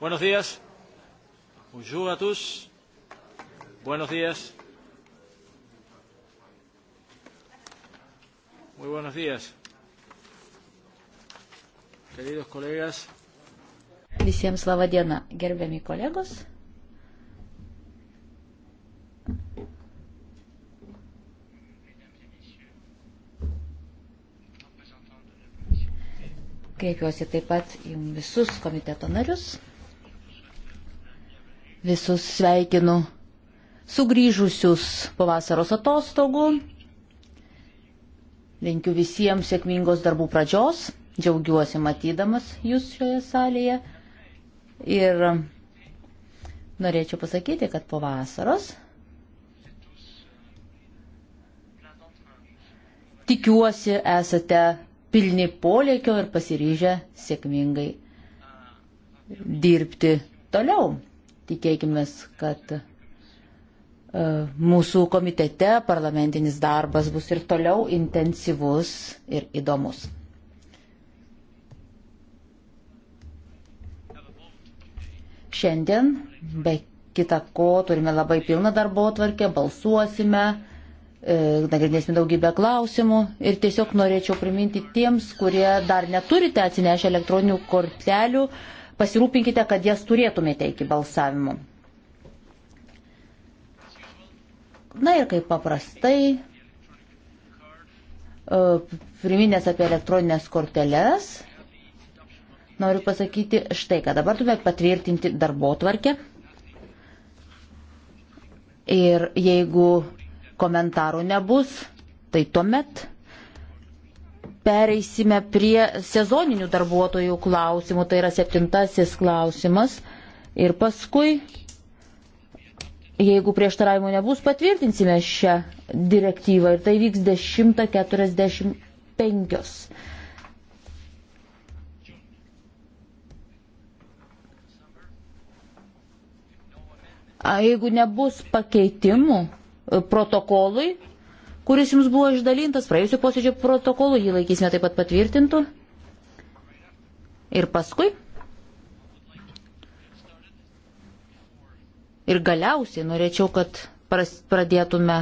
Buenos días. Bonjour a tous. Buenos días. Muy buenos días. Queridos kolegas. Visiems laba diena, gerbiami kolegos. Kreipiuosi taip pat į visus komiteto narius. Visus sveikinu sugrįžusius po vasaros atostogų. Linkiu visiems sėkmingos darbų pradžios. Džiaugiuosi matydamas jūs šioje salėje. Ir norėčiau pasakyti, kad po vasaros tikiuosi esate pilni polėkio ir pasiryžę sėkmingai dirbti toliau. Tikėkime, kad e, mūsų komitete parlamentinis darbas bus ir toliau intensyvus ir įdomus. Šiandien, be kita ko, turime labai pilną darbo atvarkę, balsuosime, e, nagrinėsime daugybę klausimų ir tiesiog norėčiau priminti tiems, kurie dar neturite atsinešę elektroninių kortelių, pasirūpinkite, kad jas turėtumėte iki balsavimo. Na ir kaip paprastai, e, priminęs apie elektroninės korteles, noriu pasakyti štai, kad dabar turime patvirtinti darbo tvarkę. Ir jeigu komentarų nebus, tai tuomet pereisime prie sezoninių darbuotojų klausimų, tai yra septintasis klausimas. Ir paskui, jeigu prieštaravimų nebus, patvirtinsime šią direktyvą ir tai vyks 1045. Jeigu nebus pakeitimų e, protokolui, kuris jums buvo išdalintas praėjusio posėdžio protokolu, jį laikysime taip pat patvirtintų. Ir paskui. Ir galiausiai norėčiau, kad pras, pradėtume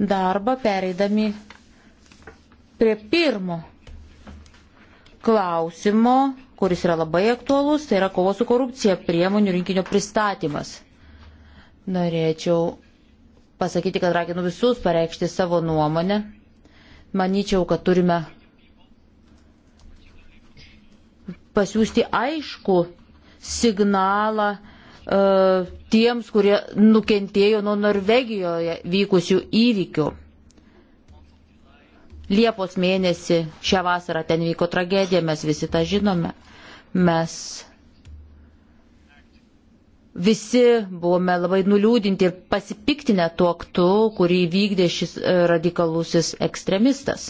darbą pereidami prie pirmo klausimo, kuris yra labai aktuolus, tai yra kovo su korupcija priemonių rinkinio pristatymas. Norėčiau pasakyti, kad raginu visus pareikšti savo nuomonę. Manyčiau, kad turime pasiūsti aišku signalą uh, tiems, kurie nukentėjo nuo Norvegijoje vykusių įvykių. Liepos mėnesį šią vasarą ten vyko tragedija, mes visi tą žinome. Mes Visi buvome labai nuliūdinti ir pasipiktinę tuo aktu, kurį vykdė šis e, radikalusis ekstremistas.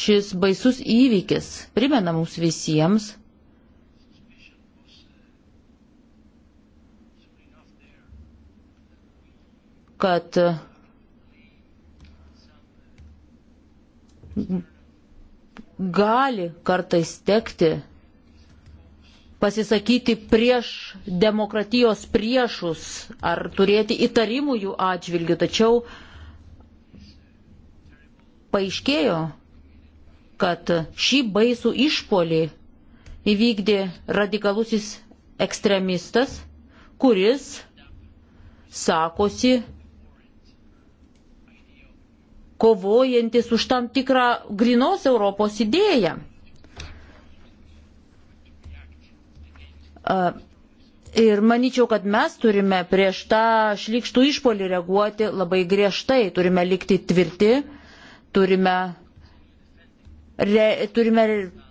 Šis baisus įvykis primena mums visiems, kad gali kartais tekti pasisakyti prieš demokratijos priešus ar turėti įtarimų jų atžvilgių, tačiau paaiškėjo, kad šį baisų išpolį įvykdė radikalusis ekstremistas, kuris sakosi kovojantis už tam tikrą grinos Europos idėją. Ir manyčiau, kad mes turime prieš tą šlikštų išpolį reaguoti labai griežtai, turime likti tvirti, turime, re, turime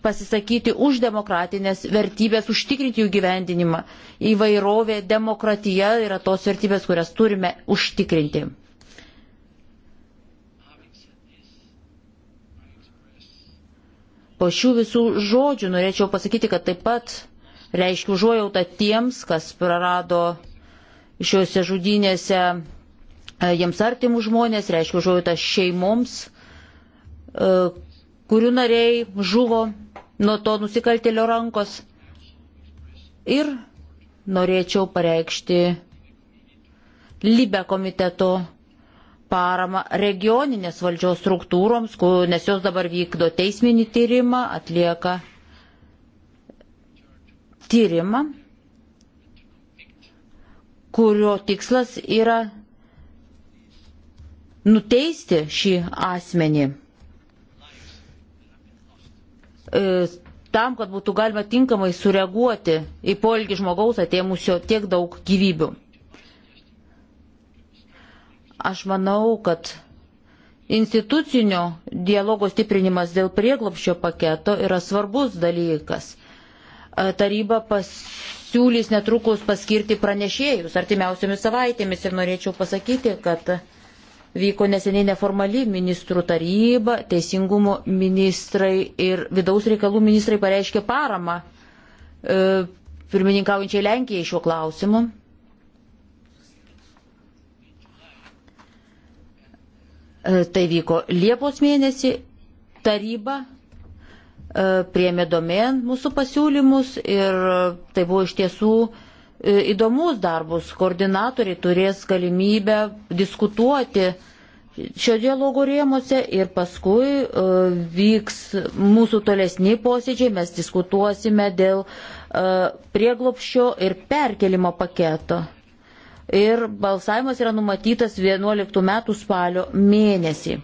pasisakyti už demokratinės vertybės, užtikrinti jų gyvendinimą. Įvairovė, demokratija yra tos vertybės, kurias turime užtikrinti. Po šių visų žodžių norėčiau pasakyti, kad taip pat reiškiu užuojautą tiems, kas prarado šiuose žudynėse e, jiems artimų žmonės, reiškiu užuojautą šeimoms, e, kurių nariai žuvo nuo to nusikaltėlio rankos. Ir norėčiau pareikšti Libe komiteto paramą regioninės valdžios struktūroms, kur, nes jos dabar vykdo teisminį tyrimą, atlieka tyrimą, kurio tikslas yra nuteisti šį asmenį e, tam, kad būtų galima tinkamai sureaguoti į polgį žmogaus atėmusio tiek daug gyvybių. Aš manau, kad institucinio dialogo stiprinimas dėl prieglopščio paketo yra svarbus dalykas. Taryba pasiūlys netrukus paskirti pranešėjus artimiausiamis savaitėmis ir norėčiau pasakyti, kad vyko neseniai neformali ministrų taryba, teisingumo ministrai ir vidaus reikalų ministrai pareiškė paramą e, pirmininkaujančiai Lenkijai šiuo klausimu. E, tai vyko Liepos mėnesį, taryba e, priemė domėn mūsų pasiūlymus ir tai buvo iš tiesų e, įdomus darbus. Koordinatoriai turės galimybę diskutuoti šio dialogo rėmose ir paskui vyks mūsų tolesni posėdžiai, mes diskutuosime dėl prieglopščio ir perkelimo paketo ir balsavimas yra numatytas 11 metų spalio mėnesį.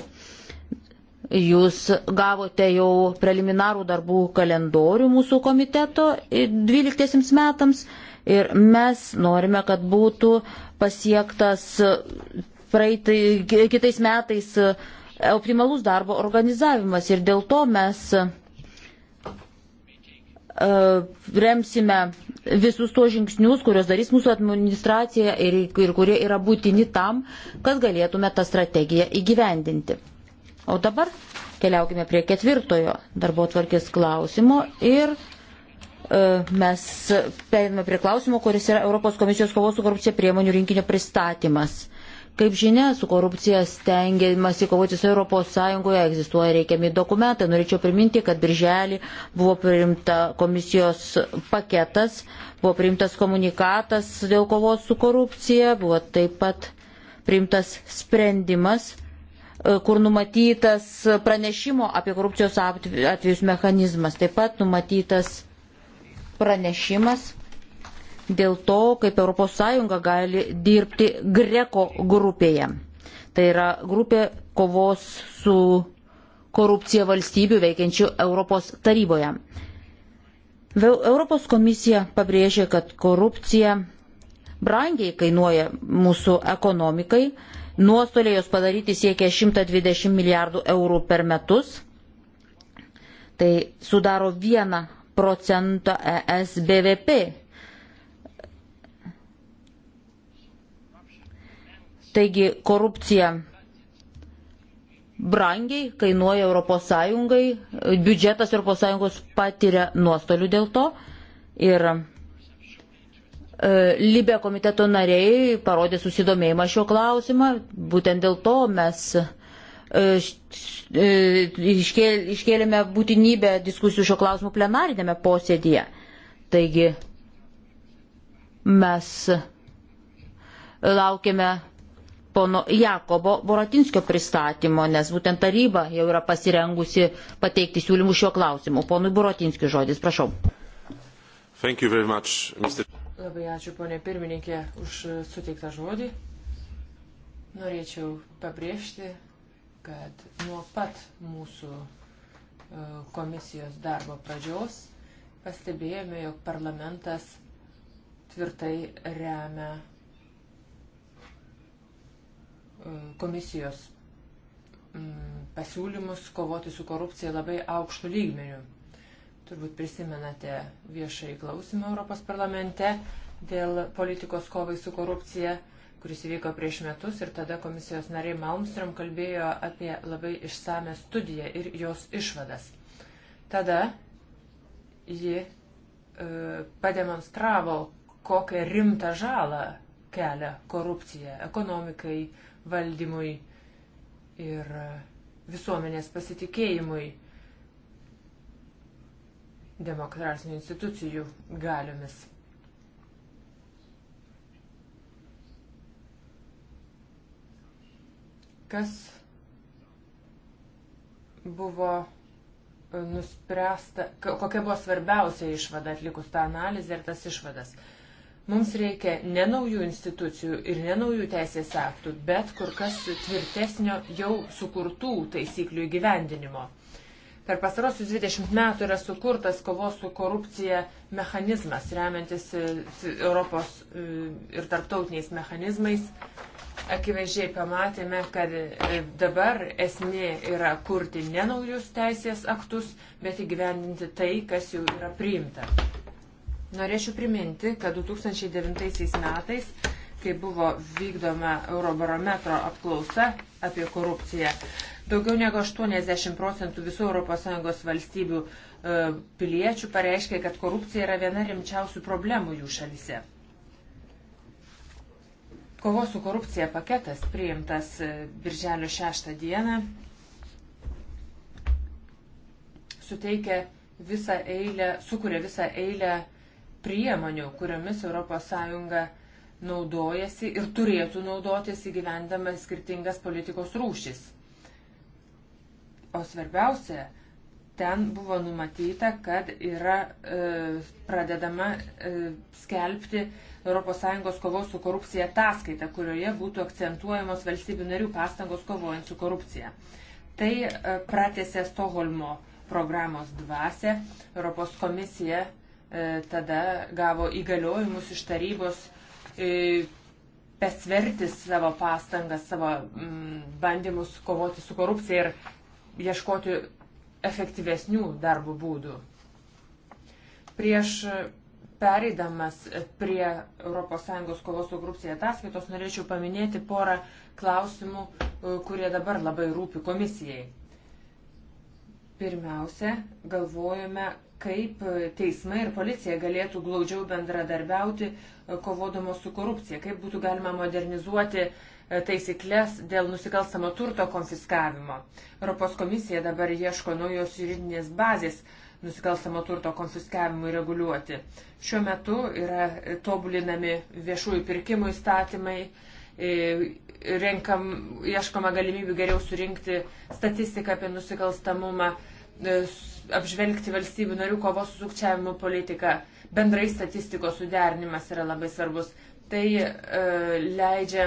Jūs gavote jau preliminarų darbų kalendorių mūsų komiteto 12 metams ir mes norime, kad būtų pasiektas praeitai, kitais metais optimalus darbo organizavimas ir dėl to mes E, remsime visus to žingsnius, kurios darys mūsų administracija ir, ir kurie yra būtini tam, kad galėtume tą strategiją įgyvendinti. O dabar keliaukime prie ketvirtojo darbo tvarkės klausimo ir e, mes perėmėme prie klausimo, kuris yra Europos komisijos kovos su korupcija priemonių rinkinio pristatymas. Kaip žinia, su korupcija stengiamasi kovoti su ES, egzistuoja reikiami dokumentai. Norėčiau priminti, kad birželį buvo priimta komisijos paketas, buvo priimtas komunikatas dėl kovos su korupcija, buvo taip pat priimtas sprendimas e, kur numatytas pranešimo apie korupcijos atvejus mechanizmas, taip pat numatytas pranešimas dėl to, kaip ES gali dirbti Greko grupėje. Tai yra grupė kovos su korupcija valstybių veikiančių Europos taryboje. Europos komisija pabrėžė, kad korupcija brangiai kainuoja mūsų ekonomikai, nuostoliai jos padaryti siekia 120 milijardų eurų per metus, tai sudaro 1 procentą ES BVP Taigi korupcija brangiai kainuoja ES, biudžetas ES patiria nuostolių dėl to ir e, Libė komiteto nariai parodė susidomėjimą šio klausimą, būtent dėl to mes e, e, iškėlėme būtinybę diskusijų šio klausimu plenarinėme posėdėje. Taigi mes laukiame pono Jakobo Boratinskio pristatymo, nes būtent taryba jau yra pasirengusi pateikti siūlymų šiuo klausimu. Ponui Boratinskiu žodis, prašau. Much, Mr. Labai ačiū, ponė pirmininkė, už suteiktą žodį. Norėčiau pabrėžti, kad nuo pat mūsų e, komisijos darbo pradžios pastebėjome, jog parlamentas tvirtai remia komisijos mm, pasiūlymus kovoti su korupcija labai aukštų lygmenių. Turbūt prisimenate viešai klausimą Europos parlamente dėl politikos kovai su korupcija, kuris įvyko prieš metus ir tada komisijos nariai Malmström kalbėjo apie labai išsame studiją ir jos išvadas. Tada ji e, pademonstravo, kokią rimtą žalą kelia korupcija ekonomikai, valdymui ir visuomenės pasitikėjimui demokratinių institucijų galiomis. Kas buvo e, nuspręsta, kokia buvo svarbiausia išvada atlikus tą analizę ir tas išvadas. Mums reikia ne naujų institucijų ir ne naujų teisės aktų, bet kur kas tvirtesnio jau sukurtų taisyklių įgyvendinimo. Per pastarosius 20 metų yra sukurtas kovos su korupcija mechanizmas, remiantis e, Europos e, ir tarptautiniais mechanizmais. Akivaizdžiai pamatėme, kad e, dabar esmė yra kurti ne naujus teisės aktus, bet įgyvendinti tai, kas jau yra priimta. Norėčiau priminti, kad 2009 metais, kai buvo vykdoma Eurobarometro apklausa apie korupciją, daugiau negu 80 procentų visų ES valstybių e, piliečių pareiškė, kad korupcija yra viena rimčiausių problemų jų šalise. Kovos su korupcija paketas priimtas e, Birželio 6 dieną suteikia visą eilę, sukuria visą eilę priemonių, kuriomis ES naudojasi ir turėtų naudotis įgyvendama skirtingas politikos rūšis. O svarbiausia, ten buvo numatyta, kad yra e, pradedama e, skelbti ES kovos su korupcija ataskaita, kurioje būtų akcentuojamos valstybių narių pastangos kovojant su korupcija. Tai e, pratėse Stoholmo programos dvasę. Europos komisija e, E, tada gavo įgaliojimus iš tarybos besvertis e, savo pastangas, savo mm, bandymus kovoti su korupcija ir ieškoti efektyvesnių darbo būdų. Prieš pereidamas prie ES kovos su korupcija ataskaitos norėčiau paminėti porą klausimų, e, kurie dabar labai rūpi komisijai. Pirmiausia, galvojame, kaip e, teismai ir policija galėtų glaudžiau bendradarbiauti e, kovodamos su korupcija, kaip būtų galima modernizuoti e, taisyklės dėl nusikalstamo turto konfiskavimo. Europos komisija dabar ieško naujos juridinės bazės nusikalstamo turto konfiskavimui reguliuoti. Šiuo metu yra tobulinami viešųjų pirkimų įstatymai, renkam, ieškoma galimybių geriau surinkti statistiką apie nusikalstamumą, apžvelgti valstybių narių kovos su sukčiavimu politiką. Bendrai statistikos suderinimas yra labai svarbus. Tai e, leidžia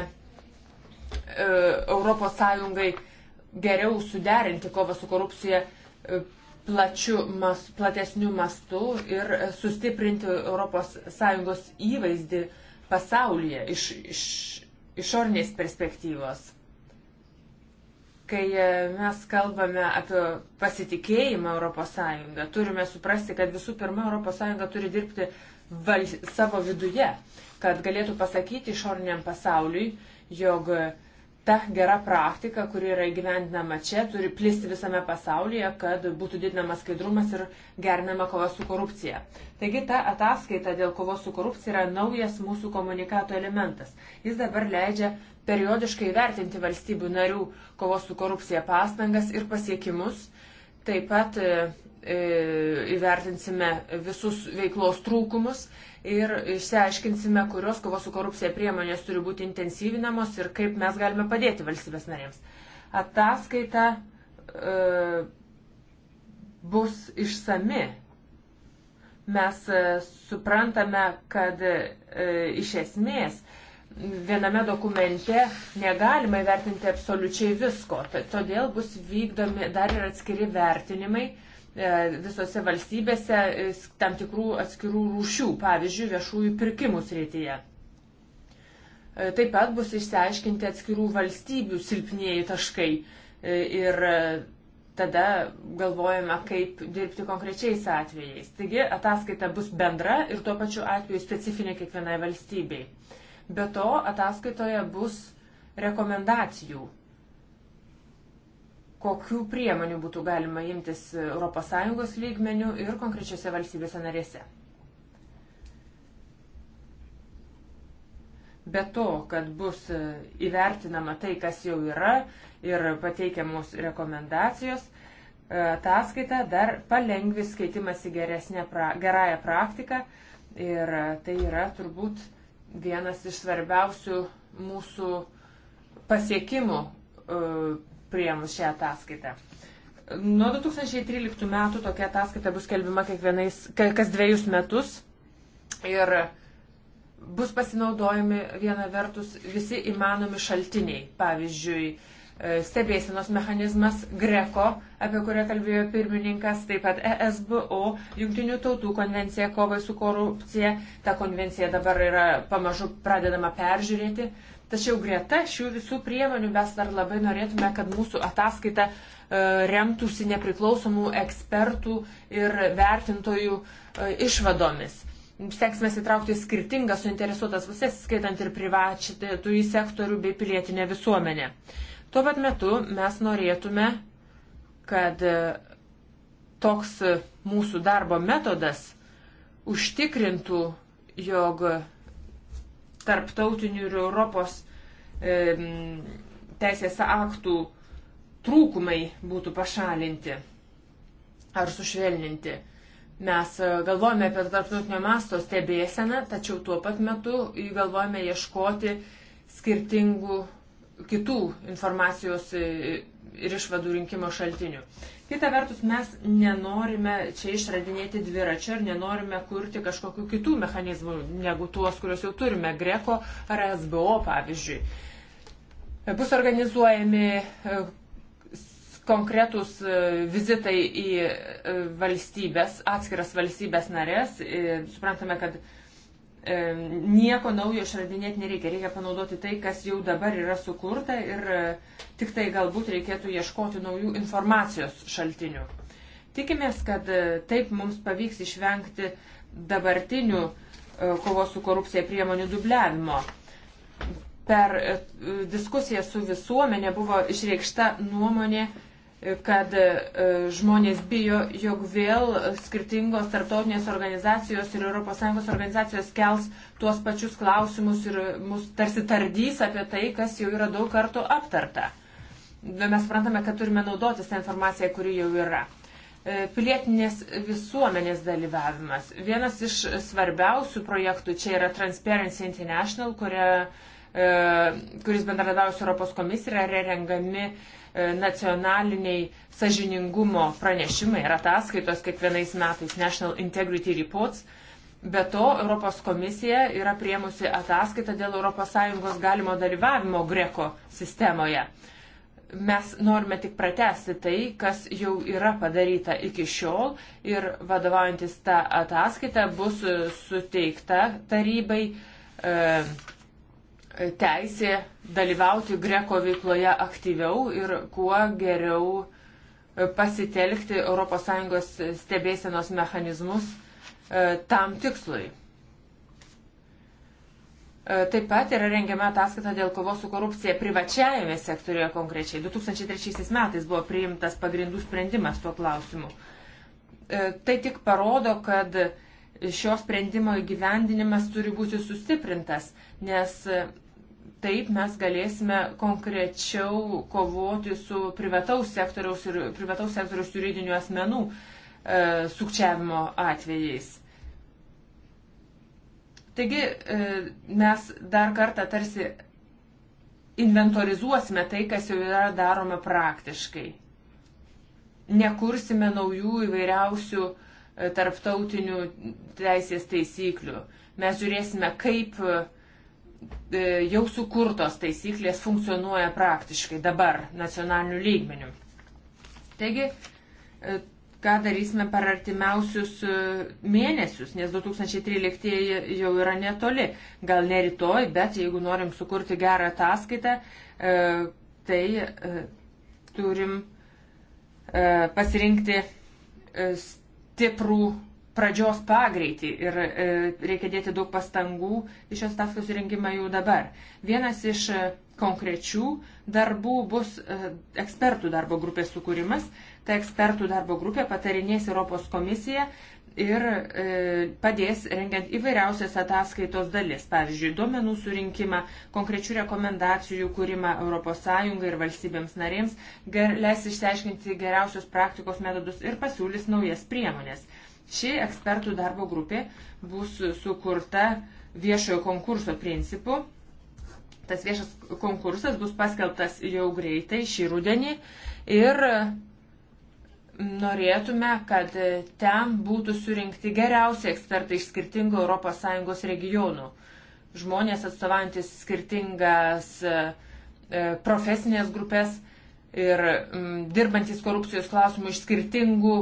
e, ES geriau suderinti kovą su korupcija e, plačiu mas, platesniu mastu ir e, sustiprinti ES įvaizdį pasaulyje iš, iš išornės perspektyvos. Kai e, mes kalbame apie pasitikėjimą ES, turime suprasti, kad visų pirma ES turi dirbti val, savo viduje, kad galėtų pasakyti išoriniam pasauliui, jog ta gera praktika, kuri yra įgyvendinama čia, turi plisti visame pasaulyje, kad būtų didinamas skaidrumas ir gerinama kova su korupcija. Taigi ta ataskaita dėl kovos su korupcija yra naujas mūsų komunikato elementas. Jis dabar leidžia periodiškai vertinti valstybių narių kovos su korupcija pastangas ir pasiekimus. Taip pat e, e, įvertinsime visus veiklos trūkumus ir išsiaiškinsime, kurios kovos su korupcija priemonės turi būti intensyvinamos ir kaip mes galime padėti valstybės narėms. Ataskaita e, bus išsami. Mes e, suprantame, kad e, iš esmės e, viename dokumente negalima įvertinti absoliučiai visko, todėl bus vykdomi dar ir atskiri vertinimai e, visose valstybėse e, tam tikrų atskirų rūšių, pavyzdžiui, viešųjų pirkimų srityje. E, taip pat bus išsiaiškinti atskirų valstybių silpnieji taškai ir tada galvojame, kaip dirbti konkrečiais atvejais. Taigi ataskaita bus bendra ir tuo pačiu atveju specifinė kiekvienai valstybei. Be to, ataskaitoje bus rekomendacijų, kokių priemonių būtų galima imtis ES lygmenių ir konkrečiose valstybėse narėse. Be to, kad bus įvertinama tai, kas jau yra ir pateikiamos rekomendacijos, ataskaita dar palengvis skaitimasi geresnė pra, gerąją praktiką ir tai yra turbūt vienas iš svarbiausių mūsų pasiekimų e, priemus šią ataskaitą. Nuo 2013 metų tokia ataskaita bus kelbima kas dviejus metus ir bus pasinaudojami viena vertus visi įmanomi šaltiniai. Pavyzdžiui, E, stebėsinos mechanizmas Greko, apie kurią kalbėjo pirmininkas, taip pat ESBO, Junktinių tautų konvencija kovai su korupcija. Ta konvencija dabar yra pamažu pradedama peržiūrėti. Tačiau greta šių visų priemonių mes dar labai norėtume, kad mūsų ataskaita e, remtųsi nepriklausomų ekspertų ir vertintojų e, išvadomis stengsime įtraukti skirtingas suinteresuotas pusės, skaitant ir privačių sektorių bei pilietinę visuomenę. Uh, Tuo pat metu mes norėtume, kad e, toks e, mūsų darbo metodas užtikrintų, jog tarptautinių ir Europos e, teisės aktų trūkumai būtų pašalinti ar sušvelninti. Mes e, galvojame apie tarptautinio masto stebėseną, tačiau tuo pat metu galvojame ieškoti skirtingų kitų informacijos e, ir išvadų rinkimo šaltinių. Kita vertus, mes nenorime čia išradinėti dviračio ir nenorime kurti kažkokių kitų mechanizmų negu tuos, kuriuos jau turime, Greko ar SBO pavyzdžiui. Bus organizuojami e, konkretūs e, vizitai į valstybės, atskiras valstybės narės. Suprantame, kad E, nieko naujo išradinėti nereikia, reikia panaudoti tai, kas jau dabar yra sukurta ir e, tik tai galbūt reikėtų ieškoti naujų informacijos šaltinių. Tikimės, kad e, taip mums pavyks išvengti dabartinių kovos su korupcija priemonių dubliavimo. Per diskusiją su visuomenė buvo išreikšta nuomonė, kad e, žmonės bijo, jog vėl skirtingos tarptautinės organizacijos ir ES organizacijos kels tuos pačius klausimus ir mus tarsi tardys apie tai, kas jau yra daug kartų aptarta. Mes suprantame, kad turime naudotis tą informaciją, kuri jau yra. E, pilietinės visuomenės dalyvavimas. Vienas iš svarbiausių projektų čia yra Transparency International, kuria, e, kuris bendradarbiauja su Europos komisija, yra rengami re E, nacionaliniai sažiningumo pranešimai ir ataskaitos kiekvienais metais National Integrity Reports. Be to, Europos komisija yra priemusi ataskaitą dėl ES galimo dalyvavimo Greko sistemoje. Mes norime tik pratesti tai, kas jau yra padaryta iki šiol ir vadovaujantis tą ataskaitą bus suteikta tarybai e, teisė dalyvauti Greko veikloje aktyviau ir kuo geriau e, pasitelkti ES stebėsenos mechanizmus e, tam tikslui. E, taip pat yra rengiama ataskaita dėl kovos su korupcija privačiajame sektoriuje konkrečiai. 2003 metais buvo priimtas pagrindų sprendimas tuo klausimu. Tai tik parodo, kad šio sprendimo įgyvendinimas turi būti sustiprintas, nes taip mes galėsime konkrečiau kovoti su privataus sektoriaus ir privataus sektoriaus juridinių asmenų e, sukčiavimo atvejais. Taigi e, mes dar kartą tarsi inventorizuosime tai, kas jau yra daroma praktiškai. Nekursime naujų įvairiausių e, tarptautinių teisės taisyklių. Mes žiūrėsime, kaip e, E, jau sukurtos taisyklės funkcionuoja praktiškai dabar nacionaliniu lygmeniu. Taigi, e, ką darysime per artimiausius e, mėnesius, nes 2013 jau yra netoli. Gal ne rytoj, bet jeigu norim sukurti gerą ataskaitą, tai turim pasirinkti stiprų pradžios pagreitį ir e, reikia dėti daug pastangų iš šios taskos rengimą jau dabar. Vienas iš e, konkrečių darbų bus e, ekspertų darbo grupės sukūrimas. Ta ekspertų darbo grupė patarinės Europos komisiją ir e, padės rengiant įvairiausias ataskaitos dalis, pavyzdžiui, duomenų surinkimą, konkrečių rekomendacijų kūrimą ES ir valstybėms narėms, ger, leis išsiaiškinti geriausios praktikos metodus ir pasiūlys naujas priemonės. Ši ekspertų darbo grupė bus sukurta viešojo konkurso principu. Tas viešas konkursas bus paskelbtas jau greitai šį rudenį ir norėtume, kad ten būtų surinkti geriausi ekspertai iš skirtingų ES regionų. Žmonės atstovantis skirtingas e, profesinės grupės ir mm, dirbantis korupcijos klausimų iš skirtingų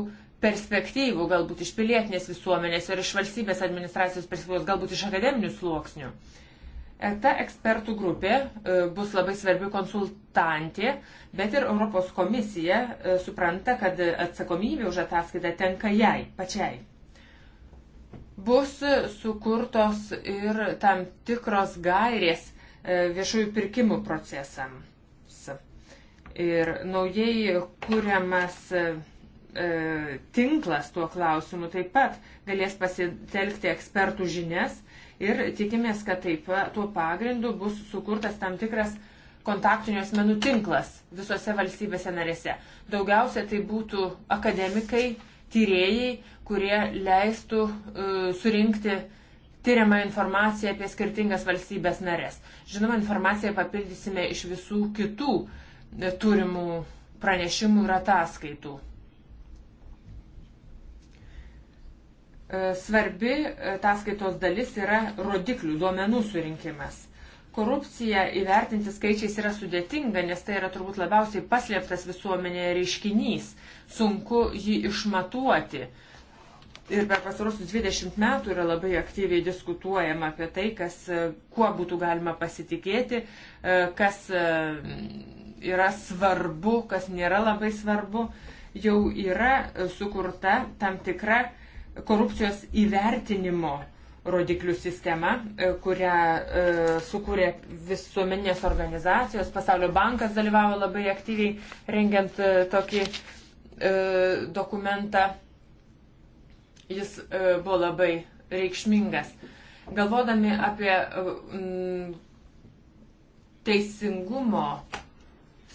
perspektyvų, galbūt iš pilietinės visuomenės ir iš valstybės administracijos perspektyvos, galbūt iš akademinių sluoksnių. E, ta ekspertų grupė e, bus labai svarbi konsultantė, bet ir Europos komisija e, supranta, kad atsakomybė už ataskaitą tenka jai pačiai. Bus sukurtos ir tam tikros gairės viešųjų pirkimų procesams. Ir naujai kuriamas e, tinklas tuo klausimu taip pat galės pasitelkti ekspertų žinias ir tikimės, kad taip e, tuo pagrindu bus sukurtas tam tikras kontaktinių asmenų tinklas visose valstybėse narėse. Daugiausia tai būtų akademikai, tyrėjai, kurie leistų e, surinkti tyriamą informaciją apie skirtingas valstybės narės. Žinoma, informaciją papildysime iš visų kitų e, turimų pranešimų ir ataskaitų. E, svarbi e, ataskaitos dalis yra rodiklių, duomenų surinkimas. Korupcija įvertinti skaičiais yra sudėtinga, nes tai yra turbūt labiausiai paslėptas visuomenėje reiškinys. Sunku jį išmatuoti. Ir per pasarosius 20 metų yra labai aktyviai diskutuojama apie tai, kas, e, kuo būtų galima pasitikėti, kas yra svarbu, kas nėra labai svarbu. Jau yra sukurta tam tikra uh, korupcijos įvertinimo rodiklių sistema, e, kurią e, sukūrė visuomeninės organizacijos, pasaulio bankas dalyvavo labai aktyviai rengiant e, tokį dokumentą. Jis buvo labai reikšmingas. Galvodami apie teisingumo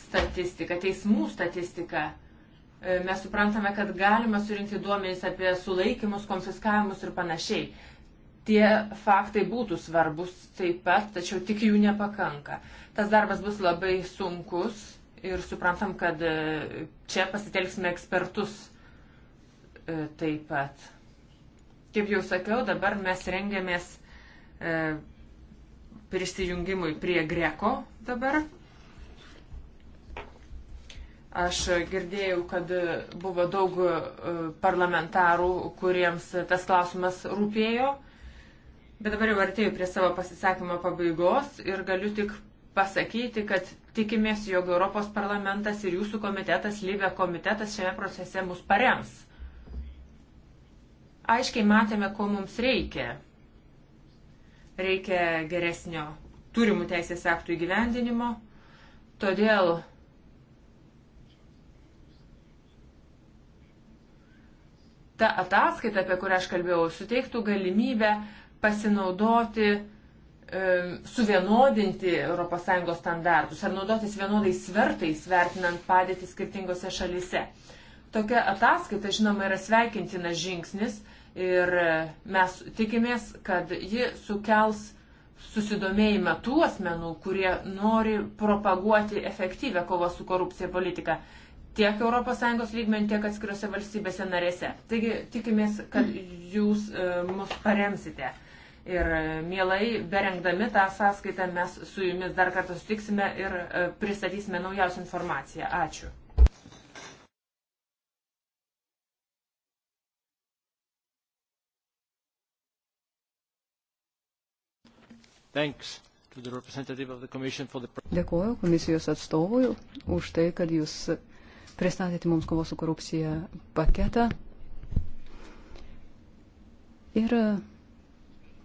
statistiką, teismų statistiką, E, mes suprantame, kad galima surinkti duomenys apie sulaikimus, konfiskavimus ir panašiai. Tie faktai būtų svarbus taip pat, tačiau tik jų nepakanka. Tas darbas bus labai sunkus ir suprantam, kad e, čia pasitelksime ekspertus e, taip pat. Kaip jau sakiau, dabar mes rengiamės prisijungimui prie Greko dabar Aš girdėjau, kad buvo daug e, parlamentarų, kuriems tas klausimas rūpėjo, bet dabar jau artėjau prie savo pasisakymo pabaigos ir galiu tik pasakyti, kad tikimės, jog Europos parlamentas ir jūsų komitetas, Lyve komitetas šiame procese mus parems. Aiškiai matėme, ko mums reikia. Reikia geresnio turimų teisės aktų įgyvendinimo, todėl ta ataskaita, apie kurią aš kalbėjau, suteiktų galimybę pasinaudoti, e, suvienodinti ES standartus ar naudotis vienodais svertais, vertinant padėtį skirtingose šalise. Tokia ataskaita, žinoma, yra sveikintinas žingsnis ir e, mes tikimės, kad ji sukels susidomėjimą tų asmenų, kurie nori propaguoti efektyvę kovą su korupcija politiką tiek ES lygmenį, tiek atskiriuose valstybėse narėse. Taigi tikimės, kad jūs e, mus paremsite. Ir e, mielai, berengdami tą sąskaitą, mes su jumis dar kartą sutiksime ir e, pristatysime naujausią informaciją. Ačiū. Thanks. Dėkuoju komisijos atstovui už tai, kad jūs pristatėte mums kovos su korupcija paketą. Ir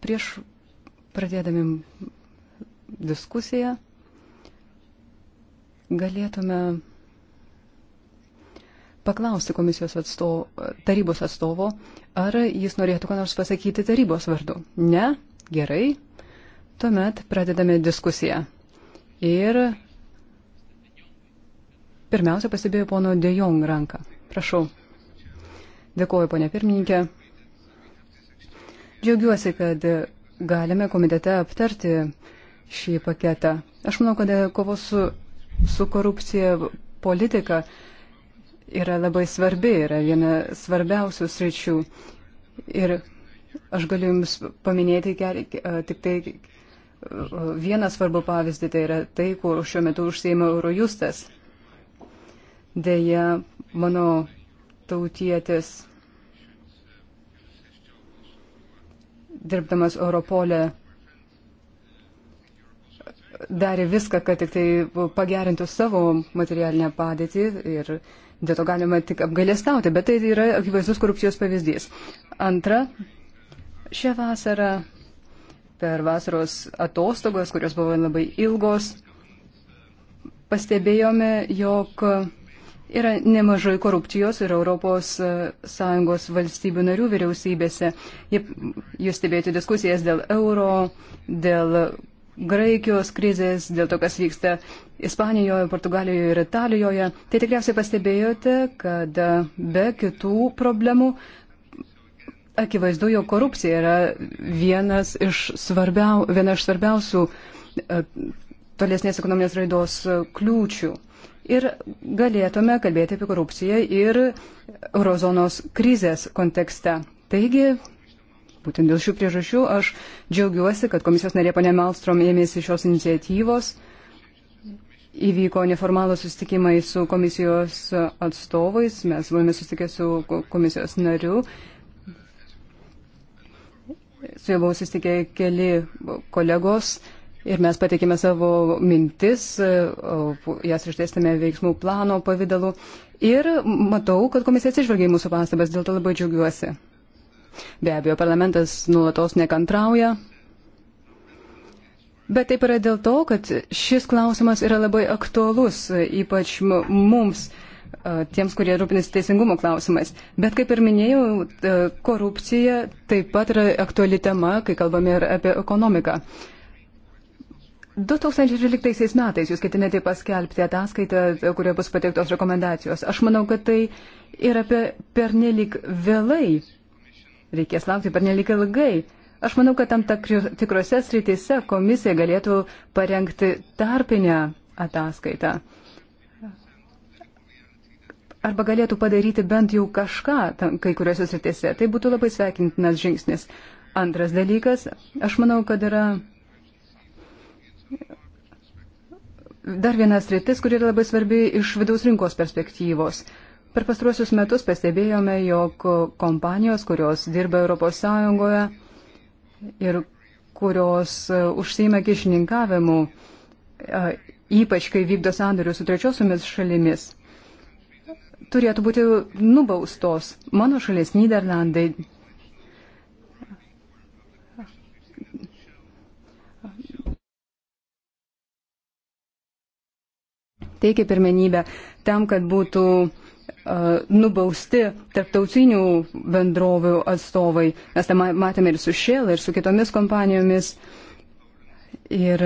prieš pradėdami diskusiją galėtume paklausti komisijos atstovo, tarybos atstovo, ar jis norėtų ką nors pasakyti tarybos vardu. Ne? Gerai. Tuomet pradedame diskusiją. Ir Pirmiausia, pastebėjau pono De Jong ranką. Prašau. Dėkuoju, ponė pirmininkė. Džiaugiuosi, kad galime komitete aptarti šį paketą. Aš manau, kad kovos su, su korupcija politika yra labai svarbi, yra viena svarbiausių sričių. Ir aš galiu Jums paminėti tik tai vieną svarbų pavyzdį, tai yra tai, kur šiuo metu užsieima Eurojustas dėja mano tautietis, dirbdamas Europolė, darė viską, kad tik tai pagerintų savo materialinę padėtį ir dėl to galima tik apgailestauti, bet tai yra akivaizdus korupcijos pavyzdys. Antra, šią vasarą per vasaros atostogos, kurios buvo labai ilgos, pastebėjome, jog Yra nemažai korupcijos ir ES e, valstybių narių vyriausybėse. Jūs stebėjote diskusijas dėl euro, dėl Graikijos krizės, dėl to, kas vyksta Ispanijoje, Portugalijoje ir Italijoje. Tai tikriausiai pastebėjote, kad e, be kitų problemų akivaizdu, jo korupcija yra vienas iš svarbiau, viena iš svarbiausių e, tolesnės ekonominės raidos kliūčių ir galėtume kalbėti apie korupciją ir eurozonos krizės kontekste. Taigi, būtent dėl šių priežasčių aš džiaugiuosi, kad komisijos narė ponė Malstrom ėmėsi šios iniciatyvos. Įvyko neformalų susitikimai su komisijos atstovais, mes buvome susitikę su komisijos nariu. Su juo buvo susitikę keli kolegos, uh, Ir mes pateikėme savo mintis, e, jas išdėstėme veiksmų plano pavydalu. Ir matau, kad komisija atsižvelgia į mūsų pastabas, dėl to labai džiaugiuosi. Be abejo, parlamentas nuolatos nekantrauja. Bet taip yra dėl to, kad šis klausimas yra labai aktuolus, e, ypač mums e, tiems, kurie rūpinasi teisingumo klausimais. Bet kaip ir minėjau, korupcija taip pat yra aktuali tema, kai kalbame ir apie ekonomiką. 2013 metais jūs ketinate paskelbti ataskaitą, kurioje bus pateiktos rekomendacijos. Aš manau, kad tai yra pernelik vėlai. Reikės laukti pernelik ilgai. Aš manau, kad tam tikrose srityse komisija galėtų parengti tarpinę ataskaitą. Arba galėtų padaryti bent jau kažką tam, kai kuriuose srityse. Tai būtų labai sveikintinas žingsnis. Antras dalykas, aš manau, kad yra Dar vienas rytis, kuri yra labai svarbi iš vidaus rinkos perspektyvos. Per pastruosius metus pastebėjome, jog kompanijos, kurios dirba ES ir kurios e, užsima kišininkavimu, e, ypač kai vykdo sandorius su trečiosiomis šalimis, turėtų būti nubaustos. Mano šalis Niderlandai teikia pirmenybę tam, kad būtų e, nubausti tarptautinių bendrovių atstovai. Mes tą matėme ir su Shell, ir su kitomis kompanijomis. Ir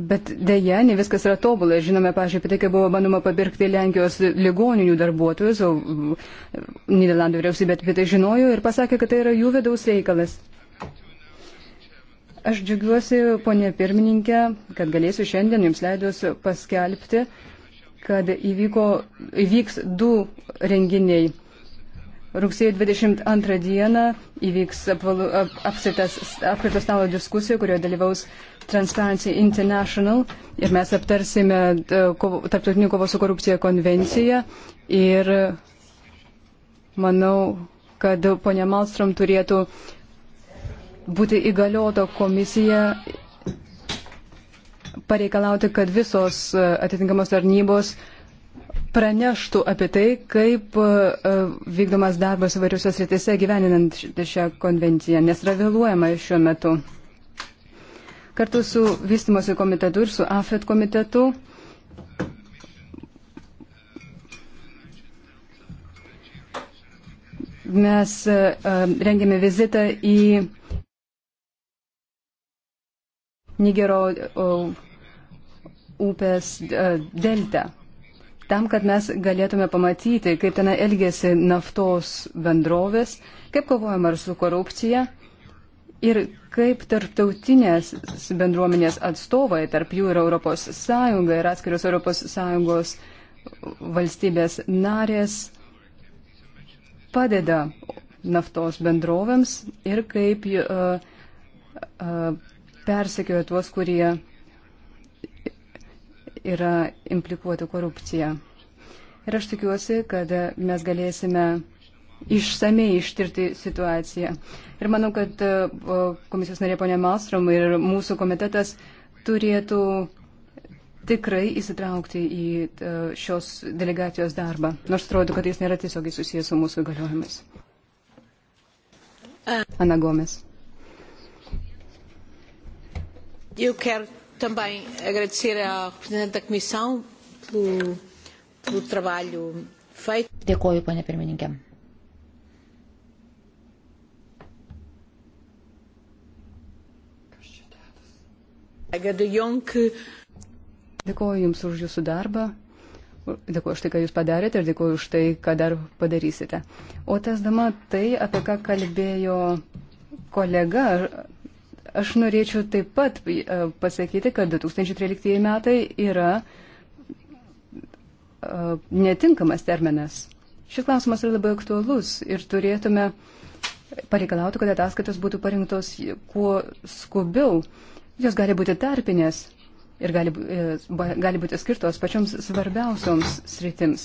Bet dėja, ne viskas yra tobulai. Žinome, pažiūrėjau, apie tai, kai buvo bandoma pabirkti Lenkijos ligoninių darbuotojus, o Niderlandų vyriausybė apie tai žinojo ir pasakė, kad tai yra jų vidaus reikalas. Aš džiugiuosi, ponė pirmininkė, kad galėsiu šiandien jums leidus paskelbti, kad įvyko, įvyks du renginiai. Rugsėjo 22 dieną įvyks apskritos stalo diskusija, kurioje dalyvaus Transparency International ir mes aptarsime e, Tarptautinių kovos su korupcija konvenciją ir manau, kad ponia Malstrom turėtų uh, būti įgaliota komisija pareikalauti, kad visos e, atitinkamos tarnybos praneštų apie tai, kaip e, e, vykdomas darbas įvairiuose sritise gyveninant šią konvenciją, nes yra vėluojama šiuo metu. Kartu su vystimosi komitetu ir su AFET komitetu mes rengėme vizitą į Nigero upės e, deltą, tam, kad mes galėtume pamatyti, kaip ten elgėsi naftos bendrovės, kaip kovojama ar su korupcija ir kaip tarptautinės bendruomenės atstovai, tarp jų ir Europos Sąjunga ir atskirios Europos Sąjungos valstybės narės padeda naftos bendrovėms ir kaip uh, uh, persekioja tuos, kurie yra implikuoti korupcija. Ir aš tikiuosi, kad mes galėsime išsamei ištirti situaciją. Ir manau, kad komisijos narė ponė Malstrom ir mūsų komitetas turėtų tikrai įsitraukti į šios delegacijos darbą. Nors atrodo, kad jis nėra tiesiogiai susijęs su mūsų įgaliojimais. Ana Gomes. Eu quero também agradecer ao representante da Comissão pelo, pelo trabalho feito. Dėkoju, ponė pirmininkė. Dėkoju Jums už Jūsų darbą, dėkoju už tai, ką Jūs padarėte ir dėkoju už tai, ką dar padarysite. O tesdama tai, apie ką kalbėjo kolega, Aš norėčiau taip pat e, pasakyti, kad 2013 metai yra e, netinkamas terminas. Šis klausimas yra labai aktualus ir turėtume pareikalauti, kad ataskaitos būtų parinktos kuo skubiau. Jos gali būti tarpinės ir gali, e, gali būti skirtos pačioms svarbiausioms sritims.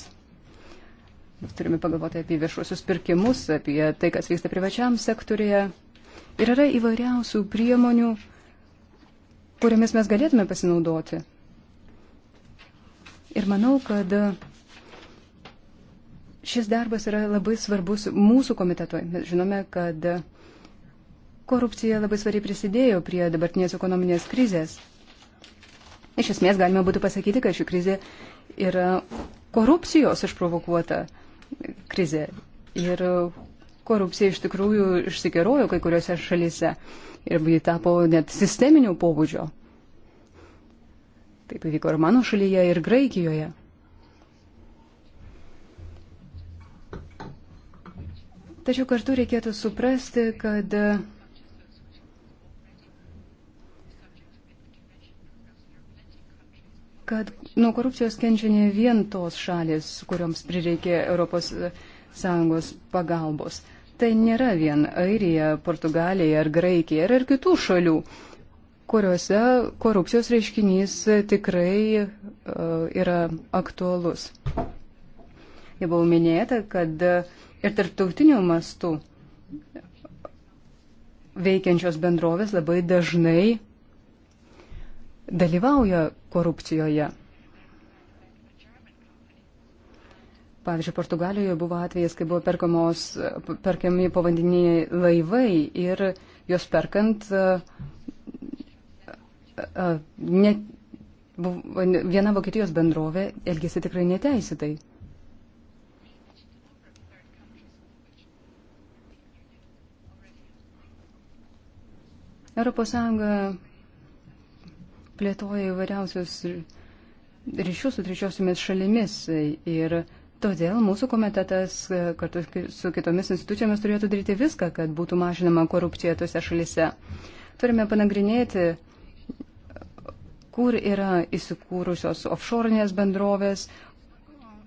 Turime pagalvoti apie viešuosius pirkimus, apie tai, kas vyksta privačiam sektorėje Ir yra įvairiausių priemonių, kuriamis mes galėtume pasinaudoti. Ir manau, kad šis darbas yra labai svarbus mūsų komitetui. Mes žinome, kad korupcija labai svariai prisidėjo prie dabartinės ekonominės krizės. Iš esmės galime būtų pasakyti, kad ši krizė yra korupcijos išprovokuota krizė. Ir korupcija iš tikrųjų išsikerojo kai kuriuose šalyse ir ji tapo net sisteminių pobūdžio. Taip įvyko ir mano šalyje, ir Graikijoje. Tačiau kartu reikėtų suprasti, kad kad nuo korupcijos kenčia ne vien tos šalis, kuriuoms prireikė Europos Sąjungos pagalbos. Tai nėra vien Airija, Portugalija ar Graikija, yra ir kitų šalių, kuriuose korupcijos reiškinys tikrai uh, yra aktualus. Jau buvau minėta, kad e, ir tarptautinių mastų veikiančios bendrovės labai dažnai dalyvauja korupcijoje. Pavyzdžiui, Portugalijoje buvo atvejas, kai buvo perkamos, perkami povandeniniai laivai ir juos perkant ne, buvo, viena Vokietijos bendrovė elgėsi tikrai neteisėtai. Europos Sąjunga plėtoja įvairiausius ryšius su trečiosiomis šalimis ir Todėl mūsų komitetas e, kartu su kitomis institucijomis turėtų daryti viską, kad būtų mažinama korupcija tose šalise. Turime panagrinėti, kur yra įsikūrusios offshore'inės bendrovės,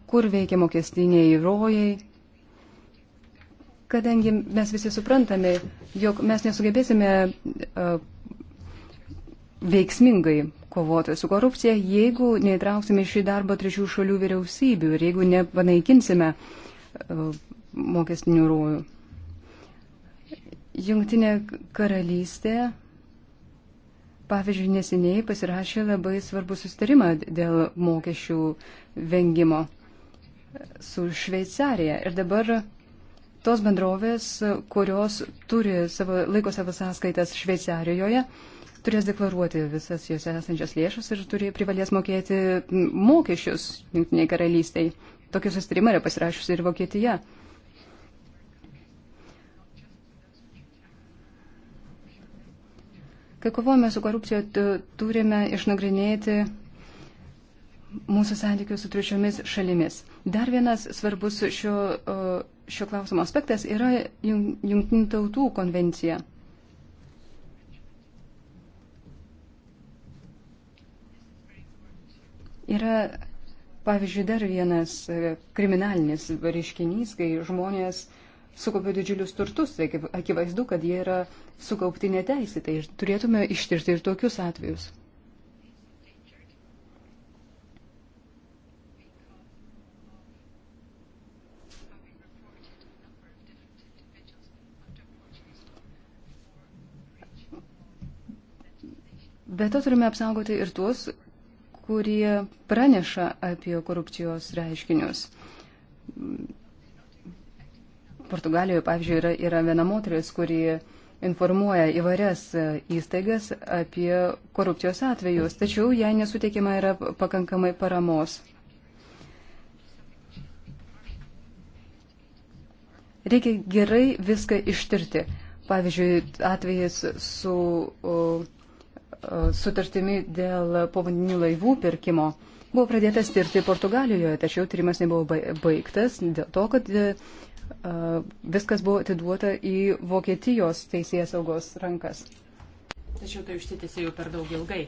kur veikia mokestiniai rojai. Kadangi mes visi suprantame, jog mes nesugebėsime uh, veiksmingai kovoti su korupcija, jeigu neįtrauksime šį darbą trečių šalių vyriausybių ir jeigu nepanaikinsime e, mokestinių rūjų. Jungtinė karalystė, pavyzdžiui, neseniai pasirašė labai svarbų sustarimą dėl mokesčių vengimo su Šveicarija. Ir dabar tos bendrovės, kurios turi savo, laiko savo sąskaitas Šveicarijoje, uh, turės deklaruoti visas jose esančias lėšas ir turi, privalės mokėti mokesčius Junktiniai karalystiai. Tokį sustarimą yra pasirašiusi ir Vokietija. Kai kovojame su korupcija, turime išnagrinėti mūsų santykius su trečiomis šalimis. Dar vienas svarbus šio, šio klausimo aspektas yra Junktinių tautų konvencija. Yra, pavyzdžiui, dar vienas e, kriminalinis reiškinys, kai žmonės sukaupė didžiulius turtus, tai akivaizdu, kad jie yra sukaupti neteisėtai. Turėtume ištirti ir tokius atvejus. Be to turime apsaugoti ir tuos, kurie praneša apie korupcijos reiškinius. Portugalijoje, pavyzdžiui, yra, yra viena moteris, kuri informuoja įvairias e, įstaigas apie korupcijos atvejus, tačiau jai nesuteikiama yra pakankamai paramos. Reikia gerai viską ištirti. Pavyzdžiui, atvejis su. O, sutartimi dėl povandeninių laivų pirkimo buvo pradėtas tirti Portugalijoje, tačiau tyrimas nebuvo baigtas dėl to, kad e, viskas buvo atiduota į Vokietijos teisėjas saugos rankas. Tačiau tai užsitėsi jau per daug ilgai.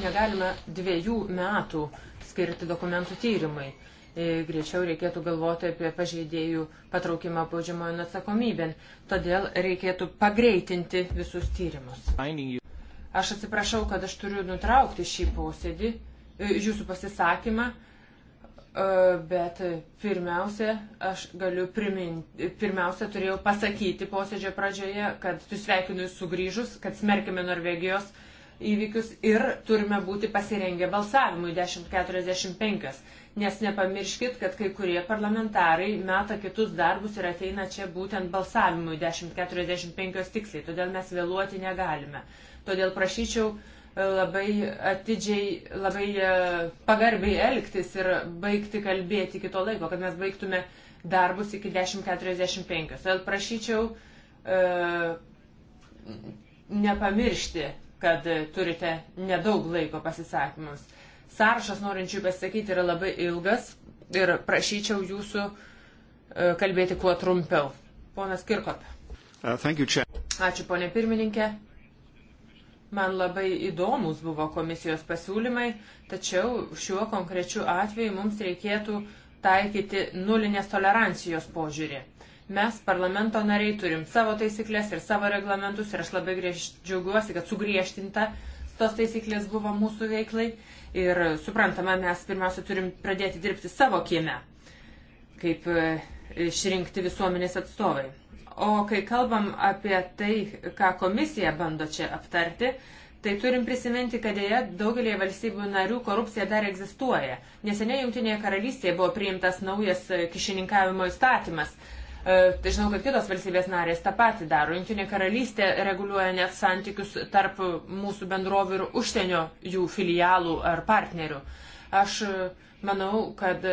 Negalime dviejų metų skirti dokumentų tyrimai. E, greičiau reikėtų galvoti apie pažeidėjų patraukimą baudžiamojo atsakomybėn. Todėl reikėtų pagreitinti visus tyrimus. Aš atsiprašau, kad aš turiu nutraukti šį posėdį, e, jūsų pasisakymą, e, bet pirmiausia, aš galiu priminti, pirmiausia turėjau pasakyti posėdžio pradžioje, kad tu sveikinu jūs sugrįžus, kad smerkime Norvegijos įvykius ir turime būti pasirengę balsavimui 10.45, nes nepamirškit, kad kai kurie parlamentarai meta kitus darbus ir ateina čia būtent balsavimui 10.45 tiksliai, todėl mes vėluoti negalime. Todėl prašyčiau e, labai atidžiai, labai e, pagarbiai elgtis ir baigti kalbėti iki to laiko, kad mes baigtume darbus iki 10.45. Todėl prašyčiau e, nepamiršti, kad turite nedaug laiko pasisakymams. Sąrašas norinčių pasisakyti yra labai ilgas ir prašyčiau jūsų e, kalbėti kuo trumpiau. Ponas Kirkop. Uh, Ačiū, ponė pirmininkė. Man labai įdomus buvo komisijos pasiūlymai, tačiau šiuo konkrečiu atveju mums reikėtų taikyti nulinės tolerancijos požiūrį. Mes, parlamento nariai, turim savo taisyklės ir savo reglamentus ir aš labai griež... džiaugiuosi, kad sugriežtinta tos taisyklės buvo mūsų veiklai. Ir suprantama, mes pirmiausia turim pradėti dirbti savo kieme, kaip e, išrinkti visuomenės atstovai. O kai kalbam apie tai, ką komisija bando čia aptarti, tai turim prisiminti, kad dėja daugelėje valstybių narių korupcija dar egzistuoja. Neseniai Junktinėje karalystėje buvo priimtas naujas kišininkavimo įstatymas. E, tai žinau, kad kitos valstybės narės tą patį daro. Junktinė karalystė reguliuoja net santykius tarp mūsų bendrovių ir užsienio jų filialų ar partnerių. Aš e, manau, kad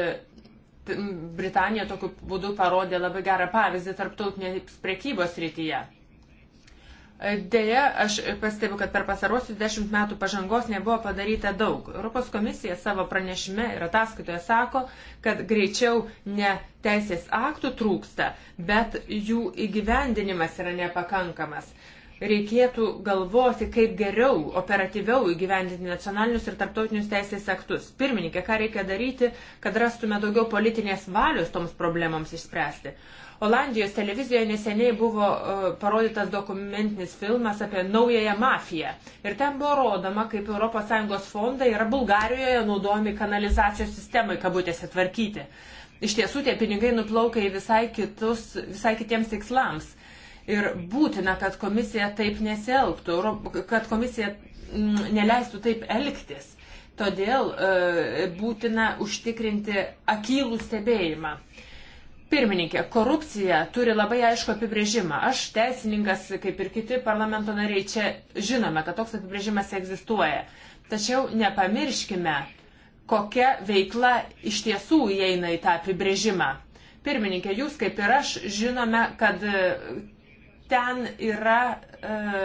Britanija tokiu būdu parodė labai gerą pavyzdį tarptautinės prekybos rytyje. Deja, aš pastebiu, kad per pasarosius dešimt metų pažangos nebuvo padaryta daug. Europos komisija savo pranešime ir ataskaitoje sako, kad greičiau ne teisės aktų trūksta, bet jų įgyvendinimas yra nepakankamas reikėtų galvoti, kaip geriau, operatyviau įgyvendinti nacionalinius ir tarptautinius teisės aktus. Pirmininkė, ką reikia daryti, kad rastume daugiau politinės valios toms problemams išspręsti. Olandijos televizijoje neseniai buvo uh, parodytas dokumentinis filmas apie naująją mafiją. Ir ten buvo rodoma, kaip ES fondai yra Bulgarijoje naudojami kanalizacijos sistemai, kabutėse tvarkyti. Iš tiesų tie pinigai nuplaukia į visai, kitus, visai kitiems tikslams Ir būtina, kad komisija taip nesielgtų, kad komisija mm, neleistų taip elgtis. Todėl e, būtina užtikrinti akylų stebėjimą. Pirmininkė, korupcija turi labai aišku apibrėžimą. Aš teisininkas, kaip ir kiti parlamento nariai, čia žinome, kad toks apibrėžimas egzistuoja. Tačiau nepamirškime, kokia veikla iš tiesų įeina į tą apibrėžimą. Pirmininkė, jūs kaip ir aš žinome, kad ten yra e,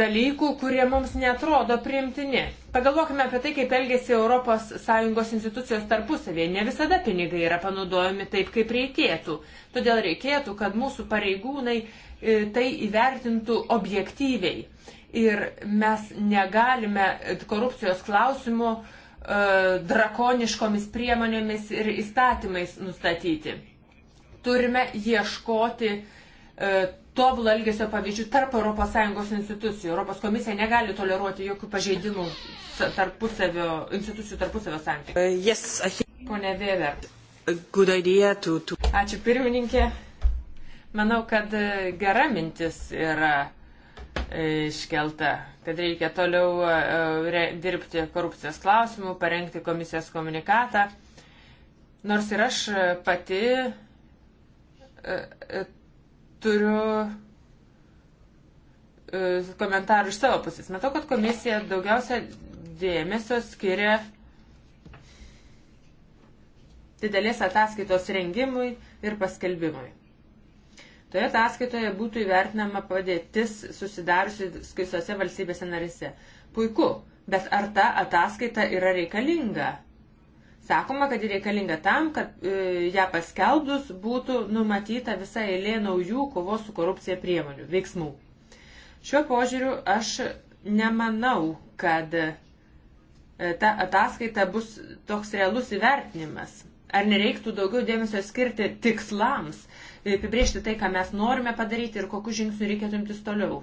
dalykų, kurie mums netrodo priimtini. Pagalvokime apie tai, kaip elgesi ES institucijos tarpusavėje. Ne visada pinigai yra panaudojami taip, kaip reikėtų. Todėl reikėtų, kad mūsų pareigūnai e, tai įvertintų objektyviai. Ir mes negalime korupcijos klausimų e, drakoniškomis priemonėmis ir įstatymais nustatyti. Turime ieškoti uh, E, tobulo elgesio pavyzdžių tarp ES institucijų. Europos komisija negali toleruoti jokių pažeidimų tarpusavio, institucijų tarpusavio santykių. Uh, yes, think... Pone Vėver. To, to... Ačiū pirmininkė. Manau, kad e, gera mintis yra e, iškelta, kad reikia toliau dirbti korupcijos klausimų, parengti komisijos komunikatą. Nors ir aš pati turiu e, komentarų iš savo pusės. Matau, kad komisija daugiausia dėmesio skiria didelės ataskaitos rengimui ir paskelbimui. Toje ataskaitoje būtų įvertinama padėtis susidariusi skaisose valstybėse narise. Puiku, bet ar ta ataskaita yra reikalinga? Sakoma, kad ji reikalinga tam, kad e, ją paskelbus būtų numatyta visa eilė naujų kovos su korupcija priemonių, veiksmų. Šiuo požiūriu aš nemanau, kad e, ta ataskaita bus toks realus įvertinimas. Ar nereiktų daugiau dėmesio skirti tikslams, e, apibriežti tai, ką mes norime padaryti ir kokius žingsnius reikėtų imtis toliau.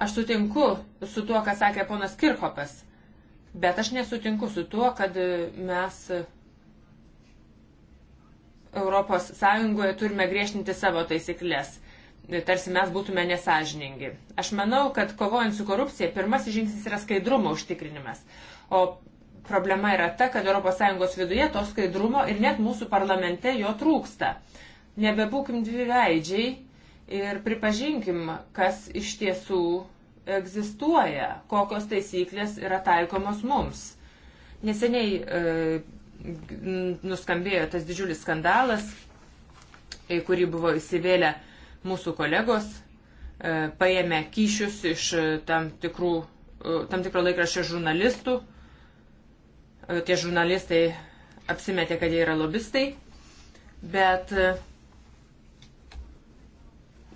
Aš sutinku su tuo, ką sakė ponas Kirchopas, bet aš nesutinku su tuo, kad mes Europos Sąjungoje turime griežtinti savo taisyklės, tarsi mes būtume nesažiningi. Aš manau, kad kovojant su korupcija, pirmasis žingsnis yra skaidrumo užtikrinimas. O problema yra ta, kad ES viduje to skaidrumo ir net mūsų parlamente jo trūksta. Nebebūkim dviveidžiai ir pripažinkim, kas iš tiesų egzistuoja, kokios taisyklės yra taikomos mums. Neseniai e, nuskambėjo tas didžiulis skandalas, į e, kurį buvo įsivėlę mūsų kolegos, e, paėmė kyšius iš e, tam, tikrų, e, tam tikro laikraščio žurnalistų. E, tie žurnalistai apsimetė, kad jie yra lobistai, bet e,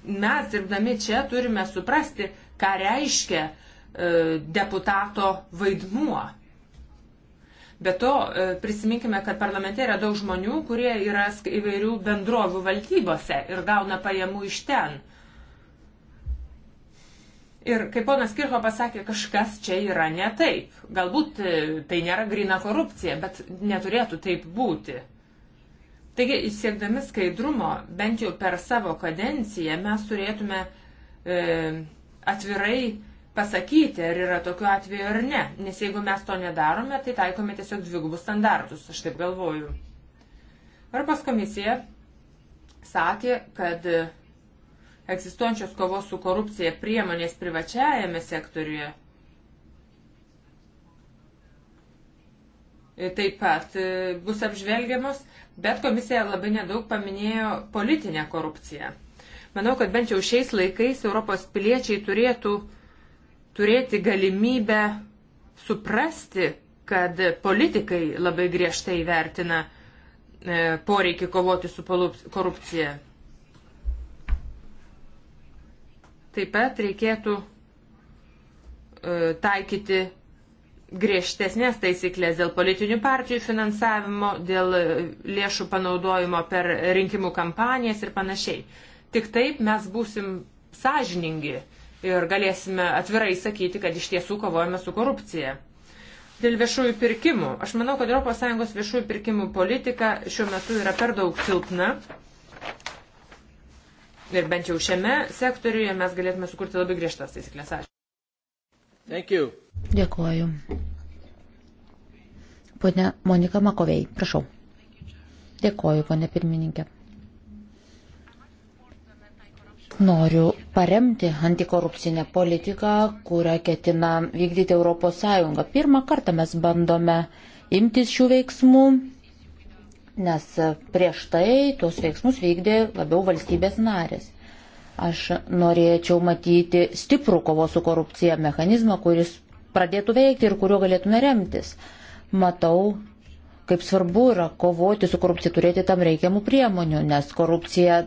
mes, dirbdami čia, turime suprasti, ką reiškia e, deputato vaidmuo. Be to, e, prisiminkime, kad parlamente yra daug žmonių, kurie yra įvairių bendrovių valdybose ir gauna pajamų iš ten. Ir kaip ponas Kirko pasakė, kažkas čia yra ne taip. Galbūt e, tai nėra grina korupcija, bet neturėtų taip būti. Taigi, siekdami skaidrumo, bent jau per savo kadenciją mes turėtume e, atvirai pasakyti, ar yra tokiu atveju ar ne. Nes jeigu mes to nedarome, tai taikome tiesiog dvigubus standartus, aš taip galvoju. Europos komisija sakė, kad egzistuojančios kovos su korupcija priemonės privačiajame sektoriuje E, taip pat e, bus apžvelgiamos, bet komisija labai nedaug paminėjo politinę korupciją. Manau, kad bent jau šiais laikais Europos piliečiai turėtų turėti galimybę suprasti, kad politikai labai griežtai vertina e, poreikį kovoti su korupcija. Taip pat reikėtų taikyti griežtesnės taisyklės dėl politinių partijų finansavimo, dėl lėšų panaudojimo per rinkimų kampanijas ir panašiai. Tik taip mes būsim sąžiningi ir galėsime atvirai sakyti, kad iš tiesų kovojame su korupcija. Dėl viešųjų pirkimų. Aš manau, kad ES viešųjų pirkimų politika šiuo metu yra per daug silpna. Ir bent jau šiame sektoriuje mes galėtume sukurti labai griežtas taisyklės. Ačiū. Thank you. Dėkuoju. Pone Monika Makovei, prašau. Dėkuoju, pone pirmininkė. Noriu paremti antikorupcinę politiką, kurią ketina vykdyti ES. Pirmą kartą mes bandome imtis šių veiksmų, nes prieš tai tuos veiksmus vykdė labiau valstybės narės. Aš norėčiau matyti stiprų kovos su korupcija mechanizmą, kuris pradėtų veikti ir kuriuo galėtume remtis. Matau, kaip svarbu yra kovoti su korupcija, turėti tam reikiamų priemonių, nes korupcija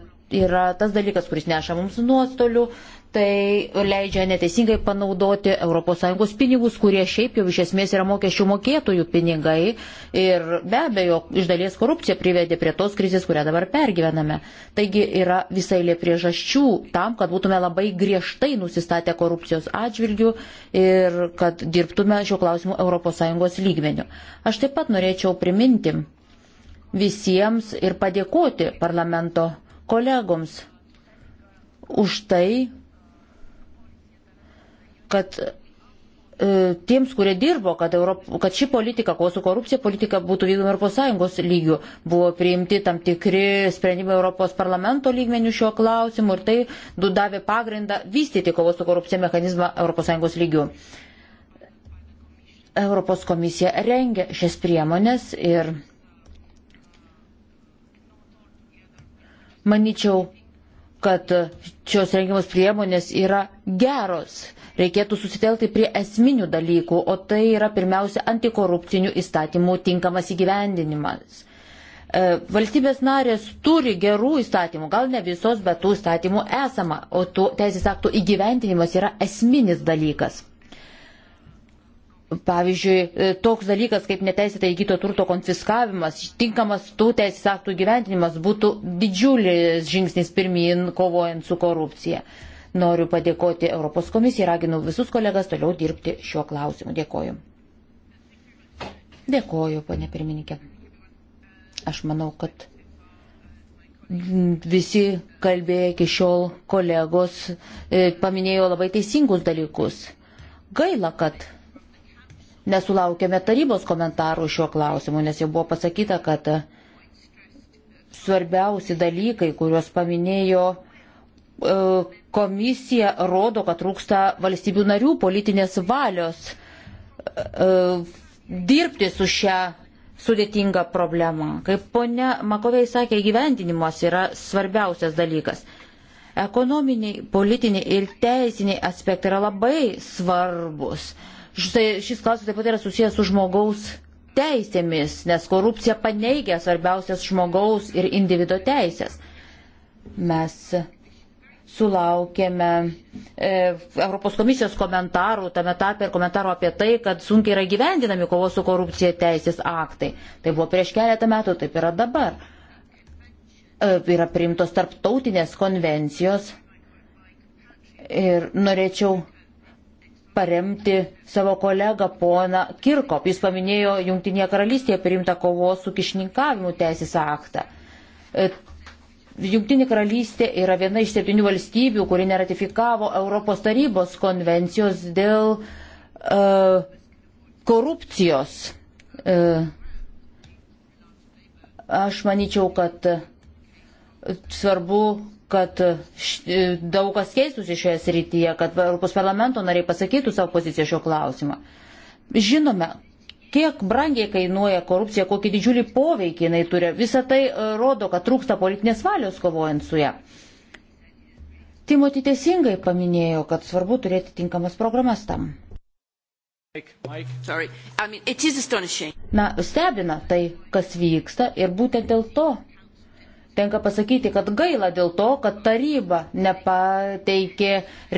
yra tas dalykas, kuris neša mums nuostolių, tai leidžia neteisingai panaudoti ES pinigus, kurie šiaip jau iš esmės yra mokesčių mokėtojų pinigai ir be abejo iš dalies korupcija privedė prie tos krizės, kurią dabar pergyvename. Taigi yra visai lė priežasčių tam, kad būtume labai griežtai nusistatę korupcijos atžvilgių ir kad dirbtume šiuo klausimu ES lygmeniu. Aš taip pat norėčiau priminti visiems ir padėkoti parlamento kolegoms už tai, kad e, tiems, kurie dirbo, kad, Europ, kad ši politika, ko su korupcija politika būtų vykdoma ES lygių, buvo priimti tam tikri sprendimai ES parlamento lygmenių šiuo klausimu ir tai davė pagrindą vystyti kovos su korupcija mechanizmą ES lygių. Europos komisija rengia šias priemonės ir manyčiau, kad šios rengiamos priemonės yra geros. Reikėtų susitelkti prie esminių dalykų, o tai yra pirmiausia antikorupcinių įstatymų tinkamas įgyvendinimas. E, valstybės narės turi gerų įstatymų, gal ne visos, bet tų įstatymų esama, o tų teisės aktų įgyvendinimas yra esminis dalykas. Pavyzdžiui, e, toks dalykas kaip neteisėtai įgyto turto konfiskavimas, tinkamas tų teisės aktų gyventinimas būtų didžiulis žingsnis pirmin kovojant su korupcija. Noriu padėkoti Europos komisijai, raginu visus kolegas toliau dirbti šiuo klausimu. Dėkoju. Dėkoju, ponė pirmininkė. Aš manau, kad visi kalbėjo iki šiol kolegos, e, paminėjo labai teisingus dalykus. Gaila, kad nesulaukėme tarybos komentarų šiuo klausimu, nes jau buvo pasakyta, kad svarbiausi dalykai, kuriuos paminėjo e, komisija, rodo, kad trūksta valstybių narių politinės valios e, dirbti su šią sudėtingą problemą. Kaip ponia Makovei sakė, gyvendinimas yra svarbiausias dalykas. Ekonominiai, politiniai ir teisiniai aspektai yra labai svarbus. Uh, Štai šis klausimas taip pat yra susijęs su žmogaus teisėmis, nes korupcija paneigia svarbiausias žmogaus ir individuo teisės. Mes sulaukėme e, Europos komisijos komentarų, tame tarpe ir komentarų apie tai, kad sunkiai yra gyvendinami kovos su korupcija teisės aktai. Tai buvo prieš keletą metų, taip yra dabar. E, yra priimtos tarptautinės konvencijos ir norėčiau paremti savo kolegą poną Kirkop. Jis paminėjo Junktinėje karalystėje priimtą kovos su kišininkavimu teisės aktą. E, Junktinė karalystė yra viena iš septynių valstybių, kuri neratifikavo Europos tarybos konvencijos dėl uh, korupcijos. Uh, aš manyčiau, kad svarbu kad daug kas keistųsi šioje srityje, kad Europos parlamento nariai pasakytų savo poziciją šio klausimą. Žinome, kiek brangiai kainuoja korupcija, kokį didžiulį poveikį jinai turi. Visą tai e, rodo, kad trūksta politinės valios kovojant su ją. Timoti teisingai paminėjo, kad svarbu turėti tinkamas programas tam. Na, stebina tai, kas vyksta ir būtent dėl to Tenka pasakyti, kad gaila dėl to, kad taryba nepateikė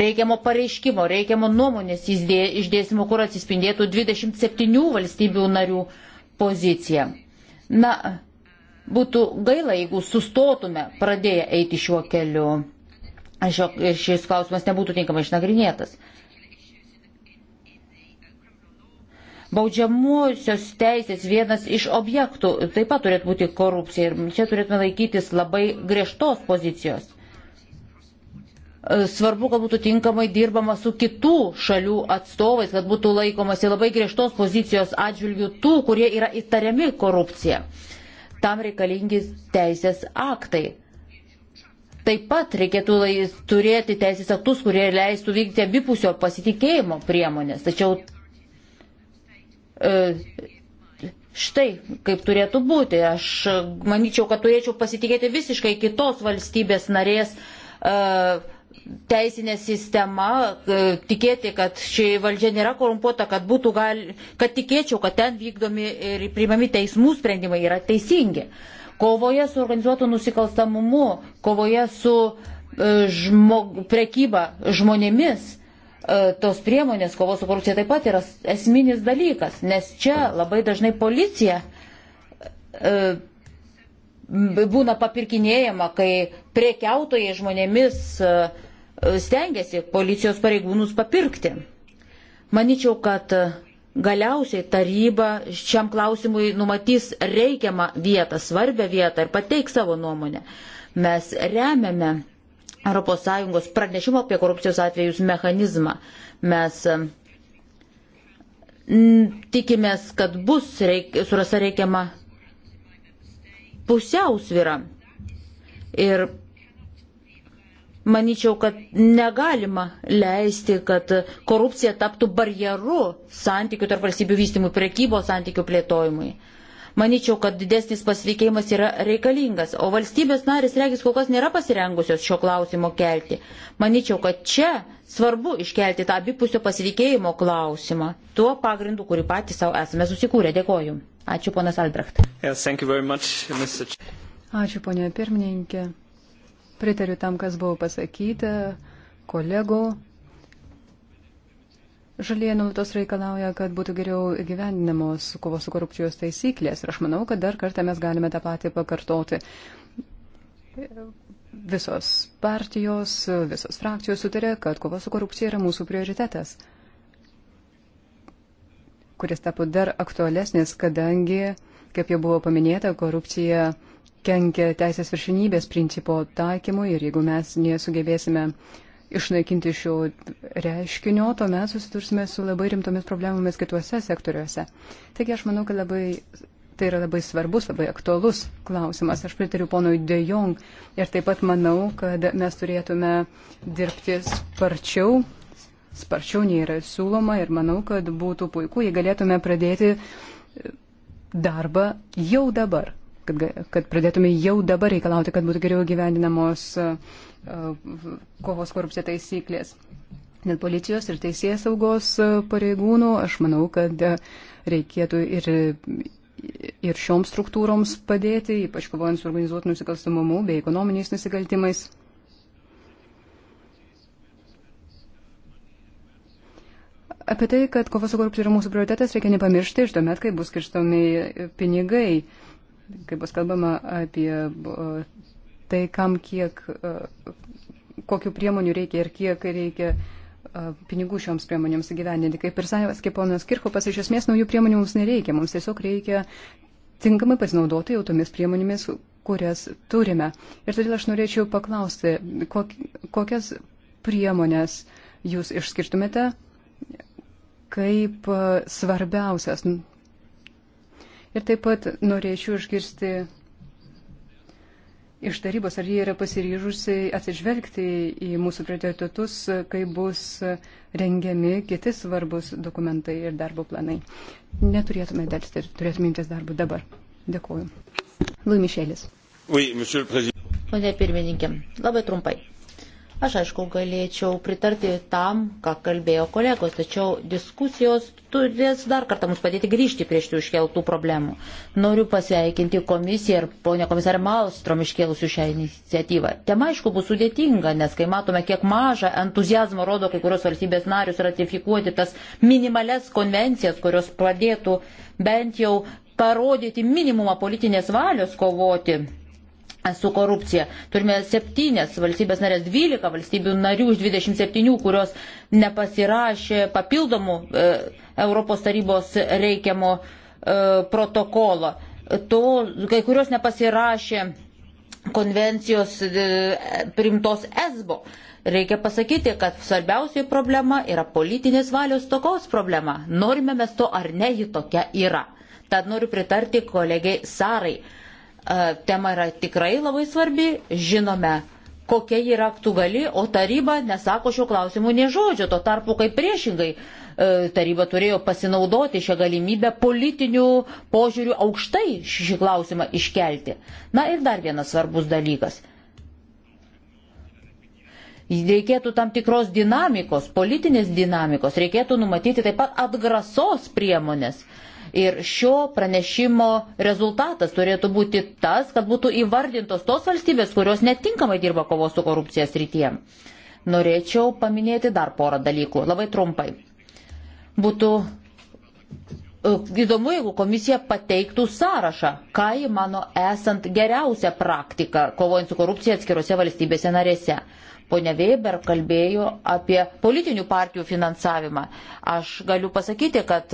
reikiamo pareiškimo, reikiamo nuomonės išdėsimo, kur atsispindėtų 27 valstybių narių pozicija. Na, būtų gaila, jeigu sustotume pradėję eiti šiuo keliu ir šis klausimas nebūtų tinkamai išnagrinėtas. Baudžiamuosios teisės vienas iš objektų taip pat turėtų būti korupcija ir čia turėtume laikytis labai griežtos pozicijos. E, svarbu, kad būtų tinkamai dirbama su kitų šalių atstovais, kad būtų laikomasi labai griežtos pozicijos atžvilgių tų, kurie yra įtariami korupcija. Tam reikalingi teisės aktai. Taip pat reikėtų turėti teisės aktus, kurie leistų vykti abipusio pasitikėjimo priemonės. Tačiau E, štai kaip turėtų būti. Aš manyčiau, kad turėčiau pasitikėti visiškai kitos valstybės narės e, teisinė sistema, e, tikėti, kad ši valdžia nėra korumpuota, kad, gal, kad tikėčiau, kad ten vykdomi ir priimami teismų sprendimai yra teisingi. Kovoje su organizuotu nusikalstamumu, kovoje su žmog, prekyba žmonėmis E, tos priemonės kovos su korupcija taip pat yra esminis dalykas, nes čia labai dažnai policija e, būna papirkinėjama, kai priekiautojai žmonėmis e, stengiasi policijos pareigūnus papirkti. Maničiau, kad galiausiai taryba šiam klausimui numatys reikiamą vietą, svarbę vietą ir pateiks savo nuomonę. Mes remiame ES pranešimo apie korupcijos atvejus mechanizmą. Mes tikimės, kad bus reik, surasa reikiama pusiausvyra. Ir manyčiau, kad negalima leisti, kad korupcija taptų barjeru santykių tarp valstybių vystimų, prekybos santykių plėtojimui. Uh, Maničiau, kad didesnis pasitikėjimas yra reikalingas, o valstybės narės regis kol kas nėra pasirengusios šio klausimo kelti. Maničiau, kad čia svarbu iškelti tą abipusio pasitikėjimo klausimą, tuo pagrindu, kurį patys savo esame susikūrę. Dėkoju. Ačiū, ponas Albrecht. Yes, much, Mr. Ačiū, ponė pirmininkė. Pritariu tam, kas buvo pasakyta kolegų Žalieji nulatos reikalauja, kad būtų geriau gyvendinamos kovos su korupcijos taisyklės ir aš manau, kad dar kartą mes galime tą patį pakartoti. Visos partijos, visos frakcijos sutarė, kad kova su korupcija yra mūsų prioritetas, kuris tapo dar aktualesnis, kadangi, kaip jau buvo paminėta, korupcija kenkia teisės viršinybės principo taikymui ir jeigu mes nesugebėsime išnaikinti šio reiškinio, tuomet susitursime su labai rimtomis problemomis kituose sektoriuose. Taigi aš manau, kad labai, tai yra labai svarbus, labai aktuolus klausimas. Aš pritariu ponui De Jong ir taip pat manau, kad mes turėtume dirbti sparčiau, sparčiau nei yra siūloma ir manau, kad būtų puiku, jei galėtume pradėti darbą jau dabar kad, kad pradėtume jau dabar reikalauti, kad būtų geriau gyvendinamos uh, kovos korupcija taisyklės. Dėl policijos ir teisės saugos e, pareigūnų aš manau, kad e, reikėtų ir, ir šioms struktūroms padėti, ypač kovojant su organizuotų nusikalstamumu bei ekonominiais nusikaltimais. apie tai, kad kova su korupcija yra mūsų prioritetas, reikia nepamiršti iš tuomet, kai bus skirstomi pinigai, kai bus kalbama apie tai, kam kiek, kokiu priemonių reikia ir kiek reikia pinigų šioms priemonėms įgyvendinti. Kaip ir sakė ponas Kirchopas, iš esmės naujų priemonių mums nereikia, mums tiesiog reikia tinkamai pasinaudoti jau tomis priemonėmis, kurias turime. Ir todėl aš norėčiau paklausti, kokias priemonės jūs išskirtumėte kaip svarbiausias. Ir taip pat norėčiau išgirsti iš tarybos, ar jie yra pasiryžusi atsižvelgti į mūsų prioritetus, kai bus rengiami kiti svarbus dokumentai ir darbo planai. Neturėtume dėlsti, turėtume imtis darbų dabar. Dėkuoju. Lui Mišelis. Oui, Pone pirmininkė, labai trumpai. Aš aišku galėčiau pritarti tam, ką kalbėjo kolegos, tačiau diskusijos turės dar kartą mums padėti grįžti prie šių iškeltų problemų. Noriu pasveikinti komisiją ir ponę komisarę Malstrom iškėlusių šią iniciatyvą. Tema aišku bus sudėtinga, nes kai matome, kiek mažą entuzijazmą rodo kai kurios valstybės narius ratifikuoti tas minimales konvencijas, kurios pradėtų bent jau parodyti minimumą politinės valios kovoti su korupcija. Turime septynias valstybės narės, dvylika valstybių narių iš 27, kurios nepasirašė papildomų e, Europos tarybos reikiamo e, protokolo. To, kai kurios nepasirašė konvencijos e, primtos esbo. Reikia pasakyti, kad svarbiausia problema yra politinės valios tokaus problema. Norime mes to ar ne, ji tokia yra. Tad noriu pritarti kolegiai Sarai tema yra tikrai labai svarbi, žinome, kokia yra aktuali, o taryba nesako šiuo klausimu nie žodžio, tuo tarpu kaip priešingai e, taryba turėjo pasinaudoti šią galimybę politinių požiūrių aukštai šį klausimą iškelti. Na ir dar vienas svarbus dalykas. Reikėtų tam tikros dinamikos, politinės dinamikos, reikėtų numatyti taip pat atgrasos priemonės. Uh, Ir šio pranešimo rezultatas turėtų būti tas, kad būtų įvardintos tos valstybės, kurios netinkamai dirba kovos su korupcija srityje. Norėčiau paminėti dar porą dalykų, labai trumpai. Būtų e, įdomu, jeigu komisija pateiktų sąrašą, ką į mano esant geriausią praktiką kovojant su korupcija atskirose valstybėse narėse. Pone Weber kalbėjo apie politinių partijų finansavimą. Aš galiu pasakyti, kad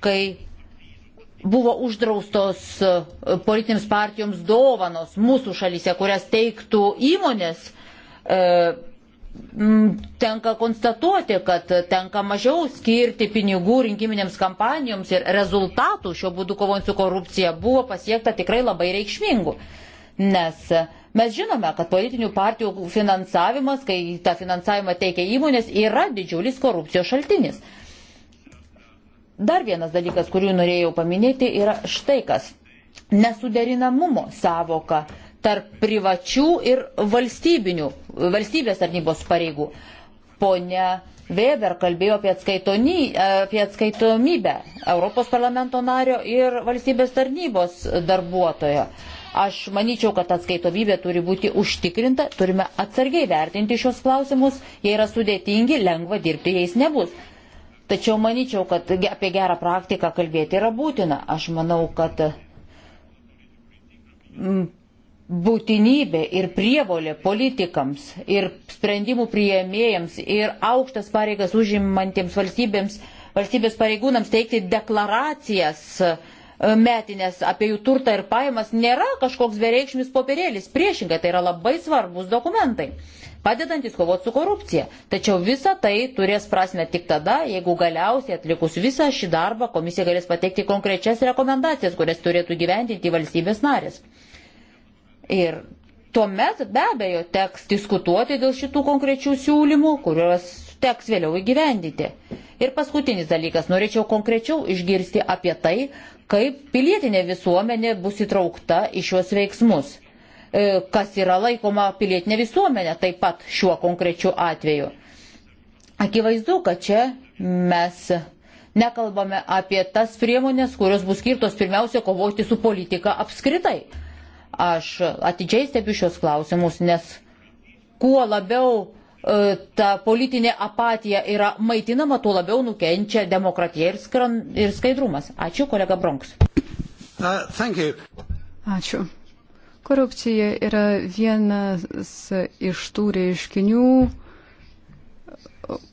kai buvo uždraustos e, politinėms partijoms dovanos mūsų šalyse, kurias teiktų įmonės, e, tenka konstatuoti, kad tenka mažiau skirti pinigų rinkiminėms kampanijoms ir rezultatų šio būdu kovant su korupcija buvo pasiekta tikrai labai reikšmingų. Nes e, mes žinome, kad politinių partijų finansavimas, kai tą finansavimą teikia įmonės, yra didžiulis korupcijos šaltinis. Dar vienas dalykas, kurį norėjau paminėti, yra štai kas. Nesuderinamumo savoka tarp privačių ir valstybinių, valstybės tarnybos pareigų. Pone Weber kalbėjo apie, apie atskaitomybę Europos parlamento nario ir valstybės tarnybos darbuotojo. Aš manyčiau, kad atskaitomybė turi būti užtikrinta, turime atsargiai vertinti šios klausimus, jie yra sudėtingi, lengva dirbti jais nebus. Tačiau manyčiau, kad apie gerą praktiką kalbėti yra būtina. Aš manau, kad mm, būtinybė ir prievolė politikams ir sprendimų prieėmėjams ir aukštas pareigas užimantiems valstybėms, valstybės pareigūnams teikti deklaracijas e, metinės apie jų turtą ir pajamas nėra kažkoks bereikšmis popierėlis. Priešingai, tai yra labai svarbus dokumentai. Uh, padedantis kovoti su korupcija. Tačiau visa tai turės prasme tik tada, jeigu galiausiai atlikus visą šį darbą komisija galės pateikti konkrečias rekomendacijas, kurias turėtų gyventinti valstybės narės. Ir tuomet be abejo teks diskutuoti dėl šitų konkrečių siūlymų, kuriuos teks vėliau įgyvendyti. Ir paskutinis dalykas, norėčiau konkrečiau išgirsti apie tai, kaip pilietinė visuomenė bus įtraukta į šios veiksmus. E, kas yra laikoma pilietinė visuomenė taip pat šiuo konkrečiu atveju. Akivaizdu, kad čia mes nekalbame apie tas priemonės, kurios bus skirtos pirmiausia kovoti su politika apskritai. Aš atidžiai stebiu šios klausimus, nes kuo labiau e, ta politinė apatija yra maitinama, tuo labiau nukenčia demokratija ir, skran, ir skaidrumas. Ačiū, kolega Bronks. Uh, Ačiū. Korupcija yra vienas iš tų reiškinių,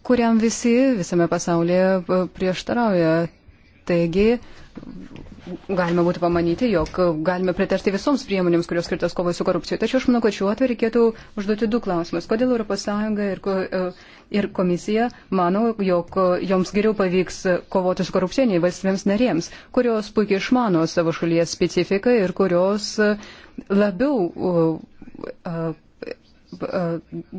kuriam visi visame pasaulyje prieštarauja. Taigi galima būtų pamanyti, jog galime pritarti visoms priemonėms, kurios skirtos kovai su korupcija. Tačiau aš manau, kad šiuo atveju reikėtų užduoti du klausimus. Kodėl ES ir, e, ir komisija mano, jog e, joms geriau pavyks kovoti su korupcija nei valstybėms narėms, kurios puikiai išmano savo šalies specifiką ir kurios e, labiau. Uh, uh,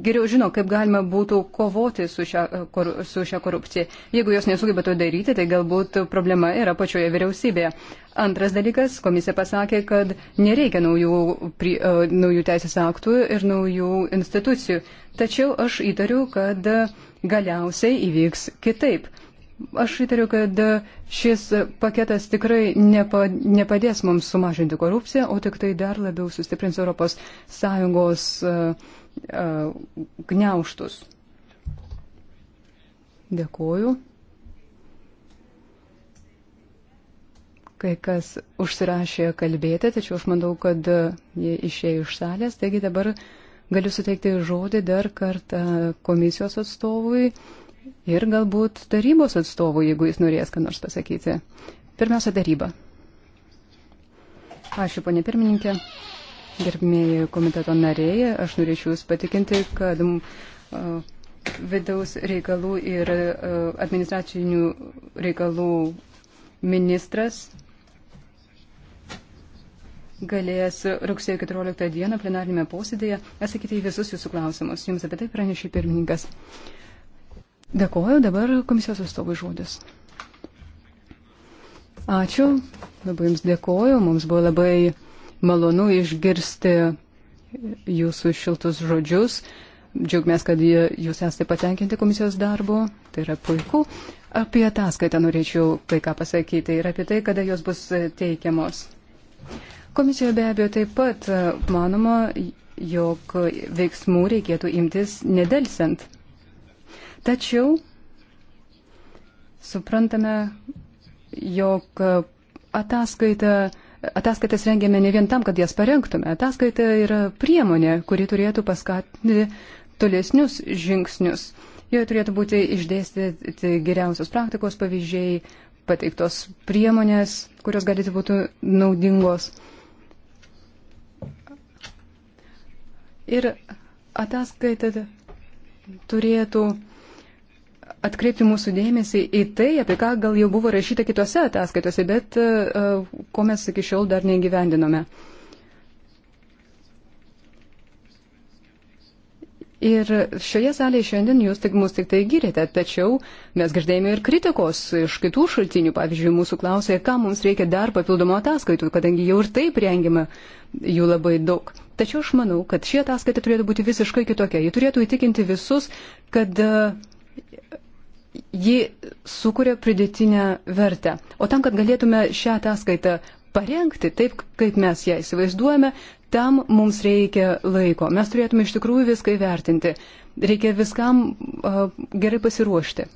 geriau žino, kaip galima būtų kovoti su šia, kor, su šia korupcija. Jeigu jos nesugeba to daryti, tai galbūt problema yra pačioje vyriausybėje. Antras dalykas, komisija pasakė, kad nereikia naujų, pri, naujų teisės aktų ir naujų institucijų. Tačiau aš įtariu, kad galiausiai įvyks kitaip. Aš įtariu, kad šis paketas tikrai nepa, nepadės mums sumažinti korupciją, o tik tai dar labiau sustiprins ES e, e, gniauštus. Dėkuoju. Kai kas užsirašė kalbėti, tačiau aš manau, kad jie išėjo iš salės, taigi dabar galiu suteikti žodį dar kartą komisijos atstovui. Uh, ir galbūt tarybos atstovų, jeigu jis norės ką nors pasakyti. Pirmiausia, taryba. Ačiū, ponė pirmininkė. Gerbimieji komiteto nariai, aš norėčiau Jūs patikinti, kad vidaus reikalų ir administracinių reikalų ministras galės rugsėjo 14 dieną plenarinėme posėdėje atsakyti į visus jūsų klausimus. Jums apie tai pranešė pirmininkas. Dėkuoju, dabar komisijos atstovai žodis. Ačiū, labai Jums dėkuoju, mums buvo labai malonu išgirsti Jūsų šiltus žodžius. Džiaugmės, kad Jūs esate patenkinti komisijos darbu, tai yra puiku. Apie ataskaitą norėčiau kai ką pasakyti ir apie tai, kada jos bus teikiamos. Komisijoje be abejo taip pat manoma, jog veiksmų reikėtų imtis nedelsant. Tačiau suprantame, jog ataskaita, ataskaitas rengėme ne vien tam, kad jas parengtume. Ataskaita yra priemonė, kuri turėtų paskatinti tolesnius žingsnius. Joje turėtų būti išdėstyti geriausios praktikos pavyzdžiai, pateiktos priemonės, kurios galite būtų naudingos. Ir ataskaita turėtų atkreipti mūsų dėmesį į tai, apie ką gal jau buvo rašyta kitose ataskaitose, bet e, e, ko mes iki šiol dar neįgyvendinome. Ir šioje salėje šiandien jūs tik mus tik tai girėte, tačiau mes girdėjome ir kritikos iš kitų šaltinių. Pavyzdžiui, mūsų klausė, ką mums reikia dar papildomo ataskaitų, kadangi jau ir taip rengiame jų labai daug. Tačiau aš manau, kad ši ataskaita turėtų būti visiškai kitokia. Ji turėtų įtikinti visus, kad e, ji sukuria pridėtinę vertę. O tam, kad galėtume šią ataskaitą parengti taip, kaip mes ją įsivaizduojame, tam mums reikia laiko. Mes turėtume iš tikrųjų viską įvertinti. Reikia viskam uh, gerai pasiruošti.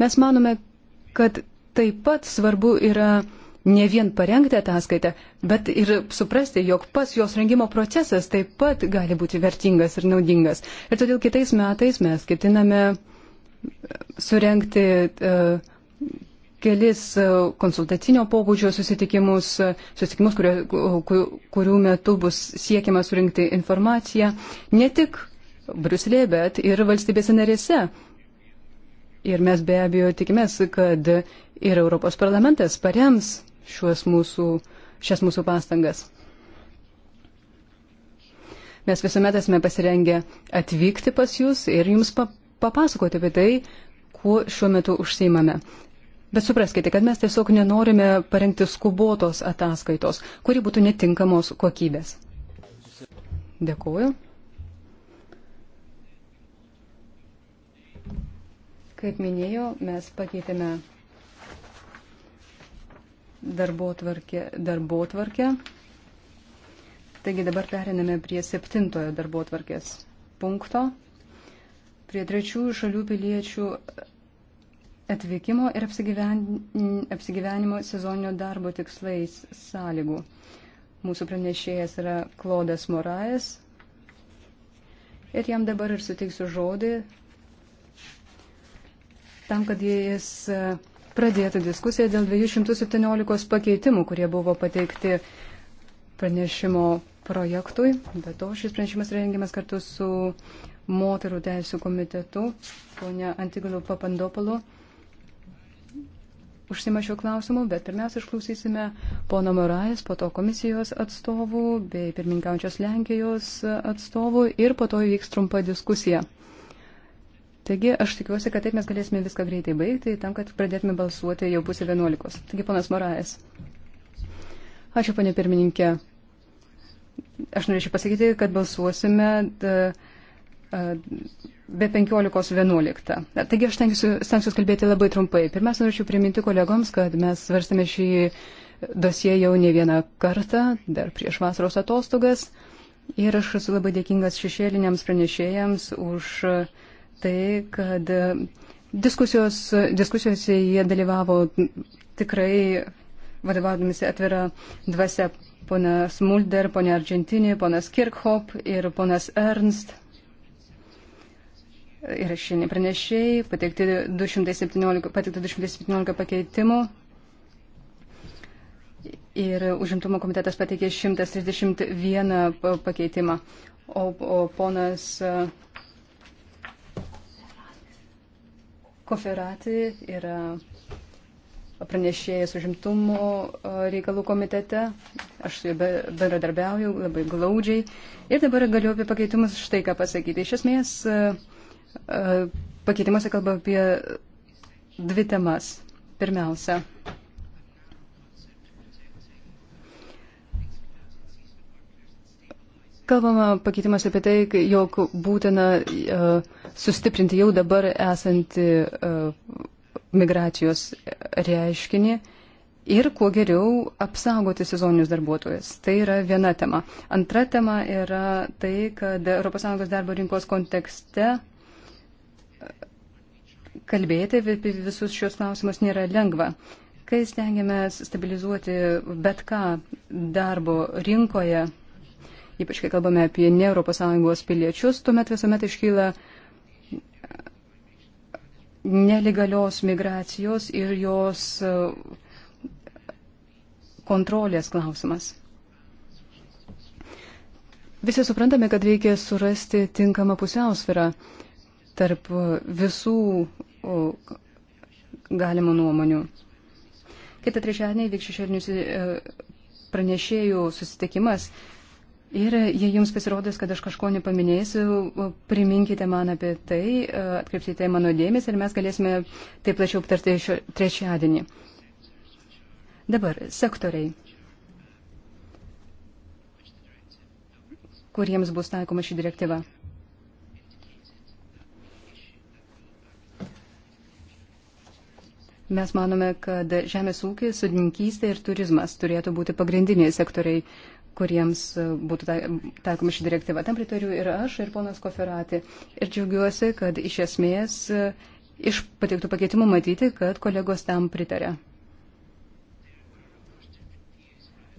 Mes manome, kad taip pat svarbu yra ne vien parengti ataskaitę, bet ir suprasti, jog pats jos rengimo procesas taip pat gali būti vertingas ir naudingas. Ir todėl kitais metais mes ketiname uh, surenkti e, kelis konsultacinio pobūdžio susitikimus, susitikimus, kurio, kurių metu bus siekiama surinkti informaciją ne tik Bruselėje, bet ir valstybėse narėse. Ir mes be abejo tikimės, kad ir Europos parlamentas parems šiuos mūsų, šias mūsų pastangas. Mes visuomet esame pasirengę atvykti pas jūs ir jums papasakoti apie tai, kuo šiuo metu užsiimame. Bet supraskite, kad mes tiesiog nenorime parengti skubotos ataskaitos, kuri būtų netinkamos kokybės. Dėkuoju. Kaip minėjau, mes pakeitėme darbo tvarkę. Darbo tvarkę. Taigi dabar periname prie septintojo darbo tvarkės punkto prie trečiųjų šalių piliečių atvykimo ir apsigyvenimo sezoninio darbo tikslais sąlygų. Mūsų pranešėjas yra Klodas Moraes ir jam dabar ir suteiksiu žodį tam, kad jis e, pradėtų diskusiją dėl 217 pakeitimų, kurie buvo pateikti pranešimo projektui. Be to, šis pranešimas rengiamas kartu su uh, moterų teisų komitetu, ponia Antigulio Papandopolo, užsima šio klausimu, bet pirmiausia išklausysime pono Morais, po to komisijos atstovų bei pirmininkaujančios Lenkijos atstovų ir po to įvyks trumpa diskusija. Taigi aš tikiuosi, kad taip mes galėsime viską greitai baigti, tam, kad pradėtume balsuoti jau pusė vienuolikos. Taigi, ponas Morais. Ačiū, ponė pirmininkė. Aš norėčiau pasakyti, kad balsuosime. Da, E, be 15.11. Taigi aš stengsiuosi kalbėti labai trumpai. Pirmiausia, norėčiau priminti kolegoms, kad mes svarstame šį dosiją jau ne vieną kartą, dar prieš vasaros atostogas. Ir aš esu labai dėkingas šešėliniams pranešėjams už tai, kad diskusijos, diskusijose jie dalyvavo tikrai vadovaudomisi atvira dvasia. Ponas Mulder, ponia Argentinė, ponas Kirkhop ir ponas Ernst. Ir šiandien pranešėjai pateikti 217, pateikti 217 pakeitimų. Ir užimtumo komitetas pateikė 131 pakeitimą. O, o ponas e, Koferati yra pranešėjas užimtumo e, reikalų komitete. Aš su juo bendradarbiauju labai glaudžiai. Ir dabar galiu apie pakeitimus štai ką pasakyti. Iš esmės. Uh, E, pakeitimuose kalba apie dvi temas. Pirmiausia, Kalbama pakeitimas apie tai, jog būtina uh, sustiprinti jau dabar esantį uh, migracijos reiškinį ir kuo geriau apsaugoti sezoninius darbuotojus. Tai yra viena tema. Antra tema yra tai, kad ES darbo rinkos kontekste uh, kalbėti apie visus šios klausimus nėra lengva. Kai stengiamės stabilizuoti bet ką darbo rinkoje, ypač kai kalbame apie ne ES piliečius, tuomet visuomet iškyla nelegalios migracijos ir jos e, kontrolės klausimas. Visi suprantame, kad reikia surasti tinkamą pusiausvirą tarp visų galimų nuomonių. Kita trečiadienį vyks šešėlinių e, pranešėjų susitikimas. Ir jei jums pasirodys, kad aš kažko nepaminėsiu, priminkite man apie tai, e, atkreipsite į mano dėmesį ir mes galėsime tai plačiau aptarti šio trečiadienį. Dabar sektoriai, kuriems bus taikoma ši direktyva. Mes manome, kad žemės ūkis, sudininkystė ir turizmas turėtų būti pagrindiniai sektoriai, kuriems e, būtų taikoma ši direktyva. Tam pritariu ir aš, ir ponas Koferati. Ir džiaugiuosi, kad iš esmės e, iš pateiktų pakeitimų matyti, kad kolegos tam pritarė.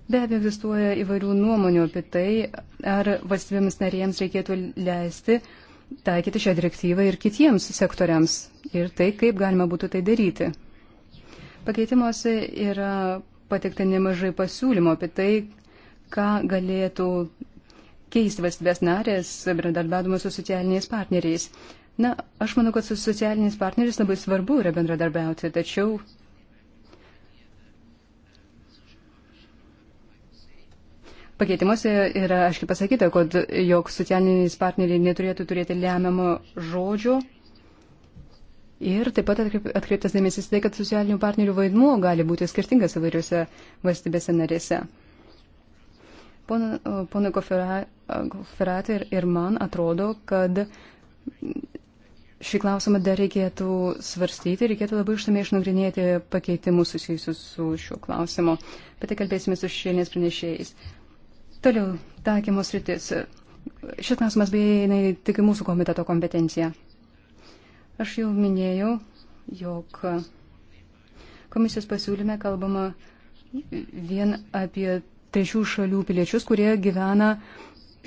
Be abejo, egzistuoja įvairių nuomonių apie tai, ar valstybėms narėms reikėtų leisti taikyti šią direktyvą ir kitiems sektoriams ir tai, kaip galima būtų tai daryti. Pakeitimuose yra pateikta nemažai pasiūlymų apie tai, ką galėtų keisti valstybės narės, bendradarbiavimas su socialiniais partneriais. Na, aš manau, kad su socialiniais partneriais labai svarbu yra bendradarbiauti, tačiau. Pakeitimuose yra aiškiai pasakyta, kad jog socialiniais partneriai neturėtų turėti lemiamo žodžio Ir taip pat atkreiptas dėmesys tai, kad socialinių partnerių vaidmuo gali būti skirtingas įvairiuose valstybėse narėse. Pono Koferatė ir, ir man atrodo, kad šį klausimą dar reikėtų svarstyti, reikėtų labai išsamei išnagrinėti pakeitimus susijusius su šiuo klausimu. Bet tai kalbėsime su šiandienės pranešėjais. Toliau, taikymo sritis. Šis klausimas beje įeina tik į mūsų komiteto kompetenciją. Aš jau minėjau, jog komisijos pasiūlyme kalbama vien apie trečių šalių piliečius, kurie gyvena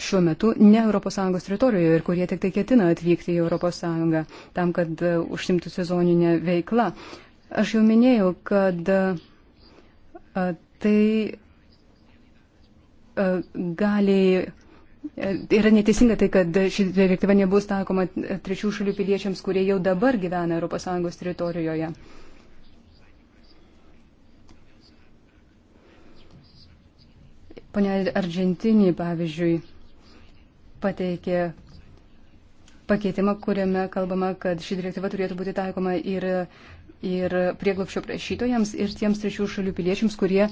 šiuo metu ne ES teritorijoje ir kurie tik tai ketina atvykti į ES tam, kad e, užsimtų sezoninę veiklą. Aš jau minėjau, kad e, tai e, gali Yra neteisinga tai, kad ši direktyva nebus taikoma trečių šalių piliečiams, kurie jau dabar gyvena ES teritorijoje. Pane Argentinį, pavyzdžiui, pateikė pakeitimą, kuriame kalbama, kad ši direktyva turėtų būti taikoma ir, ir prieglopšio prašytojams, ir tiems trečių šalių piliečiams, kurie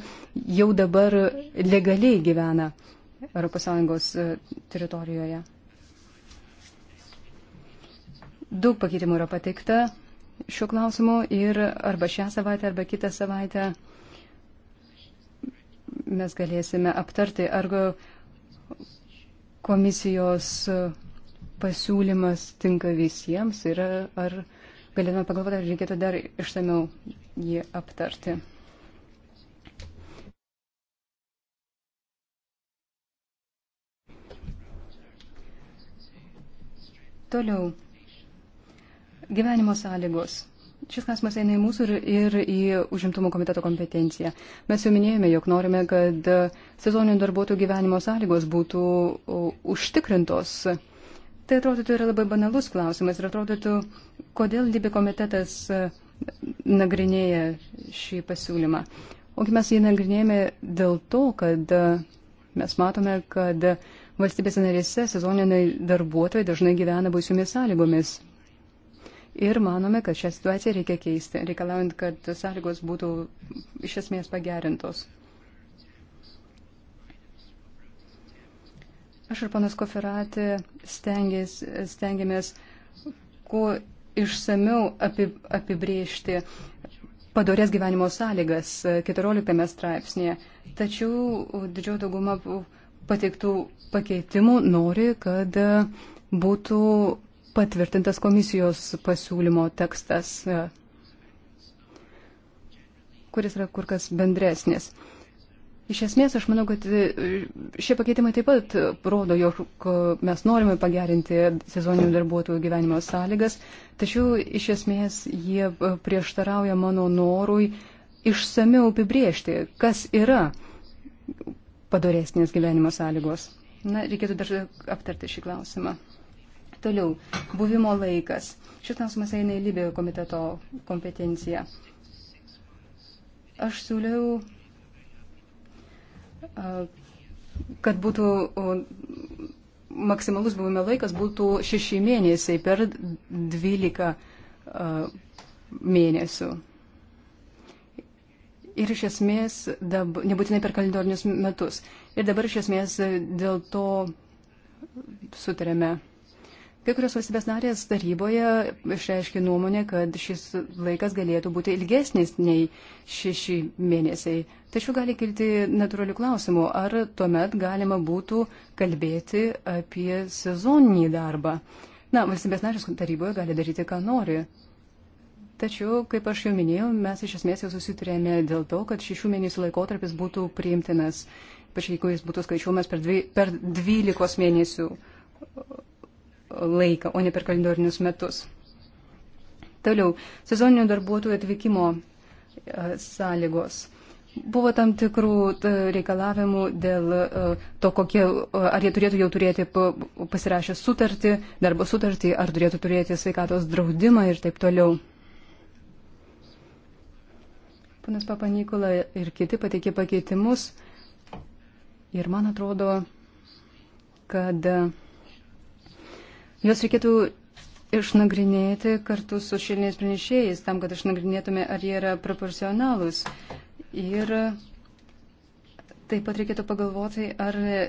jau dabar legaliai gyvena ES e, teritorijoje. Daug pakeitimų yra pateikta šiuo klausimu ir arba šią savaitę, arba kitą savaitę mes galėsime aptarti, ar komisijos pasiūlymas tinka visiems ir ar galėtume pagalvoti, ar reikėtų dar išsameu jį aptarti. Toliau. Gyvenimo sąlygos. Šis klausimas eina į mūsų ir, ir į užimtumo komiteto kompetenciją. Mes jau minėjome, jog norime, kad sezoninių darbuotojų gyvenimo sąlygos būtų užtikrintos. Tai atrodytų yra labai banalus klausimas ir atrodytų, kodėl Libė komitetas e, nagrinėja šį pasiūlymą. Ogi mes jį nagrinėjame dėl to, kad e, mes matome, kad Valstybės narėse sezoniniai darbuotojai dažnai gyvena baisiomis sąlygomis. Ir manome, kad šią situaciją reikia keisti, reikalaujant, kad sąlygos būtų iš esmės pagerintos. Aš ir panas Koferatė stengiamės kuo išsamiau apibriežti padorės gyvenimo sąlygas 14 e, straipsnėje. Tačiau didžioji dauguma pateiktų pakeitimų nori, kad būtų patvirtintas komisijos pasiūlymo tekstas, kuris yra kur kas bendresnis. Iš esmės, aš manau, kad e, šie pakeitimai taip pat rodo, jog e, mes norime pagerinti sezoninių darbuotojų gyvenimo sąlygas, tačiau iš esmės jie e, prieštarauja mano norui išsameu apibriežti, kas yra padaresnės gyvenimo sąlygos. Na, reikėtų dar aptarti šį klausimą. Toliau, buvimo laikas. Šis klausimas eina į Libijo komiteto kompetenciją. Aš siūliau, kad būtų maksimalus buvimo laikas būtų šeši mėnesiai per dvylika mėnesių ir iš esmės, dab, nebūtinai per kalendorinius metus. Ir dabar iš esmės dėl to sutarėme. Kai kurios valstybės narės taryboje išreiškė nuomonę, kad šis laikas galėtų būti ilgesnis nei šeši mėnesiai. Tačiau gali kilti natūralių klausimų, ar tuomet galima būtų kalbėti apie sezoninį darbą. Na, valstybės narės taryboje gali daryti, ką nori. Tačiau, kaip aš jau minėjau, mes iš esmės jau susiturėjome dėl to, kad šešių mėnesių laikotarpis būtų priimtinas, ypač jeigu jis būtų skaičiuojamas per, dvi, per 12 mėnesių e, laiką, o ne per kalendorinius metus. Toliau, sezoninių darbuotojų atvykimo e, sąlygos. Buvo tam tikrų e, reikalavimų dėl to, kokie, ar jie turėtų jau turėti pasirašę sutartį, darbo sutartį, ar turėtų turėti sveikatos draudimą ir taip toliau. Panas Papanikula ir kiti pateikė pakeitimus. Ir man atrodo, kad juos reikėtų išnagrinėti kartu su šiliniais pranešėjais, tam, kad išnagrinėtume, ar jie yra proporcionalūs. Ir taip pat reikėtų pagalvoti, ar e,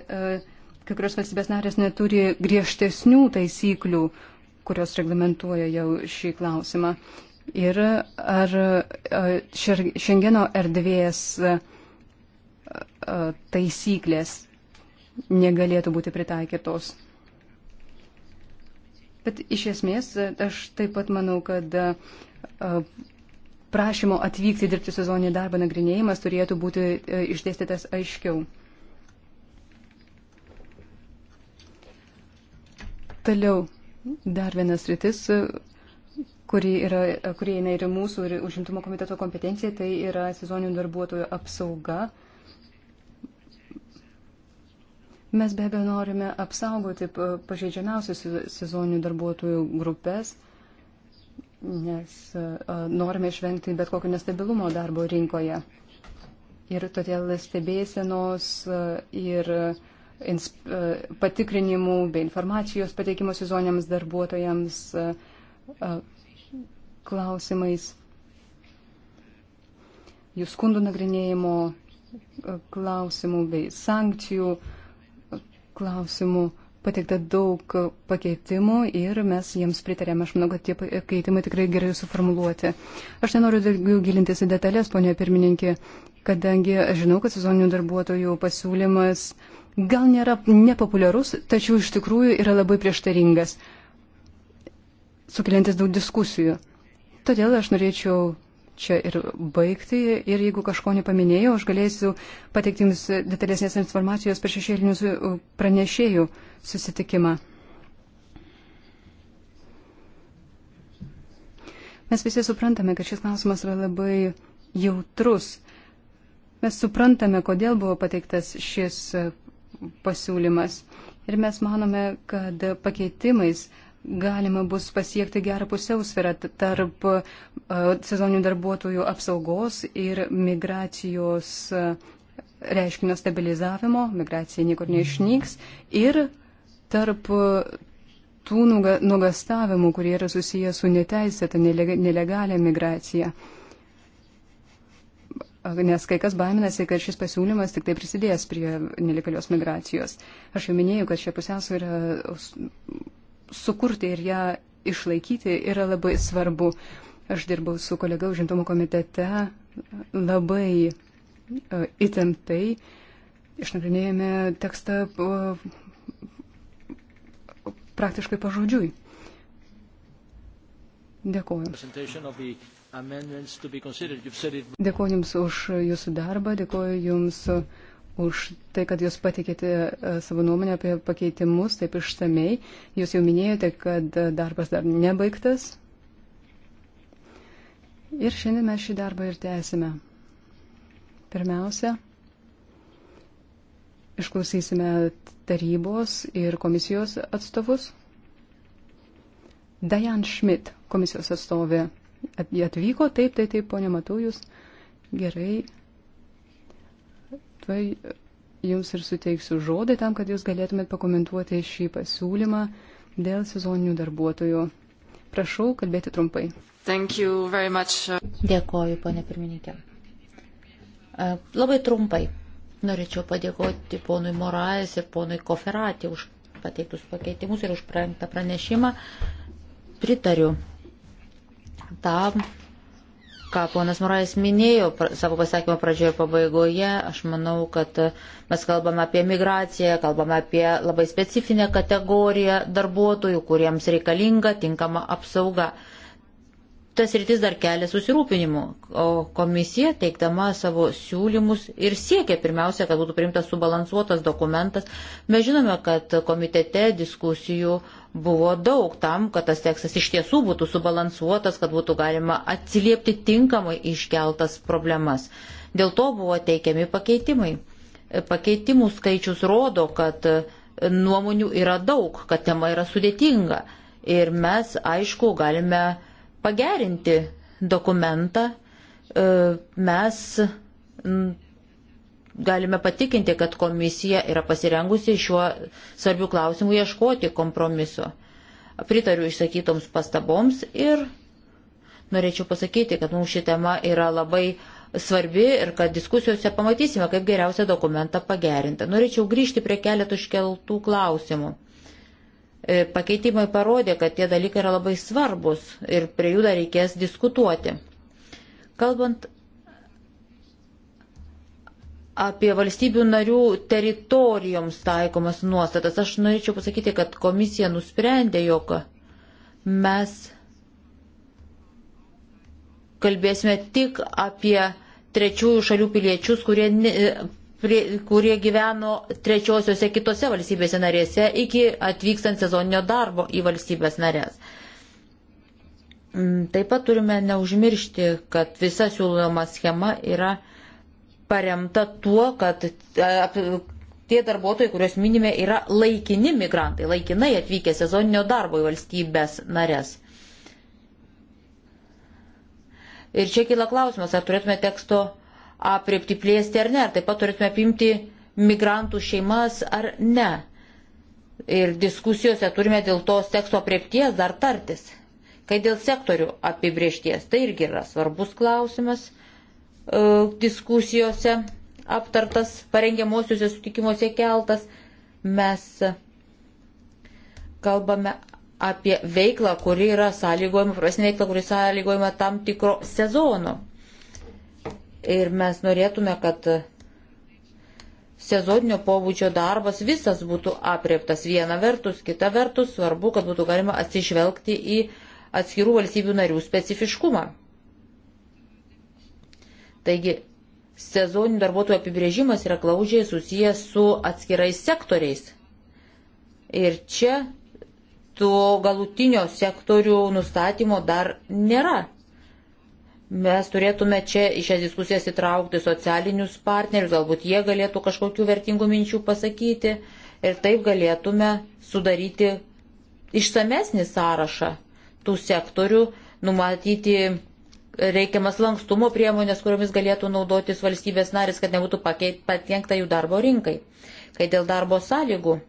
kai kurios valstybės narės neturi griežtesnių taisyklių, kurios reglamentuoja jau šį klausimą. Ir ar Šengeno erdvės taisyklės negalėtų būti pritaikytos. Bet iš esmės aš taip pat manau, kad prašymo atvykti dirbti sezoninį darbą nagrinėjimas turėtų būti išdėstytas aiškiau. Toliau dar vienas rytis, kuri, yra, kuri eina ir mūsų ir užimtumo komiteto kompetencija, tai yra sezoninių darbuotojų apsauga. Mes be abejo norime apsaugoti pažeidžiamiausias sezoninių darbuotojų grupės, nes norime išvengti bet kokio nestabilumo darbo rinkoje. Ir todėl stebėsenos ir patikrinimų bei informacijos pateikimo sezoniniams darbuotojams klausimais, jų skundų nagrinėjimo e, klausimų bei sankcijų e, klausimų pateikta daug pakeitimų ir mes jiems pritarėme. Aš manau, kad tie pakeitimai tikrai gerai suformuluoti. Aš nenoriu daugiau gilintis į detalės, ponia pirmininkė, kadangi aš žinau, kad sezoninių darbuotojų pasiūlymas gal nėra nepopuliarus, tačiau iš tikrųjų yra labai prieštaringas, sukeliantis daug diskusijų. Todėl aš norėčiau čia ir baigti. Ir jeigu kažko nepaminėjau, aš galėsiu pateikti Jums detalesnės informacijos per šešėlinius uh, pranešėjų susitikimą. Mes visi suprantame, kad šis klausimas yra labai jautrus. Mes suprantame, kodėl buvo pateiktas šis uh, pasiūlymas. Ir mes manome, kad pakeitimais galima bus pasiekti gerą pusiausvyrą tarp e, sezoninių darbuotojų apsaugos ir migracijos e, reiškinio stabilizavimo, migracija niekur neišnyks, ir tarp e, tų nugastavimų, kurie yra susiję su neteisėta, nelegalia migracija. Nes kai kas baiminasi, kad šis pasiūlymas tik tai prisidės prie nelegalios migracijos. Aš jau minėjau, kad šia pusiausvyrą sukurti ir ją išlaikyti yra labai svarbu. Aš dirbau su kolega užimtumo komitete labai e, įtemptai. Išnagrinėjome tekstą e, praktiškai pažodžiui. Dėkuoju. Dėkuoju Jums už Jūsų darbą, dėkuoju Jums už tai, kad jūs patikėte e, savo nuomonę apie pakeitimus taip išsamei. Jūs jau minėjote, kad e, darbas dar nebaigtas. Ir šiandien mes šį darbą ir tęsime. Pirmiausia, išklausysime tarybos ir komisijos atstovus. Dajan Schmidt, komisijos atstovė, atvyko, taip, taip, taip, ponia Matujus, gerai, tai jums ir suteiksiu žodį tam, kad jūs galėtumėt pakomentuoti šį pasiūlymą dėl sezoninių darbuotojų. Prašau kalbėti trumpai. Uh, Dėkoju, ponė pirmininkė. Labai trumpai norėčiau padėkoti ponui Morais ir ponui Koferatį už pateiktus pakeitimus ir už praneštą pranešimą. Pritariu tam, ką ponas Morais minėjo savo pasakymo pradžioje pabaigoje. Aš manau, kad mes kalbame apie migraciją, kalbame apie labai specifinę kategoriją darbuotojų, kuriems reikalinga tinkama apsauga tas rytis dar kelia susirūpinimu, o komisija teikdama savo siūlymus ir siekia pirmiausia, kad būtų priimtas subalansuotas dokumentas. Mes žinome, kad komitete diskusijų buvo daug tam, kad tas tekstas iš tiesų būtų subalansuotas, kad būtų galima atsiliepti tinkamai iškeltas problemas. Dėl to buvo teikiami pakeitimai. Pakeitimų skaičius rodo, kad nuomonių yra daug, kad tema yra sudėtinga. Ir mes, aišku, galime pagerinti dokumentą, e, mes galime patikinti, kad komisija yra pasirengusi šiuo svarbiu klausimu ieškoti kompromiso. Pritariu išsakytoms pastaboms ir norėčiau pasakyti, kad mums ši tema yra labai svarbi ir kad diskusijose pamatysime, kaip geriausia dokumentą pagerinti. Norėčiau grįžti prie keletų iškeltų klausimų. E, pakeitimai parodė, kad tie dalykai yra labai svarbus ir prie jų dar reikės diskutuoti. Kalbant apie valstybių narių teritorijoms taikomas nuostatas, aš norėčiau pasakyti, kad komisija nusprendė, jog mes kalbėsime tik apie trečiųjų šalių piliečius, kurie prie, kurie gyveno trečiosiuose kitose valstybėse narėse iki atvykstant sezoninio darbo į valstybės narės. Mm, taip pat turime neužmiršti, kad visa siūloma schema yra paremta tuo, kad e, tie darbuotojai, kuriuos minime, yra laikini migrantai, laikinai atvykę sezoninio darbo į valstybės narės. Ir čia kyla klausimas, ar turėtume teksto apriepti plėsti ar ne, ar taip pat turėtume apimti migrantų šeimas ar ne. Ir diskusijose turime dėl tos teksto apriepties dar tartis. Kai dėl sektorių apibriešties, tai irgi yra svarbus klausimas e, diskusijose aptartas, parengiamosiuose sutikimuose keltas. Mes kalbame apie veiklą, kuri yra sąlygojama, profesinė veikla, kuri sąlygojama tam tikro sezono. Ir mes norėtume, kad sezoninio pobūdžio darbas visas būtų apriektas viena vertus, kita vertus svarbu, kad būtų galima atsižvelgti į atskirų valstybių narių specifiškumą. Taigi, sezoninių darbuotojų apibrėžimas yra glaudžiai susijęs su atskirais sektoriais. Ir čia to galutinio sektorių nustatymo dar nėra. Mes turėtume čia į šias diskusijas įtraukti socialinius partnerius, galbūt jie galėtų kažkokių vertingų minčių pasakyti ir taip galėtume sudaryti išsamesnį sąrašą tų sektorių, numatyti reikiamas lankstumo priemonės, kuriomis galėtų naudotis valstybės narės, kad nebūtų pakenkta jų darbo rinkai. Kai dėl darbo sąlygų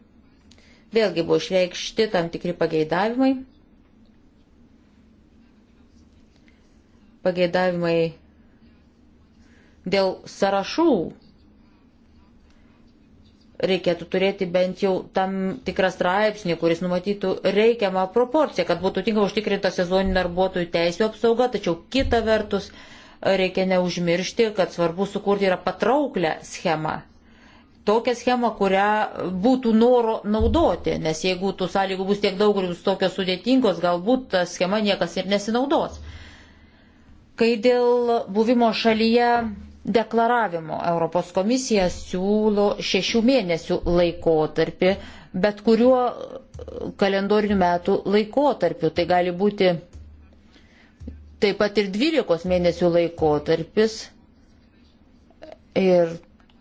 vėlgi buvo išreikšti tam tikri pageidavimai pageidavimai dėl sąrašų. Reikėtų turėti bent jau tam tikrą straipsnį, kuris numatytų reikiamą proporciją, kad būtų tinkamai užtikrinta sezoninių darbuotojų teisų apsauga, tačiau kita vertus reikia neužmiršti, kad svarbu sukurti yra patrauklę schemą. Tokią schemą, kurią būtų noro naudoti, nes jeigu tų sąlygų bus tiek daug ir bus tokios sudėtingos, galbūt ta schema niekas ir nesinaudos. Kai dėl buvimo šalyje deklaravimo Europos komisija siūlo šešių mėnesių laikotarpį, bet kuriuo kalendorinių metų laikotarpiu. Tai gali būti taip pat ir 12 mėnesių laikotarpis. Ir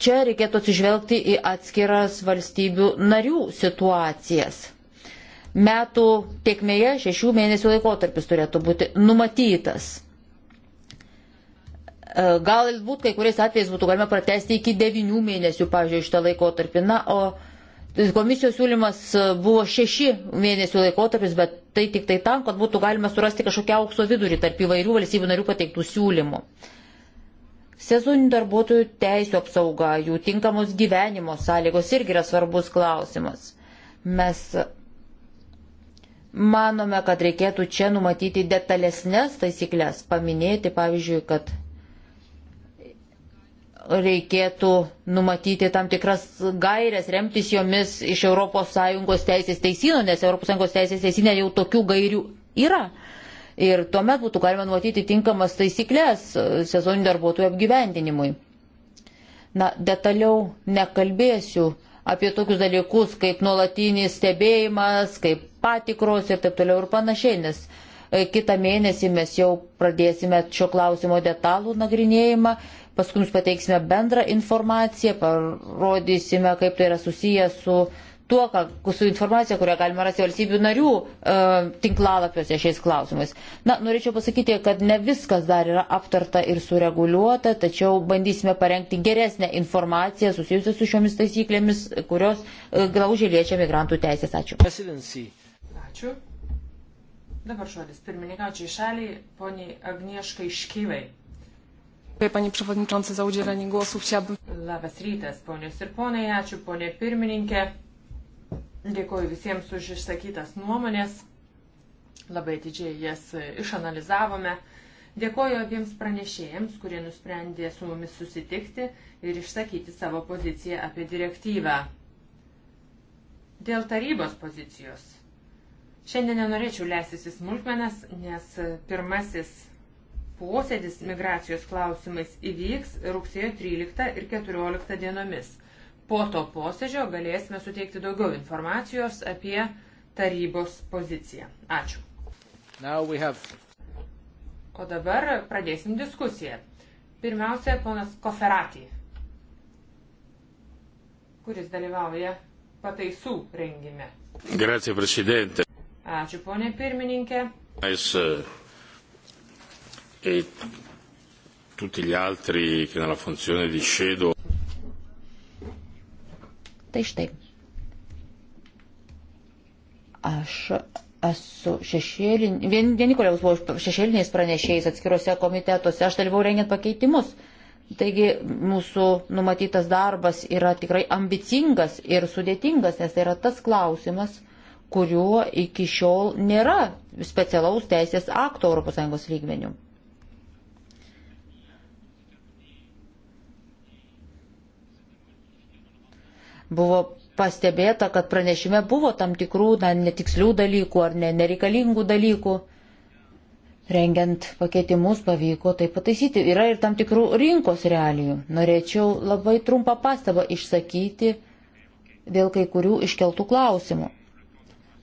čia reikėtų atsižvelgti į atskiras valstybių narių situacijas. Metų tiekmėje šešių mėnesių laikotarpis turėtų būti numatytas E, galbūt kai kuriais atvejais būtų galima pratesti iki 9 mėnesių, pavyzdžiui, šitą laikotarpį. Na, o komisijos siūlymas e, buvo 6 mėnesių laikotarpis, bet tai tik tai tam, kad būtų galima surasti kažkokią aukso vidurį tarp įvairių valstybių narių pateiktų siūlymų. Sezoninių darbuotojų teisų apsauga, jų tinkamos gyvenimo sąlygos irgi yra svarbus klausimas. Mes manome, kad reikėtų čia numatyti detalesnės taisyklės, paminėti, pavyzdžiui, kad reikėtų numatyti tam tikras gairias, remtis jomis iš ES teisės teisino, nes ES teisės teisinė jau tokių gairių yra. Ir tuomet būtų galima numatyti tinkamas taisyklės sezoninių darbuotojų apgyvendinimui. Na, detaliau nekalbėsiu apie tokius dalykus kaip nuolatinis stebėjimas, kaip patikros ir taip toliau ir panašiai, nes e, kitą mėnesį mes jau pradėsime šio klausimo detalų nagrinėjimą Paskui jums pateiksime bendrą informaciją, parodysime, kaip tai yra susiję su tuo, ką, su informacija, kurią galima rasti valstybių narių e, tinklalapiuose šiais klausimais. Na, norėčiau pasakyti, kad ne viskas dar yra aptarta ir sureguliuota, tačiau bandysime parengti geresnę informaciją susijusią su šiomis taisyklėmis, kurios e, glaužiai liečia migrantų teisės. Ačiū. Presidency. Ačiū. Dabar žodis pirmininkačiai šaliai, poniai Agnieškai Škyvai. Panie Przewodniczący, za udzielenie głosu chciałabym. Labas rytas, ponios ir ponai, ačiū ponė pirmininkė. Dėkuoju visiems už išsakytas nuomonės. Labai didžiai jas išanalizavome. Dėkuoju abiems pranešėjams, kurie nusprendė su mumis susitikti ir išsakyti savo poziciją apie direktyvą. Dėl tarybos pozicijos. Šiandien nenorėčiau leistis į smulkmenas, nes pirmasis posėdis migracijos klausimais įvyks rugsėjo 13 ir 14 dienomis. Po to posėdžio galėsime suteikti daugiau informacijos apie tarybos poziciją. Ačiū. Have... O dabar pradėsim diskusiją. Pirmiausia, ponas Koferatį, kuris dalyvauja pataisų rengime. Grazie, prezidente. Ačiū, ponė pirmininkė. Nice, uh e tutti gli altri che nella funzione di shadow. Tai štai. Aš esu šešėlin... Vien, vieni kolegos buvo šešėliniais pranešėjais atskiruose komitetuose, aš dalyvau rengiant pakeitimus. Taigi mūsų numatytas darbas yra tikrai ambicingas ir sudėtingas, nes tai yra tas klausimas, kuriuo iki šiol nėra specialaus teisės akto ES lygmenių. Buvo pastebėta, kad pranešime buvo tam tikrų na, netikslių dalykų ar ne, nereikalingų dalykų. Rengiant pakeitimus pavyko tai pataisyti. Yra ir tam tikrų rinkos realijų. Norėčiau labai trumpą pastabą išsakyti dėl kai kurių iškeltų klausimų.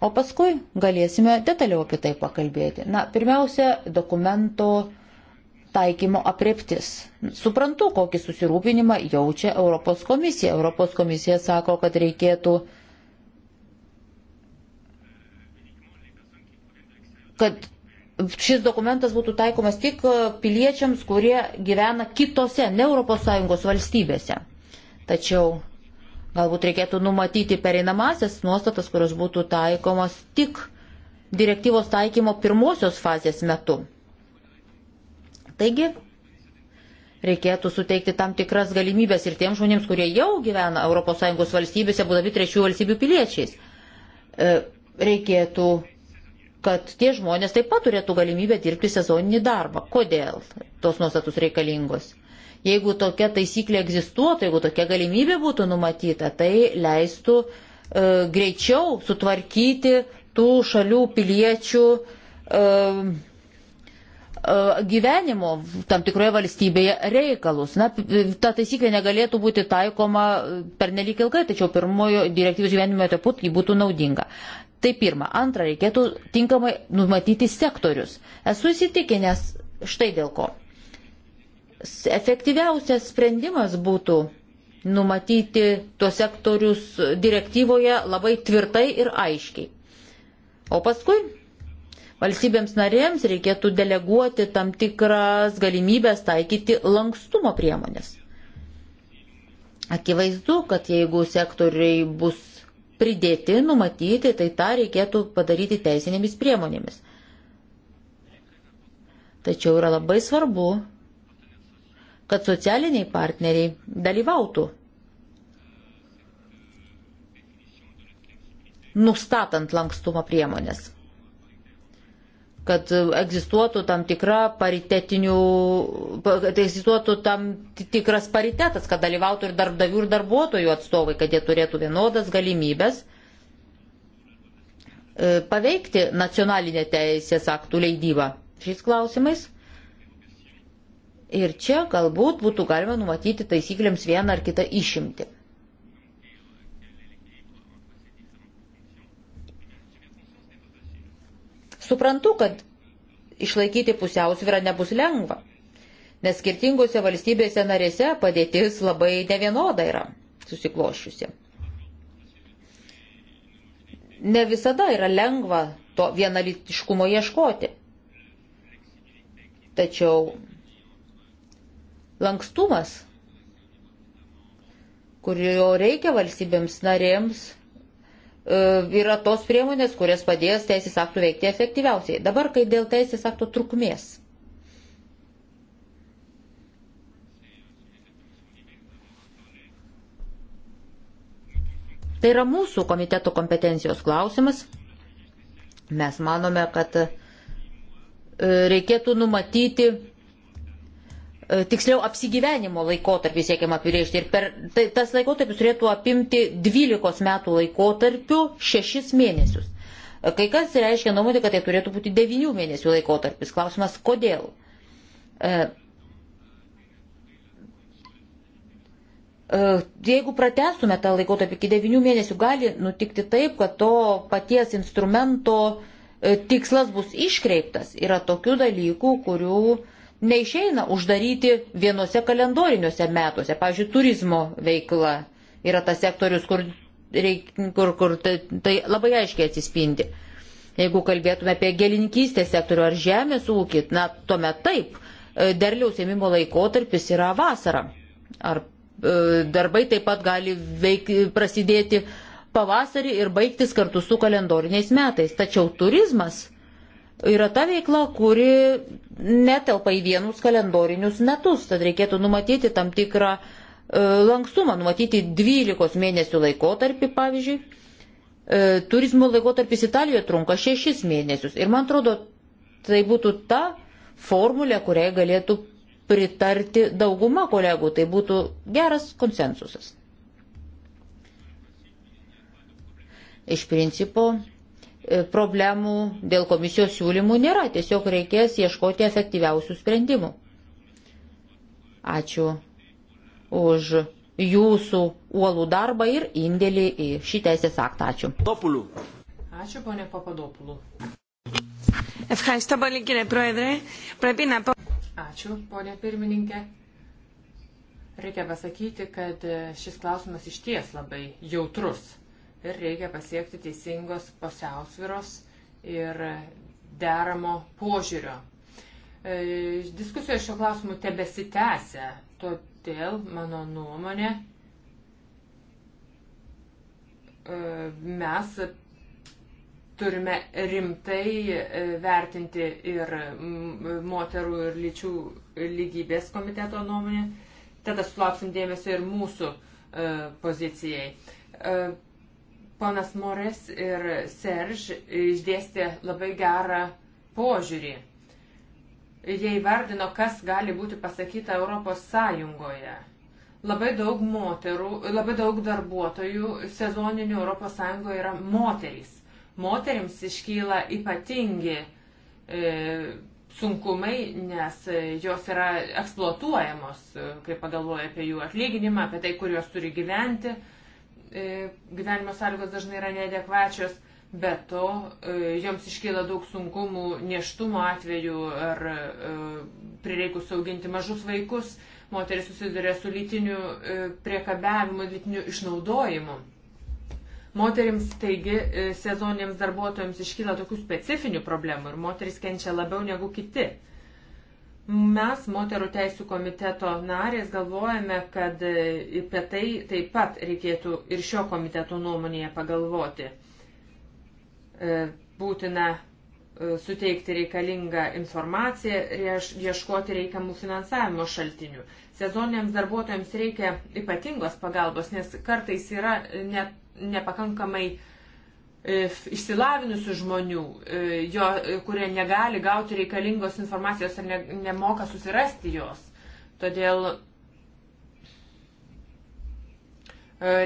O paskui galėsime detaliau apie tai pakalbėti. Na, pirmiausia, dokumento taikymo apreptis. Suprantu, kokį susirūpinimą jaučia Europos komisija. Europos komisija sako, kad reikėtų kad šis dokumentas būtų taikomas tik piliečiams, kurie gyvena kitose, ne ES valstybėse. Tačiau galbūt reikėtų numatyti pereinamasias nuostatas, kurios būtų taikomas tik direktyvos taikymo pirmosios fazės metu. Taigi, reikėtų suteikti tam tikras galimybės ir tiems žmonėms, kurie jau gyvena ES valstybėse, būdami trečių valstybių piliečiais. E, reikėtų, kad tie žmonės taip pat turėtų galimybę dirbti sezoninį darbą. Kodėl tos nuostatus reikalingos? Jeigu tokia taisyklė egzistuotų, jeigu tokia galimybė būtų numatyta, tai leistų e, greičiau sutvarkyti tų šalių piliečių e, E, gyvenimo tam tikroje valstybėje reikalus. Na, ta taisyklė negalėtų būti taikoma per nelik ilgai, tačiau pirmojo direktyvos gyvenimo etapu ji būtų naudinga. Tai pirma. Antra, reikėtų tinkamai numatyti sektorius. Esu įsitikinęs štai dėl ko. Efektyviausias sprendimas būtų numatyti tuos sektorius direktyvoje labai tvirtai ir aiškiai. O paskui Valstybėms narėms reikėtų deleguoti tam tikras galimybės taikyti lankstumo priemonės. Akivaizdu, kad jeigu sektoriai bus pridėti, numatyti, tai tą reikėtų padaryti teisinėmis priemonėmis. Tačiau yra labai svarbu, kad socialiniai partneriai dalyvautų nustatant lankstumo priemonės kad egzistuotų tam tikra paritetinių, kad egzistuotų tam tikras paritetas, kad dalyvautų ir darbdavių, ir darbuotojų atstovai, kad jie turėtų vienodas galimybės e, paveikti nacionalinę teisės aktų leidybą šiais klausimais. Ir čia galbūt būtų galima numatyti taisyklėms vieną ar kitą išimti. Suprantu, kad išlaikyti pusiausvyrą nebus lengva, nes skirtingose valstybėse narėse padėtis labai nevienoda yra susiklošiusi. Ne visada yra lengva to vienalitiškumo ieškoti. Tačiau lankstumas, kurio reikia valstybėms narėms, E, yra tos priemonės, kurias padės teisės aktų veikti efektyviausiai. Dabar, kai dėl teisės akto trukmės. Tai yra mūsų komiteto kompetencijos klausimas. Mes manome, kad e, reikėtų numatyti E, tiksliau apsigyvenimo laikotarpį siekiama apibrėžti. Ir per, tai, tas laikotarpis turėtų apimti 12 metų laikotarpių 6 mėnesius. E, kai kas reiškia nuomonė, kad tai turėtų būti 9 mėnesių laikotarpis. Klausimas, kodėl? E, e, Jeigu pratestume tą laikotarpį iki 9 mėnesių, gali nutikti taip, kad to paties instrumento tikslas bus iškreiptas. Yra tokių dalykų, kurių uh, neišeina uždaryti vienose kalendoriniuose metuose. Pavyzdžiui, turizmo veikla yra tas sektorius, kur, reik, kur, kur tai, tai labai aiškiai atsispindi. Jeigu kalbėtume apie gelininkystės sektorių ar žemės ūkį, na, tuomet taip, e, derliaus ėmimo laikotarpis yra vasara. Ar e, darbai taip pat gali veik, prasidėti pavasarį ir baigtis kartu su kalendoriniais metais. Tačiau turizmas yra ta veikla, kuri netelpa į vienus kalendorinius metus, tad reikėtų numatyti tam tikrą e, lankstumą, numatyti 12 mėnesių laikotarpį, pavyzdžiui. E, turizmo laikotarpis Italijoje trunka 6 mėnesius ir man atrodo, tai būtų ta formulė, kuriai galėtų pritarti dauguma kolegų, tai būtų geras konsensusas. Iš principo E, problemų dėl komisijos siūlymų nėra, tiesiog reikės ieškoti efektyviausių sprendimų. Ačiū už jūsų uolų darbą ir indėlį į šį teisės aktą. Ačiū. Topulų. Ačiū, ponė Papadopulų. Ευχαριστώ πολύ κύριε Πρόεδρε. Πρέπει να πω... Ačiū, ponė pirmininkė. Reikia pasakyti, kad šis klausimas iš ties labai jautrus ir reikia pasiekti teisingos pusiausviros ir deramo požiūrio. E, diskusijos šio klausimu tebesitęsia, todėl mano nuomonė e, mes turime rimtai e, vertinti ir moterų ir lyčių lygybės komiteto nuomonę, tada sulauksim dėmesio ir mūsų pozicijai Ponas Morės ir Serž išdėstė labai gerą požiūrį. Jie įvardino, kas gali būti pasakyta Europos Sąjungoje. Labai daug moterų, labai daug darbuotojų sezoninių Europos Sąjungoje yra moterys. Moterims iškyla ypatingi e, sunkumai, nes jos yra eksploatuojamos, e, kai pagalvoja apie jų atlyginimą, apie tai, kur jos turi gyventi. E, E, gyvenimo sąlygos dažnai yra neadekvačios, bet to e, joms iškyla daug sunkumų neštumo atveju ar e, prireikus auginti mažus vaikus, moteris susiduria su lytiniu priekabiavimu, lytiniu išnaudojimu. Moterims, taigi, sezoniniams darbuotojams iškyla tokių specifinių problemų ir moteris kenčia labiau negu kiti. Mes, moterų teisų komiteto narės, galvojame, kad e, apie tai taip pat reikėtų ir šio komiteto nuomonėje pagalvoti. E, būtina e, suteikti reikalingą informaciją ir ieškoti reikiamų finansavimo šaltinių. Sezoniniams darbuotojams reikia ypatingos pagalbos, nes kartais yra ne, nepakankamai E, išsilavinusių žmonių, e, jo, e, kurie negali gauti reikalingos informacijos ir ne, nemoka susirasti jos. Todėl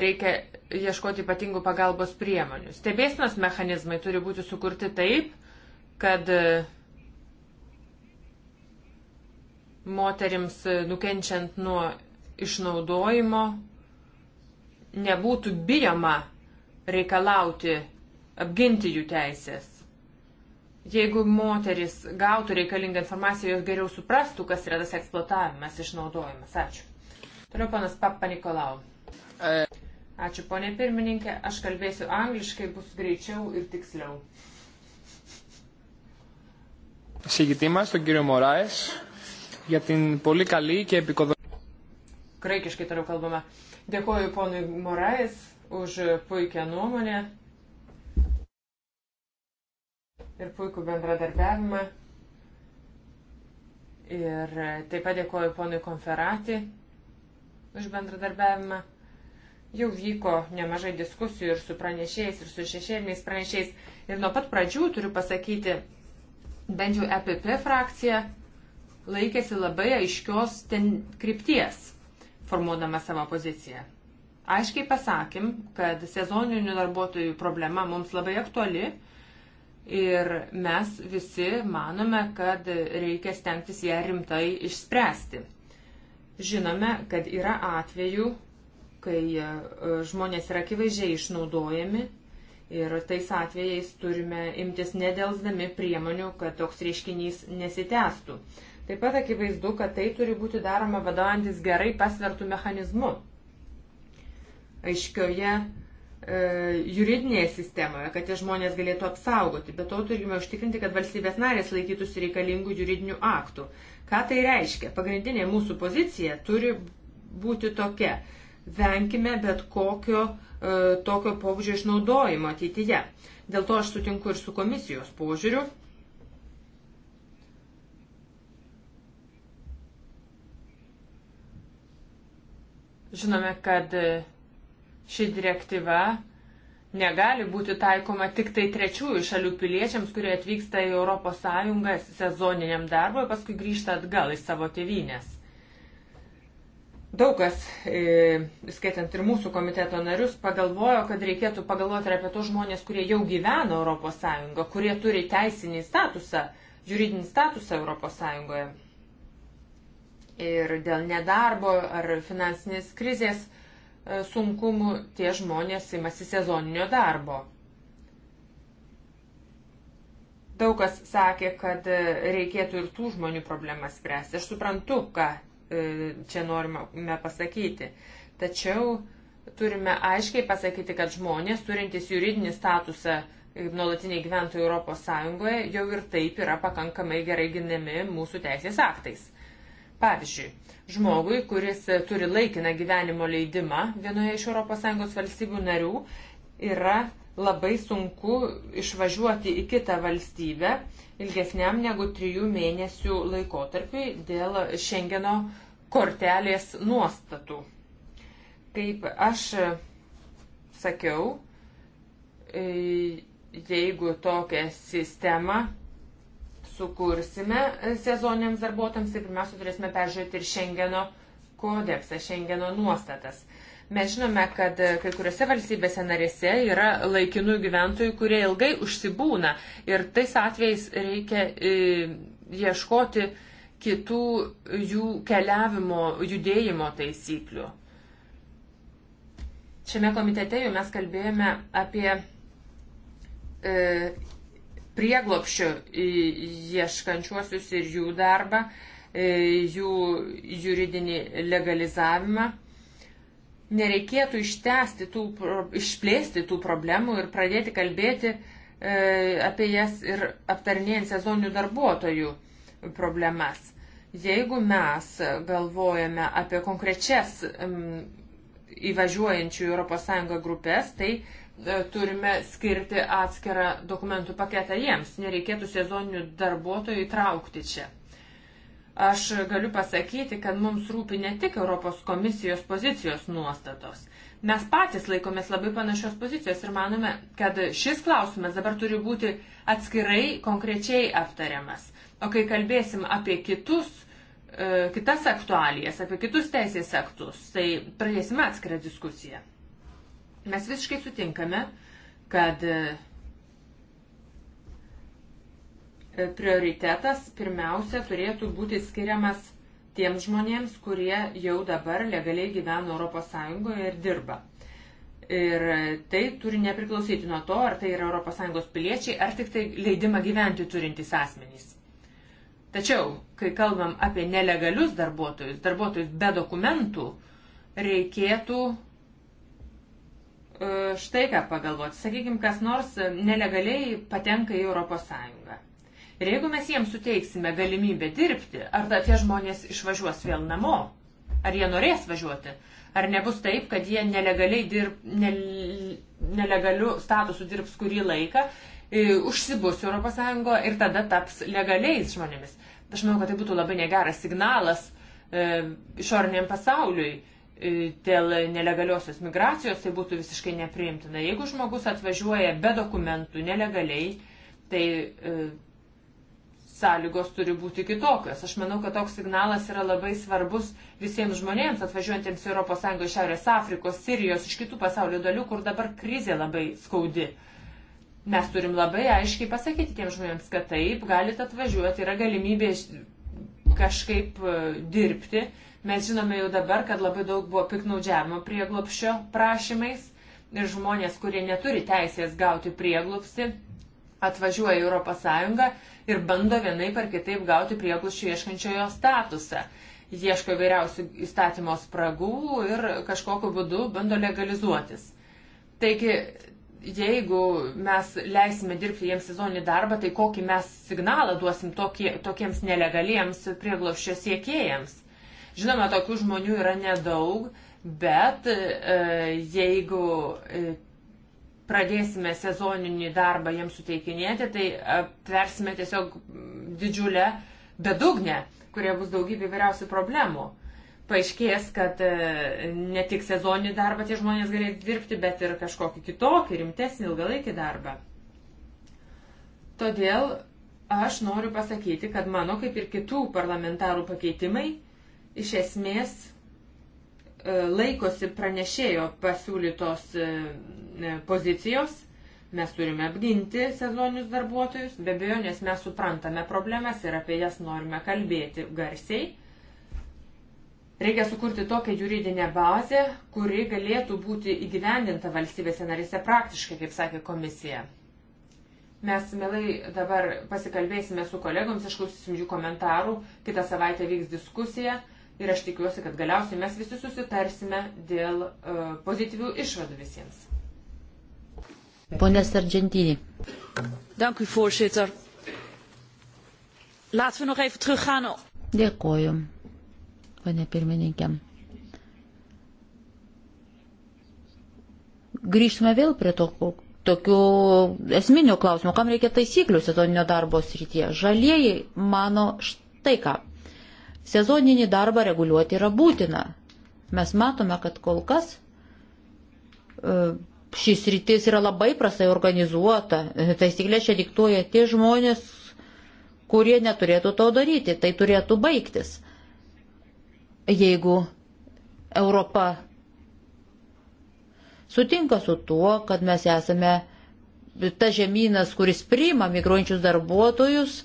reikia ieškoti ypatingų pagalbos priemonių. Stebėsinos mechanizmai turi būti sukurti taip, kad moterims nukenčiant nuo išnaudojimo nebūtų bijoma reikalauti apginti jų teisės. Jeigu moteris gautų reikalingą informaciją, jos geriau suprastų, kas yra tas eksploatavimas, išnaudojimas. Ačiū. Toliau panas Papa Nikolau. Ačiū, ponė pirmininkė. Aš kalbėsiu angliškai, bus greičiau ir tiksliau. Συγκητή μας, τον κύριο Μωράες, για την πολύ καλή και επικοδομητική. Graikiškai toliau kalbame. Dėkuoju ponui Morais už puikią nuomonę ir puikų bendradarbiavimą. Ir taip pat dėkoju ponui Konferati už bendradarbiavimą. Jau vyko nemažai diskusijų ir su pranešėjais, ir su šešėliniais pranešėjais. Ir nuo pat pradžių turiu pasakyti, bent jau EPP frakcija laikėsi labai aiškios ten krypties, formuodama savo poziciją. Aiškiai pasakym, kad sezoninių darbuotojų problema mums labai aktuali Ir mes visi manome, kad reikia stengtis ją rimtai išspręsti. Žinome, kad yra atvejų, kai e, žmonės yra akivaizdžiai išnaudojami ir tais atvejais turime imtis nedelsdami priemonių, kad toks reiškinys nesitęstų. Taip pat akivaizdu, kad tai turi būti daroma vadovantis gerai pasvertų mechanizmu. Aiškioje E, juridinėje sistemoje, kad tie žmonės galėtų apsaugoti, bet to turime užtikrinti, kad valstybės narės laikytųsi reikalingų juridinių aktų. Ką tai reiškia? Pagrindinė mūsų pozicija turi būti tokia. Venkime bet kokio e, tokio pobūdžio išnaudojimo ateityje. Dėl to aš sutinku ir su komisijos požiūriu. Žinome, kad Ši direktyva negali būti taikoma tik tai trečiųjų šalių piliečiams, kurie atvyksta į ES sezoniniam darbui, paskui grįžta atgal į savo tėvynės. Daug kas, e, skaitant ir mūsų komiteto narius, pagalvojo, kad reikėtų pagalvoti ir apie tos žmonės, kurie jau gyvena ES, kurie turi teisinį statusą, juridinį statusą ES. Ir dėl nedarbo ar finansinės krizės E, sunkumų, tie žmonės imasi sezoninio darbo. Daug kas sakė, kad e, reikėtų ir tų žmonių problemas spręsti. Aš suprantu, ką e, čia norime pasakyti. Tačiau turime aiškiai pasakyti, kad žmonės turintys juridinį statusą nuolatiniai gyventojai Europos Sąjungoje jau ir taip yra pakankamai gerai ginami mūsų teisės aktais. Pavyzdžiui, žmogui, kuris e, turi laikiną gyvenimo leidimą vienoje iš ES valstybių narių, yra labai sunku išvažiuoti į kitą valstybę ilgesniam negu trijų mėnesių laikotarpiui dėl Schengeno kortelės nuostatų. Kaip aš e, sakiau, e, jeigu tokią sistemą sukursime sezoniniams darbuotojams, tai pirmiausia turėsime peržiūrėti ir Šengeno kodeksą, Šengeno nuostatas. Mes žinome, kad kai kuriuose valstybėse narėse yra laikinų gyventojų, kurie ilgai užsibūna ir tais atvejais reikia e, ieškoti kitų jų keliavimo, judėjimo taisyklių. Šiame komitete jau mes kalbėjome apie e, prieglopščio e, ieškančiuosius ir jų darbą, e, jų juridinį legalizavimą. Nereikėtų ištęsti tų, išplėsti tų problemų ir pradėti kalbėti e, apie jas ir aptarnėjant sezoninių darbuotojų problemas. Jeigu mes galvojame apie konkrečias įvažiuojančių ES grupės, tai turime skirti atskirą dokumentų paketą jiems. Nereikėtų sezoninių darbuotojų įtraukti čia. Aš galiu pasakyti, kad mums rūpi ne tik Europos komisijos pozicijos nuostatos. Mes patys laikomės labai panašios pozicijos ir manome, kad šis klausimas dabar turi būti atskirai konkrečiai aptariamas. O kai kalbėsim apie kitus, e, kitas aktualijas, apie kitus teisės aktus, tai pradėsime atskirą diskusiją. Mes visiškai sutinkame, kad e, prioritetas pirmiausia turėtų būti skiriamas tiems žmonėms, kurie jau dabar legaliai gyvena ES ir dirba. Ir e, tai turi nepriklausyti nuo to, ar tai yra ES piliečiai, ar tik tai leidimą gyventi turintys asmenys. Tačiau, kai kalbam apie nelegalius darbuotojus, darbuotojus be dokumentų, reikėtų E, štai ką pagalvoti. Sakykime, kas nors nelegaliai patenka į Europos Sąjungą. Ir jeigu mes jiems suteiksime galimybę dirbti, ar ta tie žmonės išvažiuos vėl namo, ar jie norės važiuoti, ar nebus taip, kad jie nelegaliai dirb, ne, nelegaliu statusu dirbs kurį laiką, e, užsibus Europos Sąjungoje ir tada taps legaliais žmonėmis. Aš manau, kad tai būtų labai negeras signalas e, išoriniam pasauliui dėl nelegaliosios migracijos, tai būtų visiškai nepriimtina. Jeigu žmogus atvažiuoja be dokumentų nelegaliai, tai e, sąlygos turi būti kitokios. Aš manau, kad toks signalas yra labai svarbus visiems žmonėms atvažiuojantiems į ES iš Šiaurės Afrikos, Sirijos, iš kitų pasaulio dalių, kur dabar krizė labai skaudi. Mes turim labai aiškiai pasakyti tiems žmonėms, kad taip, galit atvažiuoti, yra galimybė kažkaip e, dirbti, Mes žinome jau dabar, kad labai daug buvo piknaudžiavimo prieglopščio prašymais ir žmonės, kurie neturi teisės gauti prieglopsti, atvažiuoja į ES ir bando vienaip ar kitaip gauti prieglopščio ieškančiojo statusą. Ieško vairiausių įstatymo spragų ir kažkokiu būdu bando legalizuotis. Taigi, jeigu mes leisime dirbti jiems sezoninį darbą, tai kokį mes signalą duosim tokie, tokiems nelegaliems prieglopščio siekėjams? Žinoma, tokių žmonių yra nedaug, bet e, jeigu e, pradėsime sezoninį darbą jiems suteikinėti, tai aptversime e, tiesiog didžiulę bedugnę, kurie bus daugybė įvairiausių problemų. Paaiškės, kad ne tik sezoninį darbą tie žmonės galės dirbti, bet ir kažkokį kitokį, rimtesnį, ilgalaikį darbą. Todėl aš noriu pasakyti, kad mano kaip ir kitų parlamentarų pakeitimai iš esmės e, laikosi pranešėjo pasiūlytos e, e, pozicijos. Mes turime apginti sezoninius darbuotojus, be abejo, nes mes suprantame problemas ir apie jas norime kalbėti garsiai. Reikia sukurti tokią juridinę bazę, kuri galėtų būti įgyvendinta valstybėse narėse praktiškai, kaip sakė komisija. Mes, mielai, dabar pasikalbėsime su kolegoms, išklausysim jų komentarų, kitą savaitę vyks diskusija ir aš tikiuosi, kad galiausiai mes visi susitarsime dėl uh, pozityvių išvadų visiems. Pone Sargentinį. Dank u, voorzitter. Laten we nog even teruggaan. Dėkoju, pane pirmininkė. Grįžtume vėl prie to, tokių esminių klausimų, kam reikia taisyklių sezoninio darbo srityje. Žalieji mano štai ką. Sezoninį darbą reguliuoti yra būtina. Mes matome, kad kol kas e, šis rytis yra labai prasai organizuota. Taisyklės čia diktuoja tie žmonės, kurie neturėtų to daryti. Tai turėtų baigtis. Jeigu Europa sutinka su tuo, kad mes esame tas žemynas, kuris priima migruojančius darbuotojus,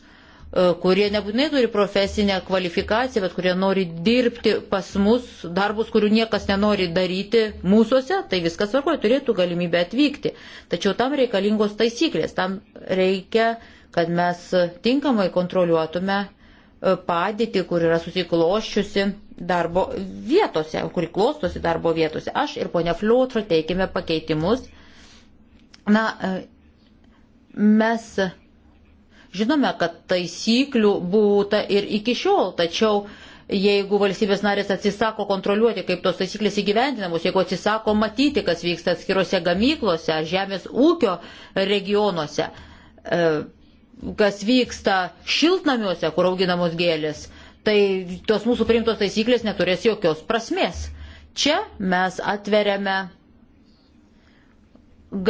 E, kurie nebūtinai turi profesinę kvalifikaciją, bet kurie nori dirbti pas mus darbus, kurių niekas nenori daryti mūsųse, tai viskas svarbu, turėtų galimybę atvykti. Tačiau tam reikalingos taisyklės, tam reikia, kad mes tinkamai kontroliuotume e, padėtį, kur yra susikloščiusi darbo vietose, kur klostosi darbo vietose. Aš ir ponia Fliotro teikėme pakeitimus. Na, e, mes Žinome, kad taisyklių būta ir iki šiol, tačiau jeigu valstybės narės atsisako kontroliuoti, kaip tos taisyklės įgyvendinamos, jeigu atsisako matyti, kas vyksta atskirose gamyklose ar žemės ūkio regionuose, e, kas vyksta šiltnamiuose, kur auginamos gėlės, tai tos mūsų priimtos taisyklės neturės jokios prasmės. Čia mes atveriame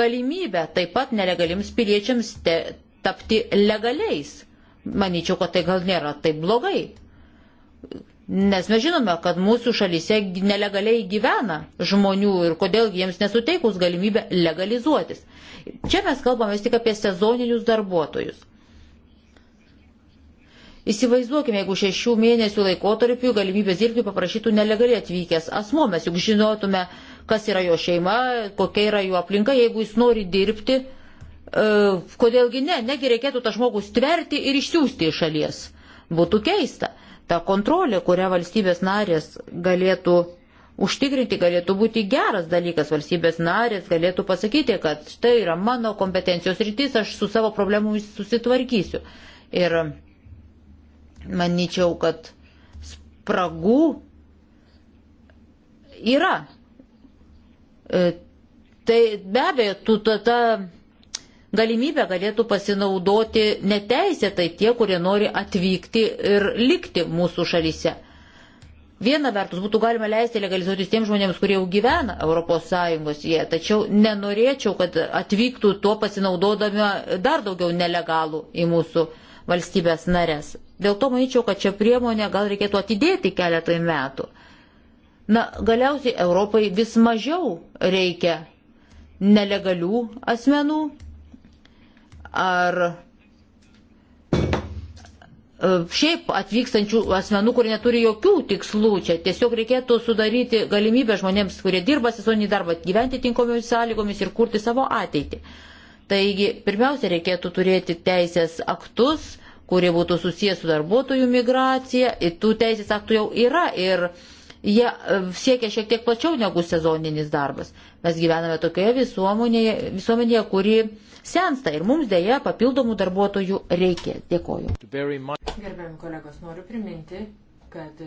galimybę taip pat nelegalims piliečiams te, tapti legaliais. Manyčiau, kad tai gal nėra taip blogai. Nes mes žinome, kad mūsų šalyse nelegaliai gyvena žmonių ir kodėl jiems nesuteikus galimybę legalizuotis. Čia mes kalbame tik apie sezoninius darbuotojus. Įsivaizduokime, jeigu šešių mėnesių laikotarpiu galimybės dirbti paprašytų nelegaliai atvykęs asmo, mes juk žinotume, kas yra jo šeima, kokia yra jo aplinka, jeigu jis nori dirbti, E, kodėlgi ne, negi reikėtų tą žmogų stverti ir išsiųsti iš šalies. Būtų keista. Ta kontrolė, kurią valstybės narės galėtų užtikrinti, galėtų būti geras dalykas. Valstybės narės galėtų pasakyti, kad štai yra mano kompetencijos rytis, aš su savo problemomis susitvarkysiu. Ir manyčiau, kad spragų yra. E, tai be abejo, tu ta, ta galimybę galėtų pasinaudoti neteisėtai tie, kurie nori atvykti ir likti mūsų šalyse. Viena vertus būtų galima leisti legalizuotis tiems žmonėms, kurie jau gyvena ES, jie, tačiau nenorėčiau, kad atvyktų tuo pasinaudodami dar daugiau nelegalų į mūsų valstybės narės. Dėl to manyčiau, kad čia priemonė gal reikėtų atidėti keletui metų. Na, galiausiai Europai vis mažiau reikia nelegalių asmenų, ar e, šiaip atvykstančių asmenų, kurie neturi jokių tikslų čia. Tiesiog reikėtų sudaryti galimybę žmonėms, kurie dirba sezoninį darbą, gyventi tinkomis sąlygomis ir kurti savo ateitį. Taigi, pirmiausia, reikėtų turėti teisės aktus, kurie būtų susijęs su darbuotojų migracija. Ir tų teisės aktų jau yra ir jie e, siekia šiek tiek plačiau negu sezoninis darbas. Mes gyvename tokioje visuomenėje, visuomenėje kuri sensta ir mums dėja papildomų darbuotojų reikia. Dėkoju. Gerbiam kolegos, noriu priminti, kad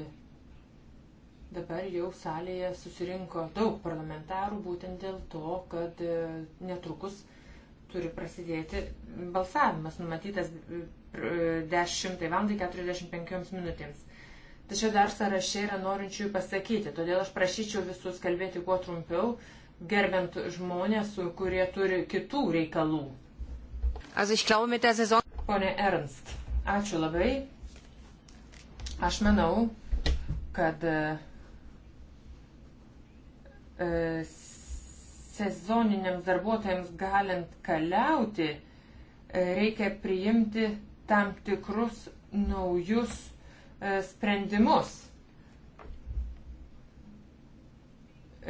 dabar jau salėje susirinko daug parlamentarų būtent dėl to, kad e, netrukus turi prasidėti balsavimas numatytas 10 val. 45 minutėms. Tačiau dar sąraše yra norinčiųjų pasakyti, todėl aš prašyčiau visus kalbėti kuo trumpiau, gerbent žmonės, kurie turi kitų reikalų. Also, ich glaube, mit der Saison... Pone Ernst, ačiū labai. Aš manau, kad e, e, sezoniniams darbuotojams galint kaliauti, e, reikia priimti tam tikrus naujus sprendimus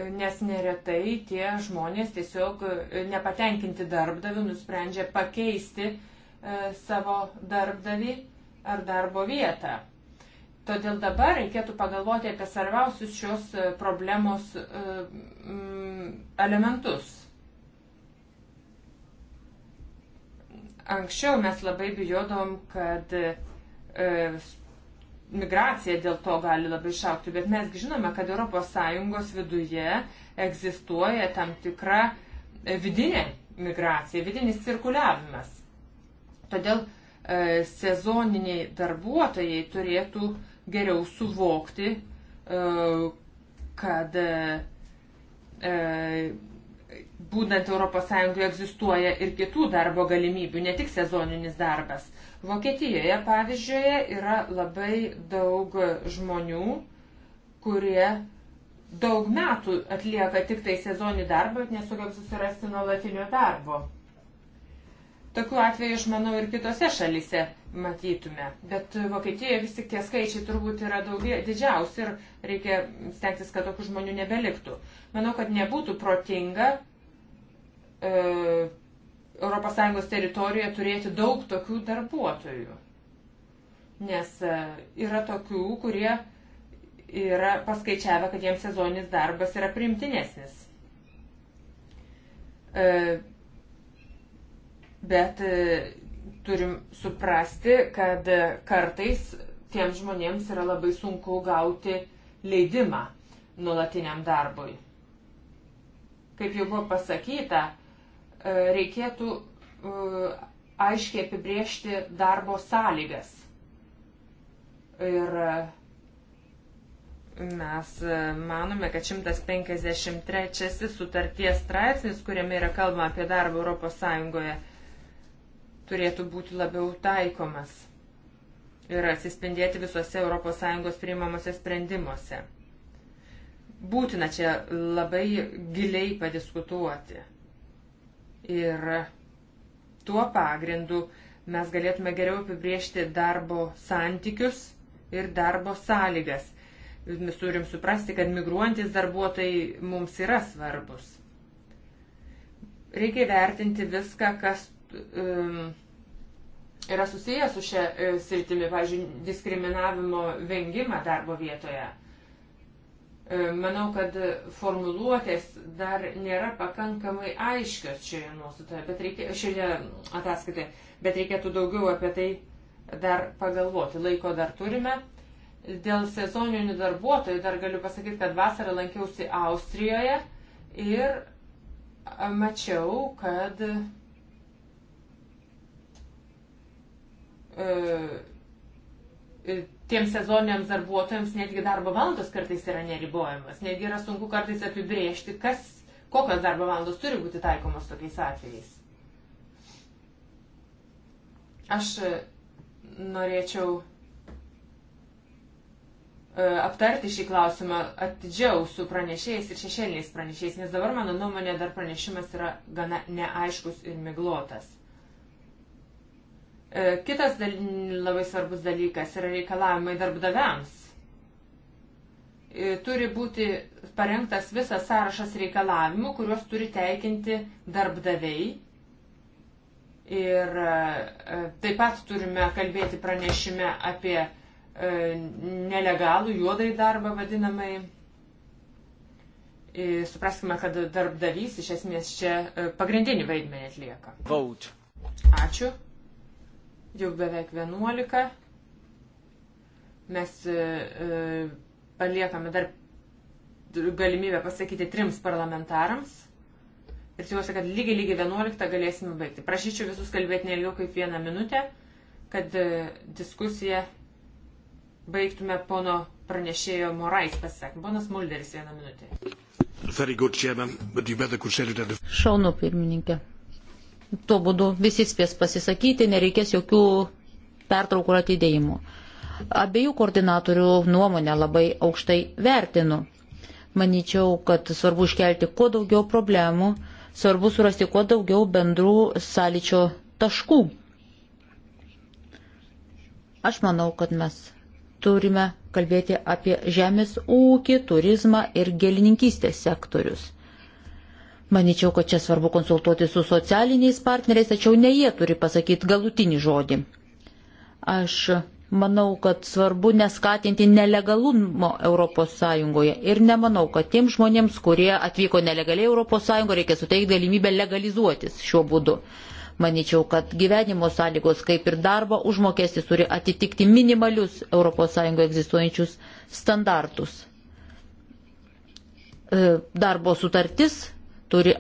nes neretai tie žmonės tiesiog e, nepatenkinti darbdaviu nusprendžia pakeisti e, savo darbdavį ar darbo vietą. Todėl dabar reikėtų pagalvoti apie svarbiausius šios e, problemos elementus. Anksčiau mes labai bijodom, kad migracija dėl to gali labai išaukti, bet mesgi žinome, kad ES viduje egzistuoja tam tikra e, vidinė migracija, vidinis cirkuliavimas. Todėl e, sezoniniai darbuotojai turėtų geriau suvokti, e, kad e, būtent ES egzistuoja ir kitų darbo galimybių, ne tik sezoninis darbas. E, Vokietijoje, pavyzdžiui, yra labai daug žmonių, kurie daug metų atlieka tik tai sezoninį darbą, bet nesugeb susirasti nuolatinio darbo. Tokių atvejų, aš manau, ir kitose šalise matytume. Bet Vokietijoje vis tik tie skaičiai turbūt yra daugie, didžiausi ir reikia stengtis, kad tokių žmonių nebeliktų. Manau, kad nebūtų protinga e, ES teritorijoje turėti daug tokių darbuotojų. Nes e, yra tokių, kurie yra paskaičiavę, kad jiems sezoninis darbas yra primtinesnis. E, bet e, turim suprasti, kad kartais tiems žmonėms yra labai sunku gauti leidimą nulatiniam darbui. Kaip jau buvo pasakyta, E, reikėtų e, aiškiai apibriežti darbo sąlygas. Ir e, mes manome, kad 153 sutarties straipsnis, kuriame yra kalbama apie darbą ES, turėtų būti labiau taikomas ir atsispindėti visuose ES priimamuose sprendimuose. Būtina čia labai giliai padiskutuoti Ir tuo pagrindu mes galėtume geriau apibriežti darbo santykius ir darbo sąlygas. Mes turim suprasti, kad migruojantis darbuotojai mums yra svarbus. Reikia vertinti viską, kas um, yra susijęs su šia e, sritimi, pavyzdžiui, diskriminavimo vengimą darbo vietoje. Uh, E, manau, kad formuluotės dar nėra pakankamai aiškios šioje nuostatoje, bet reikia, šioje ataskaitoje, bet reikėtų daugiau apie tai dar pagalvoti. Laiko dar turime. Dėl sezoninių darbuotojų dar galiu pasakyti, kad vasarą lankiausi Austrijoje ir e, mačiau, kad e, tiems sezoniniams darbuotojams netgi darbo valandos kartais yra neribojamas, netgi yra sunku kartais apibriežti, kas, kokios darbo valandos turi būti taikomos tokiais atvejais. Aš e, norėčiau e, aptarti šį klausimą atidžiau su pranešėjais ir šešėliniais pranešėjais, nes dabar, mano nuomonė, dar pranešimas yra gana neaiškus ir miglotas. E, kitas dal, labai svarbus dalykas yra reikalavimai darbdaviams. E, turi būti parengtas visas sąrašas reikalavimų, kuriuos turi teikinti darbdaviai. Ir e, taip pat turime kalbėti pranešime apie nelegalų juodai darbą vadinamai. Ir supraskime, kad darbdavys iš esmės čia pagrindinį vaidmenį atlieka. Vote. Ačiū jau beveik 11. Mes e, e, paliekame dar galimybę pasakyti trims parlamentarams. Ir tikiuosi, kad lygiai lygiai 11 galėsime baigti. Prašyčiau visus kalbėti ne ilgiau kaip vieną minutę, kad e, diskusiją baigtume pono pranešėjo Morais pasisakymą. Ponas Mulderis vieną minutę. Šaunu pirmininkė. Tuo būdu visi spės pasisakyti, nereikės jokių pertraukų ir atidėjimų. Abiejų koordinatorių nuomonę labai aukštai vertinu. Maničiau, kad svarbu iškelti kuo daugiau problemų, svarbu surasti kuo daugiau bendrų sąlyčio taškų. Aš manau, kad mes turime kalbėti apie žemės ūkį, turizmą ir gelininkystės sektorius. Maničiau, kad čia svarbu konsultuoti su socialiniais partneriais, tačiau ne jie turi pasakyti galutinį žodį. Aš manau, kad svarbu neskatinti nelegalumo ES ir nemanau, kad tiem žmonėms, kurie atvyko nelegaliai ES, reikia suteikti galimybę legalizuotis šiuo būdu. Maničiau, kad gyvenimo sąlygos, kaip ir darbo užmokestis, turi atitikti minimalius ES egzistuojančius standartus. E, darbo sutartis turi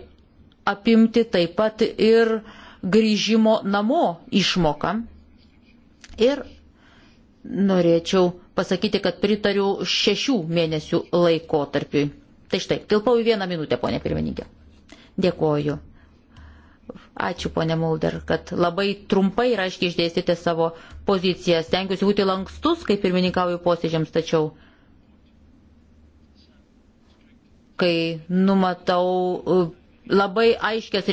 apimti taip pat ir grįžimo namo išmoką. Ir norėčiau pasakyti, kad pritariu šešių mėnesių laikotarpiui. Tai štai, tilpau į vieną minutę, ponė pirmininkė. Dėkoju. Ačiū, ponė Mulder, kad labai trumpai ir aiškiai išdėstėte savo poziciją. Stengiuosi būti lankstus, kaip pirmininkauju posėdžiams, tačiau kai numatau e, labai aiškias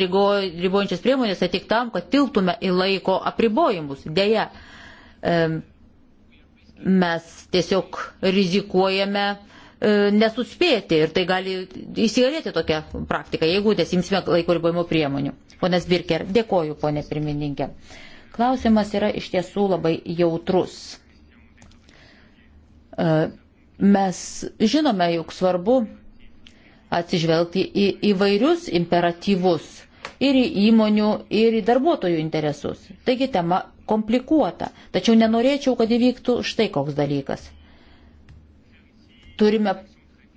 ribojančias priemonės, tai tik tam, kad tiltume į laiko apribojimus. Deja, e, mes tiesiog rizikuojame e, nesuspėti ir tai gali įsigalėti tokia praktika, jeigu nesimsime laiko ribojimo priemonių. Ponas Birker, dėkoju, ponė pirmininkė. Klausimas yra iš tiesų labai jautrus. Mes žinome, juk svarbu atsižvelgti į įvairius imperatyvus ir į įmonių, ir į darbuotojų interesus. Taigi tema komplikuota, tačiau nenorėčiau, kad įvyktų štai koks dalykas. Turime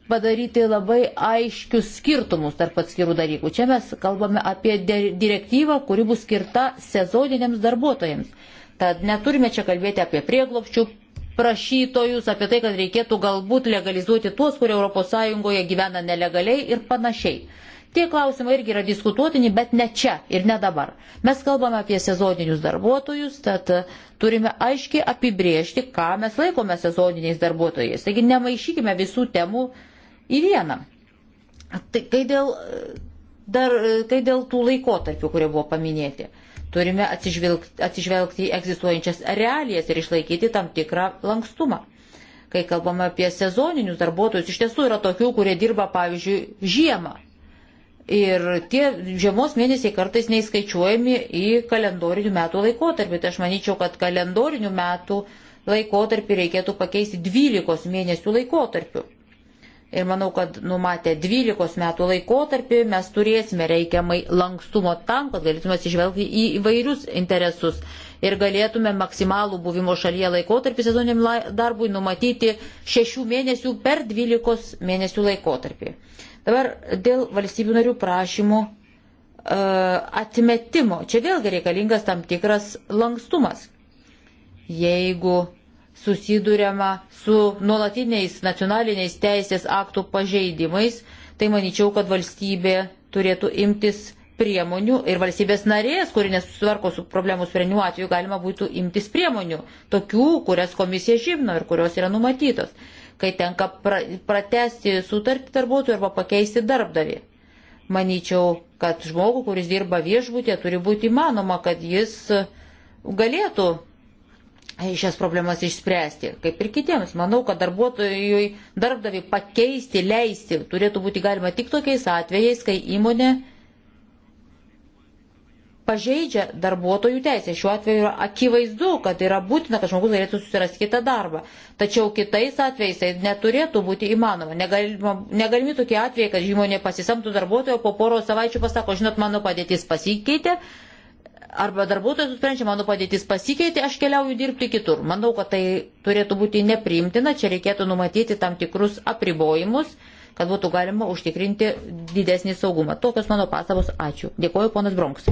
padaryti labai aiškius skirtumus tarp atskirų dalykų. Čia mes kalbame apie direktyvą, kuri bus skirta sezoniniams darbuotojams. Tad neturime čia kalbėti apie prieglopščių prašytojus, apie tai, kad reikėtų galbūt legalizuoti tuos, kurie ES gyvena nelegaliai ir panašiai. Tie klausimai irgi yra diskutuotini, bet ne čia ir ne dabar. Mes kalbame apie sezoninius darbuotojus, tad e, turime aiškiai apibriežti, ką mes laikome sezoniniais darbuotojais. Taigi nemaišykime visų temų į vieną. Tai kai dėl, e, dar, e, kai dėl tų laikotarpių, kurie buvo paminėti. Turime atsižvelgti, atsižvelgti į egzistuojančias realijas ir išlaikyti tam tikrą lankstumą. Kai kalbame apie sezoninius darbuotojus, iš tiesų yra tokių, kurie dirba, pavyzdžiui, žiemą. Ir tie žiemos mėnesiai kartais neįskaičiuojami į kalendorinių metų laikotarpį. Tai aš manyčiau, kad kalendorinių metų laikotarpį reikėtų pakeisti 12 mėnesių laikotarpiu. Ir manau, kad numatę 12 metų laikotarpį mes turėsime reikiamai lankstumo tam, kad galėtume atsižvelgti į įvairius interesus ir galėtume maksimalų buvimo šalyje laikotarpį sezoniniam darbui numatyti 6 mėnesių per 12 mėnesių laikotarpį. Dabar dėl valstybių narių prašymų e, atmetimo. Čia vėlgi reikalingas tam tikras lankstumas. Jeigu susidurėma su nuolatiniais nacionaliniais teisės aktų pažeidimais, tai manyčiau, kad valstybė turėtų imtis priemonių ir valstybės narės, kuri nesusitvarko su problemų sprendiniu atveju, galima būtų imtis priemonių, tokių, kurias komisija žino ir kurios yra numatytos, kai tenka pra, pratesti sutartį darbuotojų arba pakeisti darbdavį. Manyčiau, kad žmogų, kuris dirba viešbutė, turi būti įmanoma, kad jis galėtų šias problemas išspręsti, kaip ir kitiems. Manau, kad darbuotojui darbdavi pakeisti, leisti turėtų būti galima tik tokiais atvejais, kai įmonė pažeidžia darbuotojų teisę. Šiuo atveju yra akivaizdu, kad yra būtina, kad žmogus galėtų susirasti kitą darbą. Tačiau kitais atvejais tai neturėtų būti įmanoma. Negalima, negalimi tokie atvejai, kad įmonė pasisamtų darbuotojo, po poro savaičių pasako, žinot, mano padėtis pasikeitė, arba darbuotojas nusprendžia, mano padėtis pasikeitė, aš keliauju dirbti kitur. Manau, kad tai turėtų būti nepriimtina, čia reikėtų numatyti tam tikrus apribojimus, kad būtų galima užtikrinti didesnį saugumą. Tokios mano pastabos. Ačiū. Dėkuoju, ponas Bronks.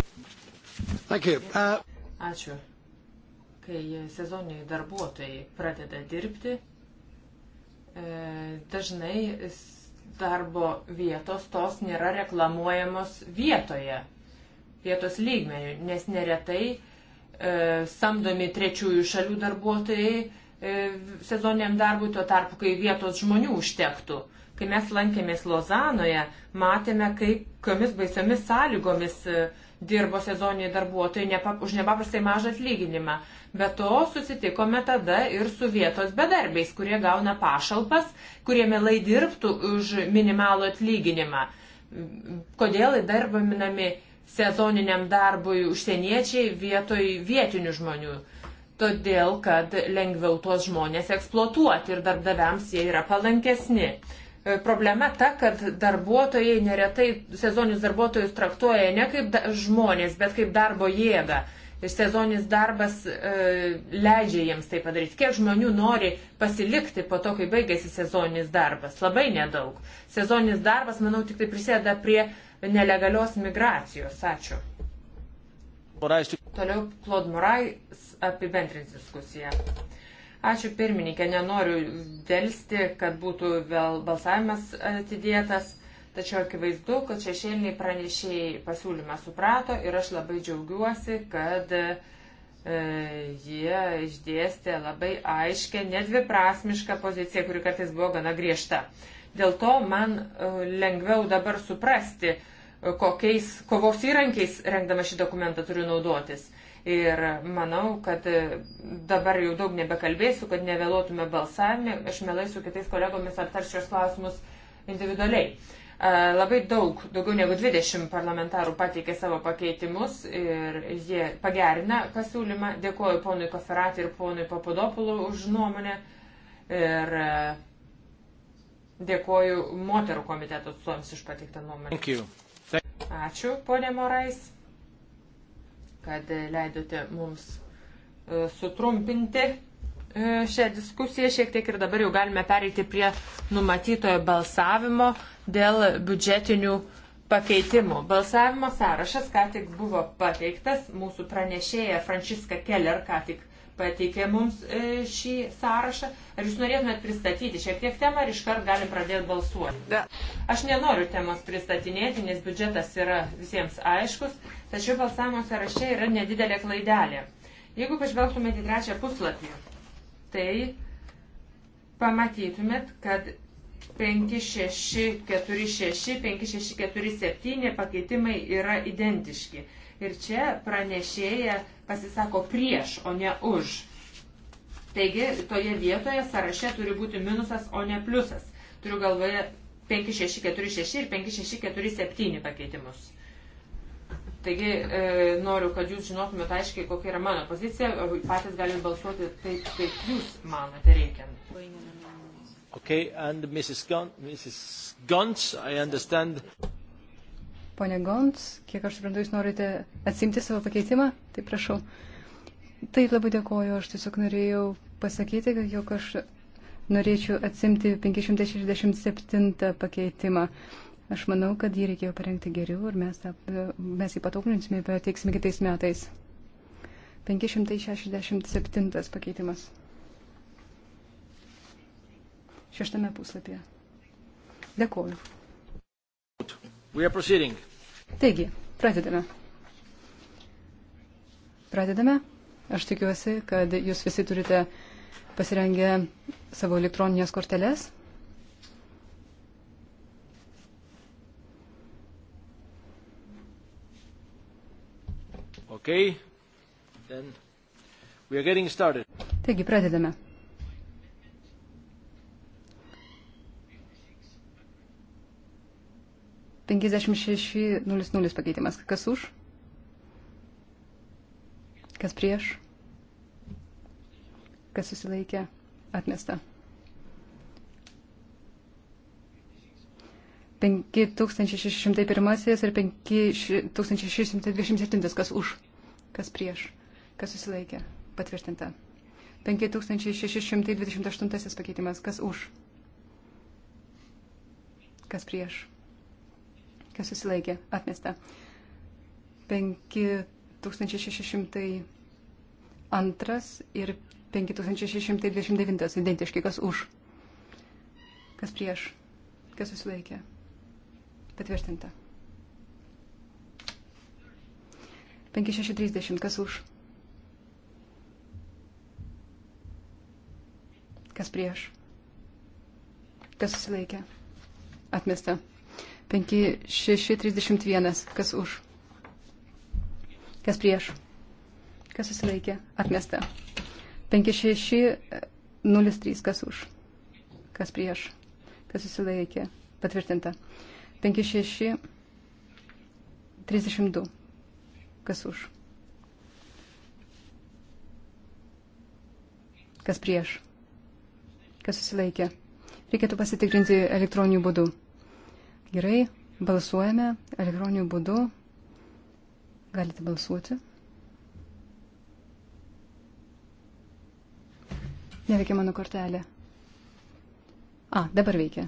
Uh... Ačiū. Kai sezoniniai darbuotojai pradeda dirbti, e, dažnai darbo vietos tos nėra reklamuojamos vietoje vietos lygmenių, nes neretai e, samdomi trečiųjų šalių darbuotojai e, sezoniniam darbui tuo tarpu, kai vietos žmonių užtektų. Kai mes lankėmės Lozanoje, matėme, kaip, komis baisiomis sąlygomis e, dirbo sezoniniai darbuotojai nepa, už nepaprastai mažą atlyginimą. Be to susitikome tada ir su vietos bedarbiais, kurie gauna pašalpas, kurie mielai dirbtų už minimalų atlyginimą. Kodėl įdarbinami sezoniniam darbui užsieniečiai vietoj vietinių žmonių. Todėl, kad lengviau tuos žmonės eksploatuoti ir darbdaviams jie yra palankesni. E, problema ta, kad darbuotojai neretai sezoninius darbuotojus traktuoja ne kaip da, žmonės, bet kaip darbo jėgą. Sezoninis darbas e, leidžia jiems tai padaryti. Kiek žmonių nori pasilikti po to, kai baigėsi sezoninis darbas? Labai nedaug. Sezoninis darbas, manau, tik tai prisėda prie nelegalios migracijos. Ačiū. Toliau Claude Morai apibendrins diskusiją. Ačiū pirmininkė, nenoriu dėlsti, kad būtų vėl balsavimas atidėtas. Tačiau akivaizdu, kad šešėliniai pranešėjai pasiūlymą suprato ir aš labai džiaugiuosi, kad e, jie išdėstė labai aiškę, nedviprasmišką poziciją, kuri kartais buvo gana griežta. Dėl to man e, lengviau dabar suprasti, e, kokiais kovos įrankiais rengdama šį dokumentą turiu naudotis. Ir manau, kad e, dabar jau daug nebekalbėsiu, kad nevėluotume balsavimį. Aš mielai su kitais kolegomis aptaršios klausimus individualiai. E, labai daug, daugiau negu 20 parlamentarų pateikė savo pakeitimus ir jie pagerina pasiūlymą. Dėkuoju ponui Koferatį ir ponui Papadopulų už nuomonę ir e, dėkuoju moterų komiteto atstovams už pateiktą nuomonę. Ačiū, ponė Morais, kad leidote mums e, sutrumpinti šią diskusiją šiek tiek ir dabar jau galime pereiti prie numatytojo balsavimo dėl biudžetinių pakeitimų. Balsavimo sąrašas ką tik buvo pateiktas, mūsų pranešėja Frančiska Keller ką tik pateikė mums e, šį sąrašą. Ar jūs norėtumėt pristatyti šiek tiek temą ir iškart galim pradėti balsuoti? Da. Aš nenoriu temos pristatinėti, nes biudžetas yra visiems aiškus, tačiau balsavimo sąraše yra nedidelė klaidelė. Jeigu pažvelgtumėte į trečią puslapį, tai pamatytumėt, kad 5646, 5647 pakeitimai yra identiški. Ir čia pranešėja pasisako prieš, o ne už. Taigi toje vietoje sąraše turi būti minusas, o ne pliusas. Turiu galvoje 5646 ir 5647 pakeitimus. Taigi e, noriu, kad jūs žinotumėte aiškiai, kokia yra mano pozicija, patys galite balsuoti taip, kaip jūs manote reikia. Okay, and Mrs. Gun, Mrs. Guns, I understand. Pone Gons, kiek aš suprantu, jūs norite atsimti savo pakeitimą? Tai prašau. Taip labai dėkoju, aš tiesiog norėjau pasakyti, jog aš norėčiau atsimti 567 pakeitimą. Aš manau, kad jį reikėjo parengti geriau ir mes, tą, mes jį pataukrinsime ir pateiksime kitais metais. 567 pakeitimas. Šeštame puslapyje. Dėkoju. Taigi, pradedame. Pradedame. Aš tikiuosi, kad jūs visi turite pasirengę savo elektroninės korteles. Okay, then we are getting started. Taigi pradedame. Penkiasdešimt šeši nulis nulis pakeitimas. Kas už? Kas prieš? Kas susilaikė? Atmesta. 5601 ir 5627, kas už kas prieš, kas susilaikė, patvirtinta. 5628 pakeitimas, kas už, kas prieš, kas susilaikė, atmesta. 5602 ir 5629 identiški, kas už, kas prieš, kas susilaikė, patvirtinta. 5630, kas už? Kas prieš? Kas susilaikė? Atmesta. 5631, kas už? Kas prieš? Kas susilaikė? Atmesta. 5603, kas už? Kas prieš? Kas susilaikė? Patvirtinta. 5632, Kas už? Kas prieš? Kas susilaikė? Reikėtų pasitikrinti elektroniniu būdu. Gerai, balsuojame elektroniniu būdu. Galite balsuoti. Neveikia mano kortelė. A, dabar veikia.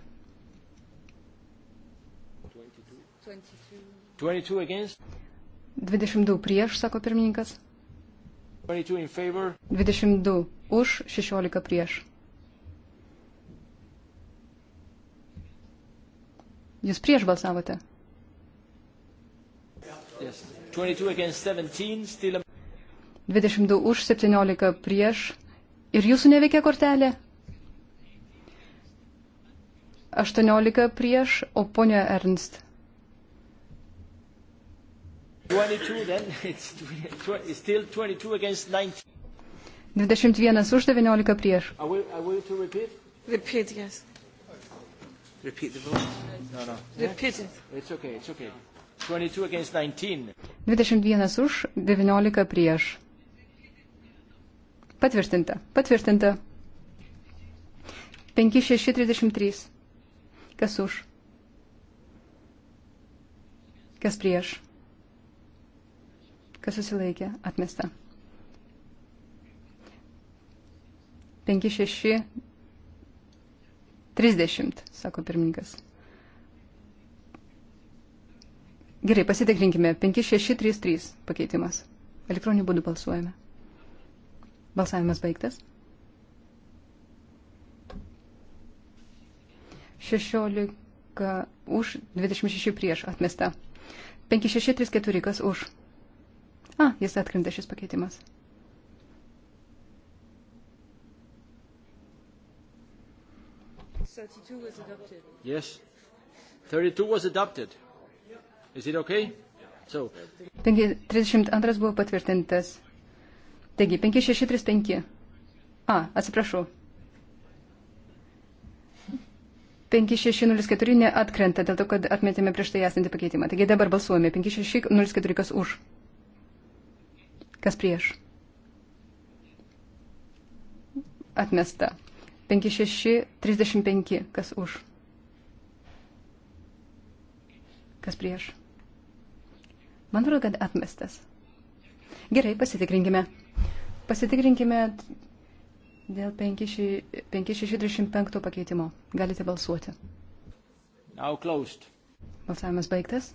22 against. 22 prieš, sako pirmininkas. 22 už, 16 prieš. Jūs prieš balsavote? Yes. 22 už, 17 prieš. Ir jūsų neveikia kortelė? 18 prieš, o ponia Ernst 22, then it's, it's still 22 against 19. 21 už 19 prieš. Are we, are we to repeat? Repeat, yes. Repeat the vote? No, no. Repeat it. It's okay, it's okay. 22 against 19. 21 už 19 prieš. Patvirtinta, patvirtinta. 5633. Kas už? Kas prieš? Kas susilaikė? Atmesta. 5, 6, 30, sako pirmininkas. Gerai, pasitikrinkime. 5633 pakeitimas. Elektroniniu būdu balsuojame. Balsavimas baigtas. 16 už, 26 prieš atmesta. 5634 kas už A, jis atkrinta šis pakeitimas. Yes. 32 was adopted. Is it okay? So. Taigi, 32 buvo patvirtintas. Taigi, 5635. A, atsiprašau. 5604 neatkrenta dėl to, kad atmetėme prieš tai esantį pakeitimą. Taigi dabar balsuojame 5604 kas už. Kas prieš? Atmesta. 5635. Kas už? Kas prieš? Man atrodo, kad atmestas. Gerai, pasitikrinkime. Pasitikrinkime dėl 5635 pakeitimo. Galite balsuoti. Balsavimas baigtas.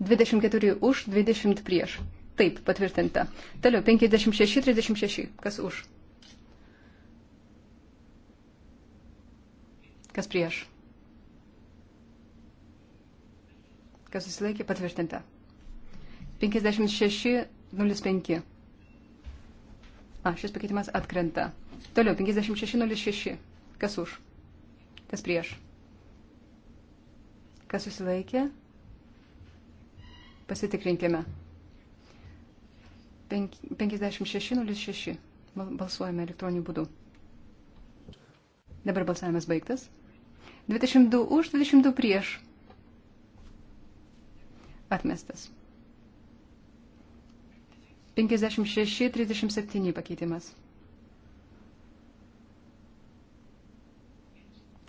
24 už, 20 prieš. Taip, patvirtinta. Toliau, 56, 36. Kas už? Kas prieš? Kas susilaikė? Patvirtinta. 56, 05. A, šis pakeitimas atkrenta. Toliau, 5606. Kas už? Kas prieš? Kas susilaikė? Pasitikrinkime. 5606. Balsuojame elektroniniu būdu. Dabar balsavimas baigtas. 22 už, 22 prieš. Atmestas. 56, 37 pakeitimas.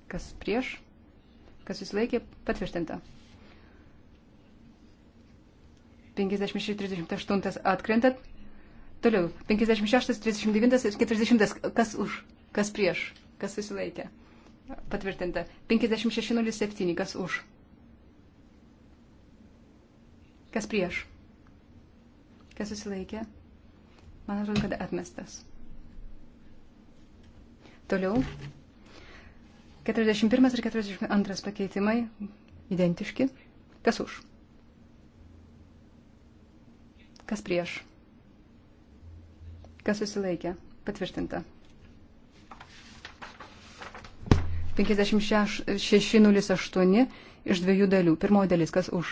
Kas prieš? Kas susilaikė? Patvirtinta. 56-38 atkrenta. Toliau, 56-39 ir 40. Kas už, kas prieš, kas susilaikė. Patvirtinta. 56-07, kas už. Kas prieš? Kas susilaikė? Man atrodo, kad atmestas. Toliau. 41 ir 42 pakeitimai identiški. Kas už? Kas prieš? Kas susilaikė? Patvirtinta. 5608 iš dviejų dalių. Pirmoji dalis, kas už?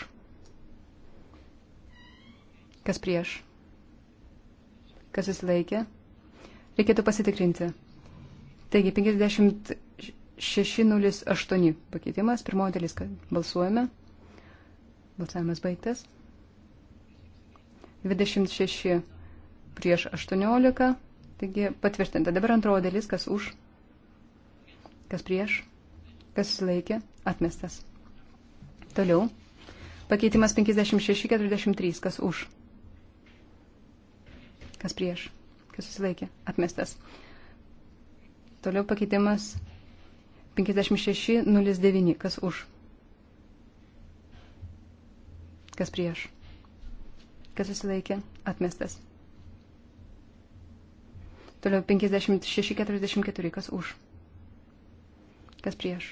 Kas prieš? Kas susilaikė? Reikėtų pasitikrinti. Taigi, 5608 pakeitimas, pirmoji dalis, kad balsuojame. Balsavimas baigtas. 26 prieš 18. Taigi patvirtinta. Dabar antroji dalis, kas už, kas prieš, kas susilaikė, atmestas. Toliau. Pakeitimas 56-43, kas už, kas prieš, kas susilaikė, atmestas. Toliau pakeitimas 56-09, kas už, kas prieš kas susilaikė, atmestas. Toliau 56-44, kas už, kas prieš,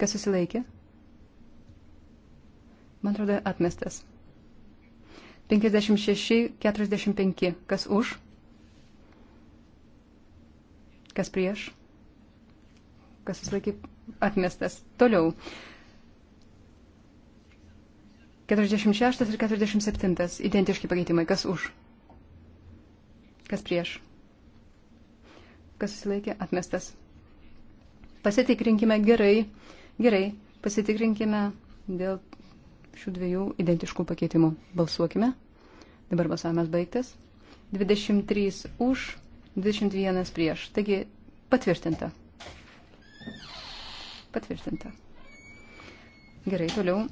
kas susilaikė, man atrodo, atmestas. 56-45, kas už, kas prieš, kas susilaikė, atmestas. Toliau 46 ir 47. Identiški pakeitimai. Kas už? Kas prieš? Kas susilaikė? Atmestas. Pasitikrinkime gerai. Gerai. Pasitikrinkime dėl šių dviejų identiškų pakeitimų. Balsuokime. Dabar balsavimas baigtas. 23 už, 21 prieš. Taigi patvirtinta. Patvirtinta. Gerai, toliau.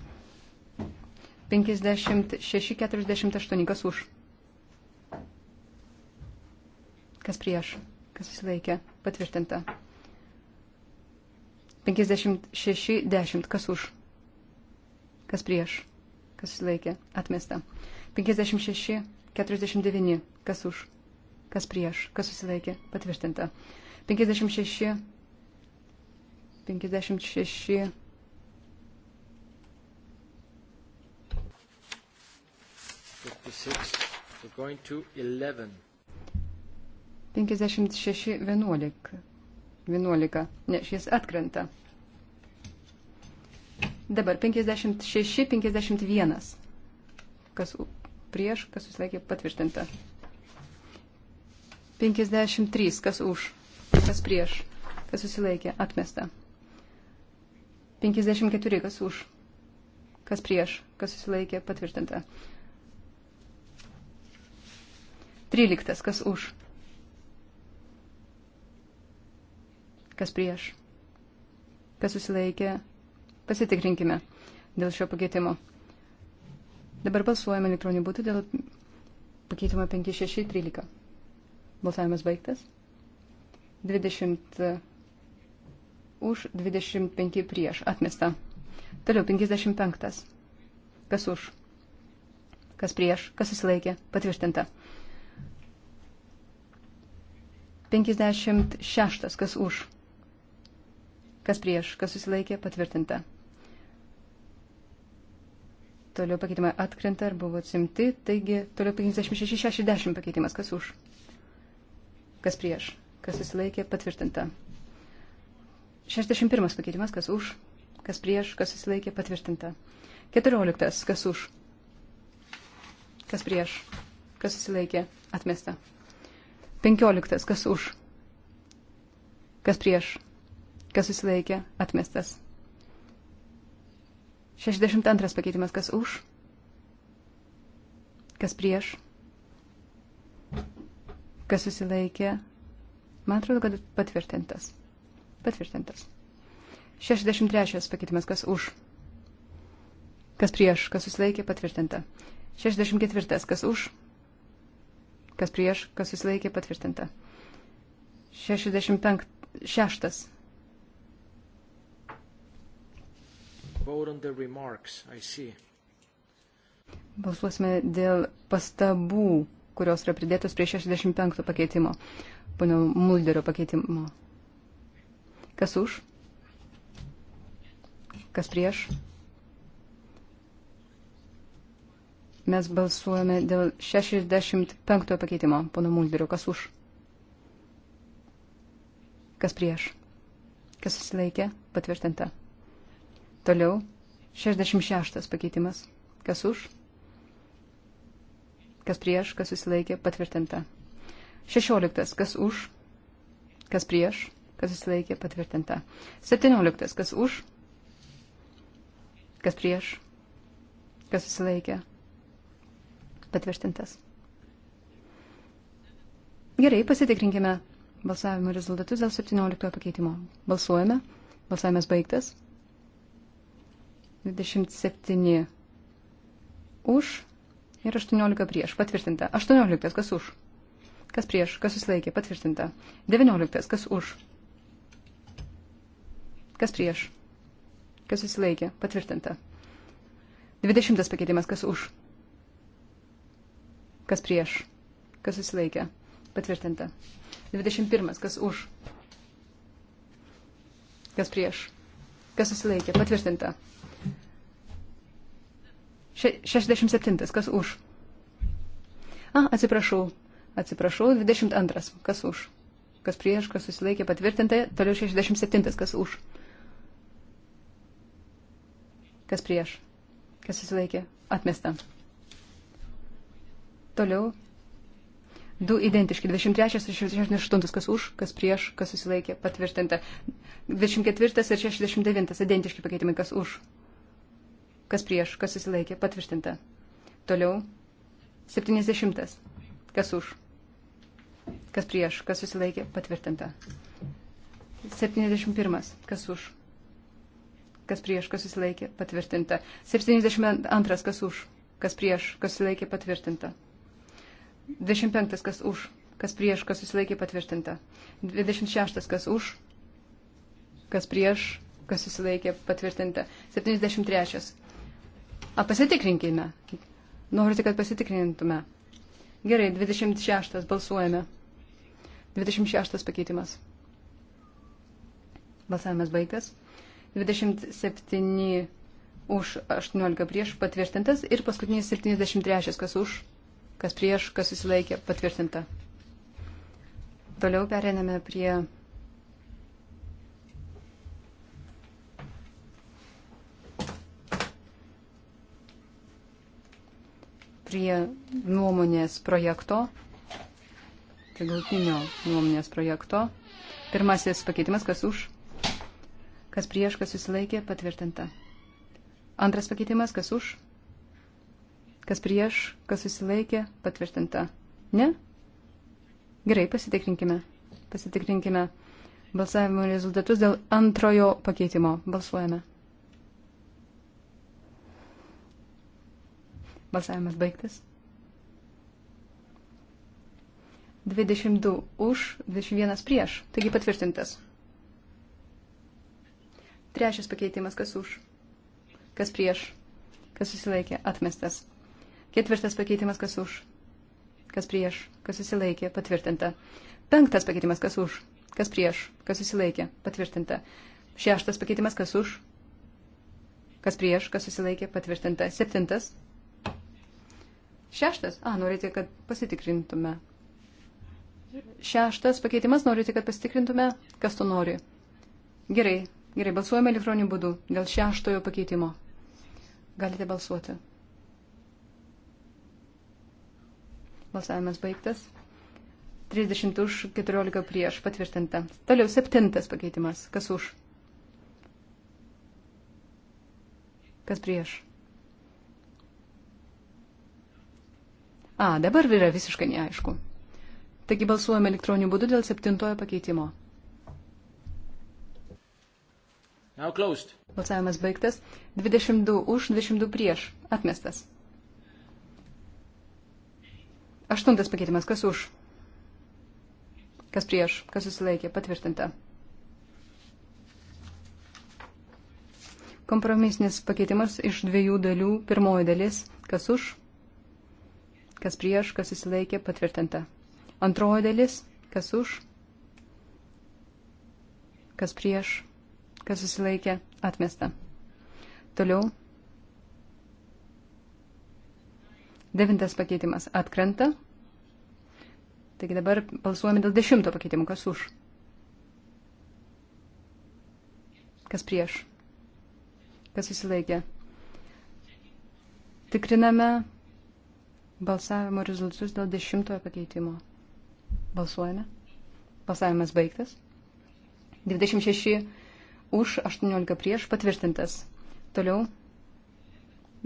56-48, kas už. Kas prieš, kas susilaikė, patvirtinta. 56-10, kas už. Kas prieš, kas susilaikė, atmesta. 56-49, kas už. Kas prieš, kas susilaikė, patvirtinta. 56 56 56, we're going to 11. 56, 11. 11. Ne, šis atkrenta. Dabar 56, 51. Kas prieš, kas susilaikė patvirtinta. 53, kas už, kas prieš, kas susilaikė atmesta. 54, kas už, kas prieš, kas susilaikė patvirtinta. 13. Kas už? Kas prieš? Kas susilaikė? Pasitikrinkime dėl šio pakeitimo. Dabar balsuojame elektroniniu būdu dėl pakeitimo 5613. Balsavimas baigtas. 20 e, už 25 prieš. Atmesta. Toliau 55. Kas už? Kas prieš? Kas susilaikė? Patvirtinta. 56. Kas už? Kas prieš? Kas susilaikė? Patvirtinta. Toliau pakeitimai atkrenta ar buvo atsimti. Taigi, toliau 56-60 pakeitimas. Kas už? Kas prieš? Kas susilaikė? Patvirtinta. 61 pakeitimas. Kas už? Kas prieš? Kas susilaikė? Patvirtinta. 14. Kas už? Kas prieš? Kas susilaikė? Atmesta. 15. Kas už? Kas prieš? Kas susilaikė? Atmestas. 62 pakeitimas. Kas už? Kas prieš? Kas susilaikė? Man atrodo, kad patvirtintas. Patvirtintas. 63 pakeitimas. Kas už? Kas prieš? Kas susilaikė? Patvirtinta. 64. Kas už? kas prieš, kas susilaikė patvirtinta. 66. Balsuosime dėl pastabų, kurios yra pridėtos prie 65 pakeitimo, ponio Mulderio pakeitimo. Kas už? Kas prieš? Mes balsuojame dėl 65 pakeitimo, pono Mulderio, kas už? Kas prieš? Kas susilaikė? Patvirtinta. Toliau 66 pakeitimas. Kas už? Kas prieš? Kas susilaikė? Patvirtinta. 16. Kas už? Kas prieš? Kas susilaikė? Patvirtinta. 17. Kas už? Kas prieš? Kas susilaikė? patvirtintas. Gerai, pasitikrinkime balsavimo rezultatus dėl 17 pakeitimo. Balsuojame. Balsavimas baigtas. 27 už ir 18 prieš. Patvirtinta. 18 kas už. Kas prieš, kas susilaikė, patvirtinta. 19. Kas už? Kas prieš? Kas susilaikė, patvirtinta. 20. pakeitimas, kas už? Kas prieš? Kas susilaikė? Patvirtinta. 21. Kas už? Kas prieš? Kas susilaikė? Patvirtinta. 67. Kas už? A, atsiprašau. Atsiprašau. 22. Kas už? Kas prieš? Kas susilaikė? Patvirtinta. Toliau 67. Kas už? Kas prieš? Kas susilaikė? Atmesta. Toliau. Du identiški. 23 ir 68. Kas už, kas prieš, kas susilaikė. Patvirtinta. 24 ir 69. Identiški pakeitimai. Kas už, kas prieš, kas susilaikė. Patvirtinta. Toliau. 70. Kas už, kas prieš, kas susilaikė. Patvirtinta. 71. Kas už, kas prieš, kas susilaikė. Patvirtinta. 72. Kas už, kas prieš, kas susilaikė. Patvirtinta. 25 kas už, kas prieš, kas susilaikė patvirtinta. 26 kas už, kas prieš, kas susilaikė patvirtinta. 73. A pasitikrinkime. Noriu tik, kad pasitikrintume. Gerai, 26 balsuojame. 26 pakeitimas. Balsavimas baigtas. 27 už 18 prieš patvirtintas ir paskutinis 73, kas už, kas prieš, kas susilaikė, patvirtinta. Toliau periname prie prie nuomonės projekto, prie galutinio nuomonės projekto. Pirmasis pakeitimas, kas už, kas prieš, kas susilaikė, patvirtinta. Antras pakeitimas, kas už, Kas prieš, kas susilaikė, patvirtinta. Ne? Gerai, pasitikrinkime. Pasitikrinkime balsavimo rezultatus dėl antrojo pakeitimo. Balsuojame. Balsavimas baigtas. 22 už, 21 prieš. Taigi patvirtintas. Trečias pakeitimas, kas už, kas prieš, kas susilaikė, atmestas. Ketvirtas pakeitimas, kas už, kas prieš, kas susilaikė, patvirtinta. Penktas pakeitimas, kas už, kas prieš, kas susilaikė, patvirtinta. Šeštas pakeitimas, kas už, kas prieš, kas susilaikė, patvirtinta. Septintas. Šeštas. A, norite, kad pasitikrintume. Šeštas pakeitimas, norite, kad pasitikrintume, kas to nori. Gerai, gerai, balsuojame elektroniniu būdu dėl šeštojo pakeitimo. Galite balsuoti. Balsavimas baigtas. 30 už, 14 prieš. Patvirtinta. Toliau septintas pakeitimas. Kas už? Kas prieš? A, dabar yra visiškai neaišku. Taigi balsuojame elektroniniu būdu dėl septintojo pakeitimo. Balsavimas baigtas. 22 už, 22 prieš. Atmestas. Aštuntas pakeitimas. Kas už? Kas prieš? Kas susilaikė? Patvirtinta. Kompromisinis pakeitimas iš dviejų dalių. Pirmoji dalis. Kas už? Kas prieš? Kas susilaikė? Patvirtinta. Antroji dalis. Kas už? Kas prieš? Kas susilaikė? Atmesta. Toliau. Devintas pakeitimas atkrenta. Taigi dabar balsuojame dėl dešimto pakeitimo. Kas už? Kas prieš? Kas susilaikė? Tikriname balsavimo rezultatus dėl dešimtojo pakeitimo. Balsuojame. Balsavimas baigtas. 26 už, 18 prieš, patvirtintas. Toliau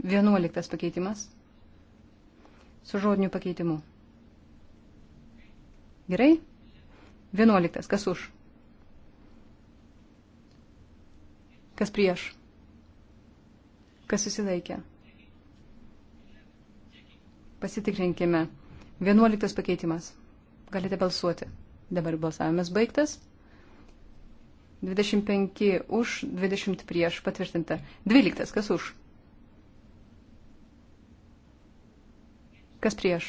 11 pakeitimas su žodiniu pakeitimu. Gerai? Vienuoliktas. Kas už? Kas prieš? Kas susilaikė? Pasitikrinkime. Vienuoliktas pakeitimas. Galite balsuoti. Dabar balsavimas baigtas. 25 už, 20 prieš patvirtinta. 12. Kas už? Kas prieš?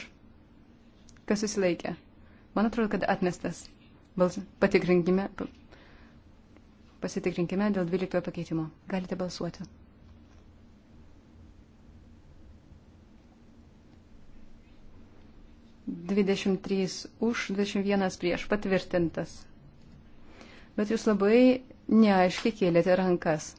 Kas susilaikė? Man atrodo, kad atmestas. Balsa. Patikrinkime. Pasitikrinkime dėl 12 pakeitimo. Galite balsuoti. Dvidešimt trys už, dvidešimt vienas prieš, patvirtintas. Bet jūs labai neaiškiai kėlėte rankas.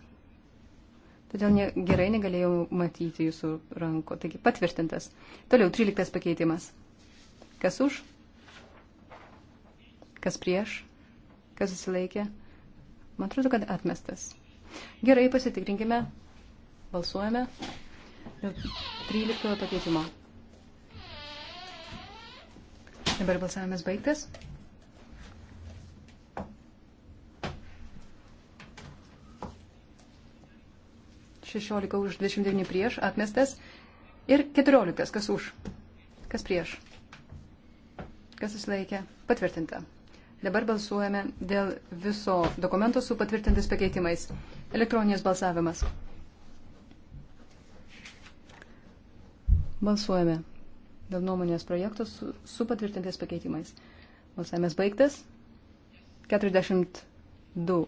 Todėl ne, gerai negalėjau matyti jūsų ranko. Taigi patvirtintas. Toliau, 13 pakeitimas. Kas už? Kas prieš? Kas susilaikė? Man atrodo, kad atmestas. Gerai, pasitikrinkime. Balsuojame. Dėl 13 pakeitimo. Dabar balsavimas baigtas. 16 už 29 prieš atmestas ir 14 kas už, kas prieš, kas susilaikė patvirtinta. Dabar balsuojame dėl viso dokumento su patvirtintais pakeitimais. Elektroninis balsavimas. Balsuojame dėl nuomonės projektų su, su patvirtintais pakeitimais. Balsavimas baigtas. 42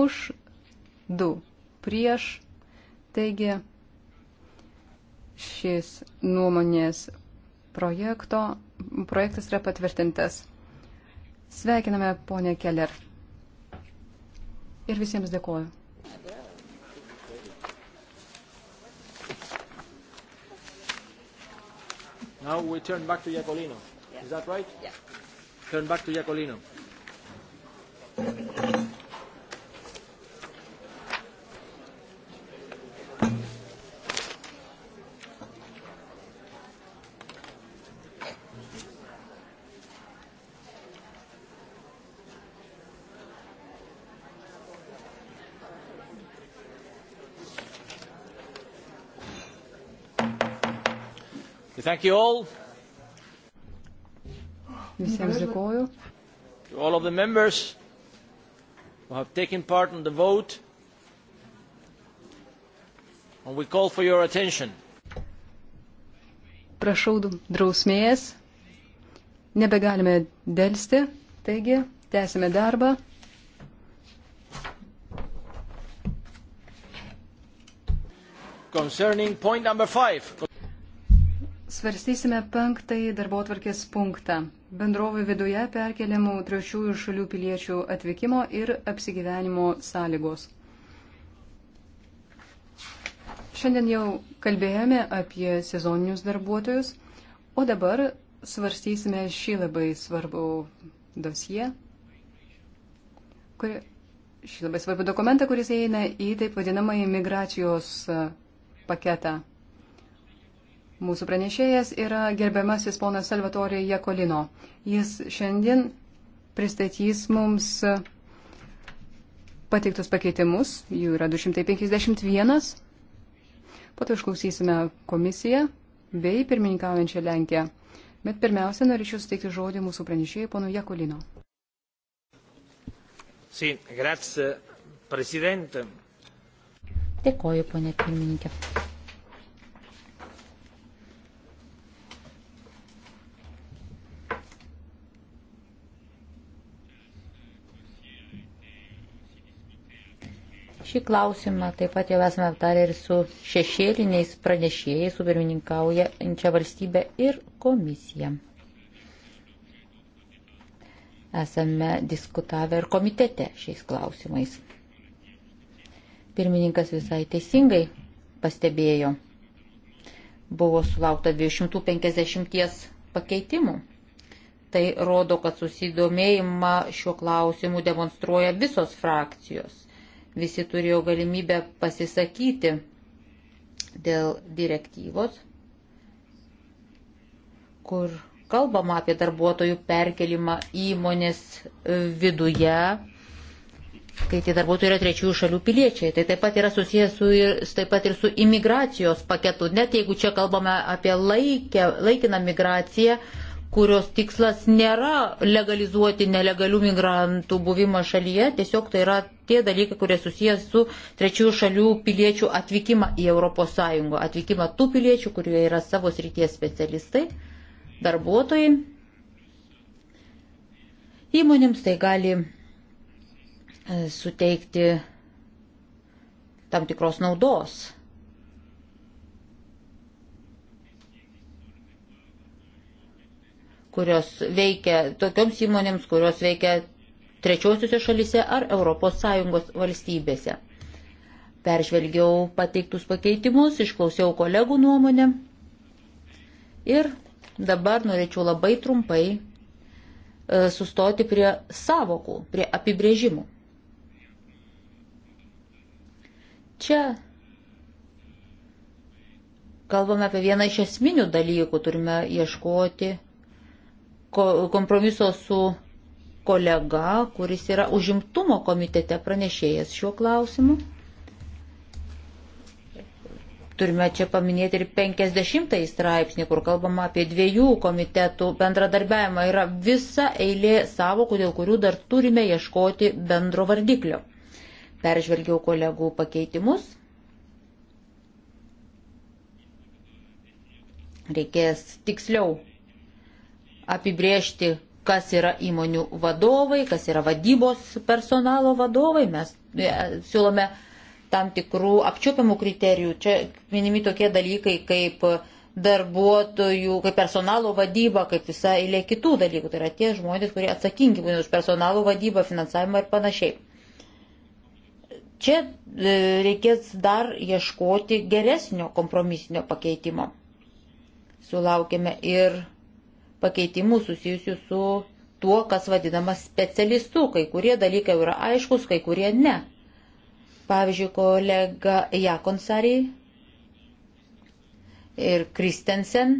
už, 2 prieš, Taigi, šis nuomonės projekto, projektas yra patvirtintas. Sveikiname ponę Keller. Ir visiems dėkoju. Now we turn back to Iacolino. Yeah. Is that right? Yeah. Turn back to Iacolino. Visiems dėkoju. To all of the members who have taken part in the vote, and we call for your attention. Prašau drausmės, nebegalime dėlsti, taigi tęsime darbą. Concerning point number five svarstysime penktąjį darbo atvarkės punktą - bendrovų viduje perkeliamų trečiųjų šalių piliečių atvykimo ir apsigyvenimo sąlygos. Šiandien jau kalbėjome apie sezoninius darbuotojus, o dabar svarstysime šį labai svarbų dosiją, kuri, šį labai svarbų dokumentą, kuris eina į taip vadinamą imigracijos paketą. Mūsų pranešėjas yra gerbiamasis ponas Salvatore Jekolino. Jis šiandien pristatys mums pateiktus pakeitimus, jų yra 251. Po to išklausysime komisiją bei pirmininkaujančią Lenkiją. Bet pirmiausia, norėčiau suteikti žodį mūsų pranešėjai, ponu Jekolino. Sí, grazie, Dėkoju, ponė pirmininkė. Šį klausimą taip pat jau esame aptarę ir su šešėliniais pranešėjais, su pirmininkaujančia valstybė ir komisija. Esame diskutavę ir komitete šiais klausimais. Pirmininkas visai teisingai pastebėjo. Buvo sulaukta 250 pakeitimų. Tai rodo, kad susidomėjimą šiuo klausimu demonstruoja visos frakcijos visi turėjo galimybę pasisakyti dėl direktyvos, kur kalbama apie darbuotojų perkelimą įmonės viduje, kai tie darbuotojai yra trečiųjų šalių piliečiai. Tai taip pat yra susijęs su, taip pat ir su imigracijos paketu. Net jeigu čia kalbame apie laikę, laikiną migraciją, kurios tikslas nėra legalizuoti nelegalių migrantų buvimą šalyje, tiesiog tai yra tie dalykai, kurie susijęs su trečiųjų šalių piliečių atvykimą į ES, atvykimą tų piliečių, kurie yra savo srities specialistai, darbuotojai. Įmonėms tai gali e, suteikti tam tikros naudos kurios veikia tokioms įmonėms, kurios veikia trečiosiuose šalise ar ES valstybėse. Peržvelgiau pateiktus pakeitimus, išklausiau kolegų nuomonę ir dabar norėčiau labai trumpai e, sustoti prie savokų, prie apibrėžimų. Čia kalbame apie vieną iš esminių dalykų, turime ieškoti kompromiso su kolega, kuris yra užimtumo komitete pranešėjas šiuo klausimu. Turime čia paminėti ir 50 straipsnį, kur kalbama apie dviejų komitetų bendradarbiavimą. Yra visa eilė savokų, dėl kurių dar turime ieškoti bendro vardiklio. Peržvelgiau kolegų pakeitimus. Reikės tiksliau apibriežti, kas yra įmonių vadovai, kas yra vadybos personalo vadovai. Mes e, siūlome tam tikrų apčiupiamų kriterijų. Čia minimi tokie dalykai kaip darbuotojų, kaip personalo vadyba, kaip visa eilė kitų dalykų. Tai yra tie žmonės, kurie atsakingi už personalo vadybą, finansavimą ir panašiai. Čia e, reikės dar ieškoti geresnio kompromisinio pakeitimo. Sulaukėme ir pakeitimų susijusių su tuo, kas vadinama specialistu. Kai kurie dalykai yra aiškus, kai kurie ne. Pavyzdžiui, kolega Jakonsari ir Kristensen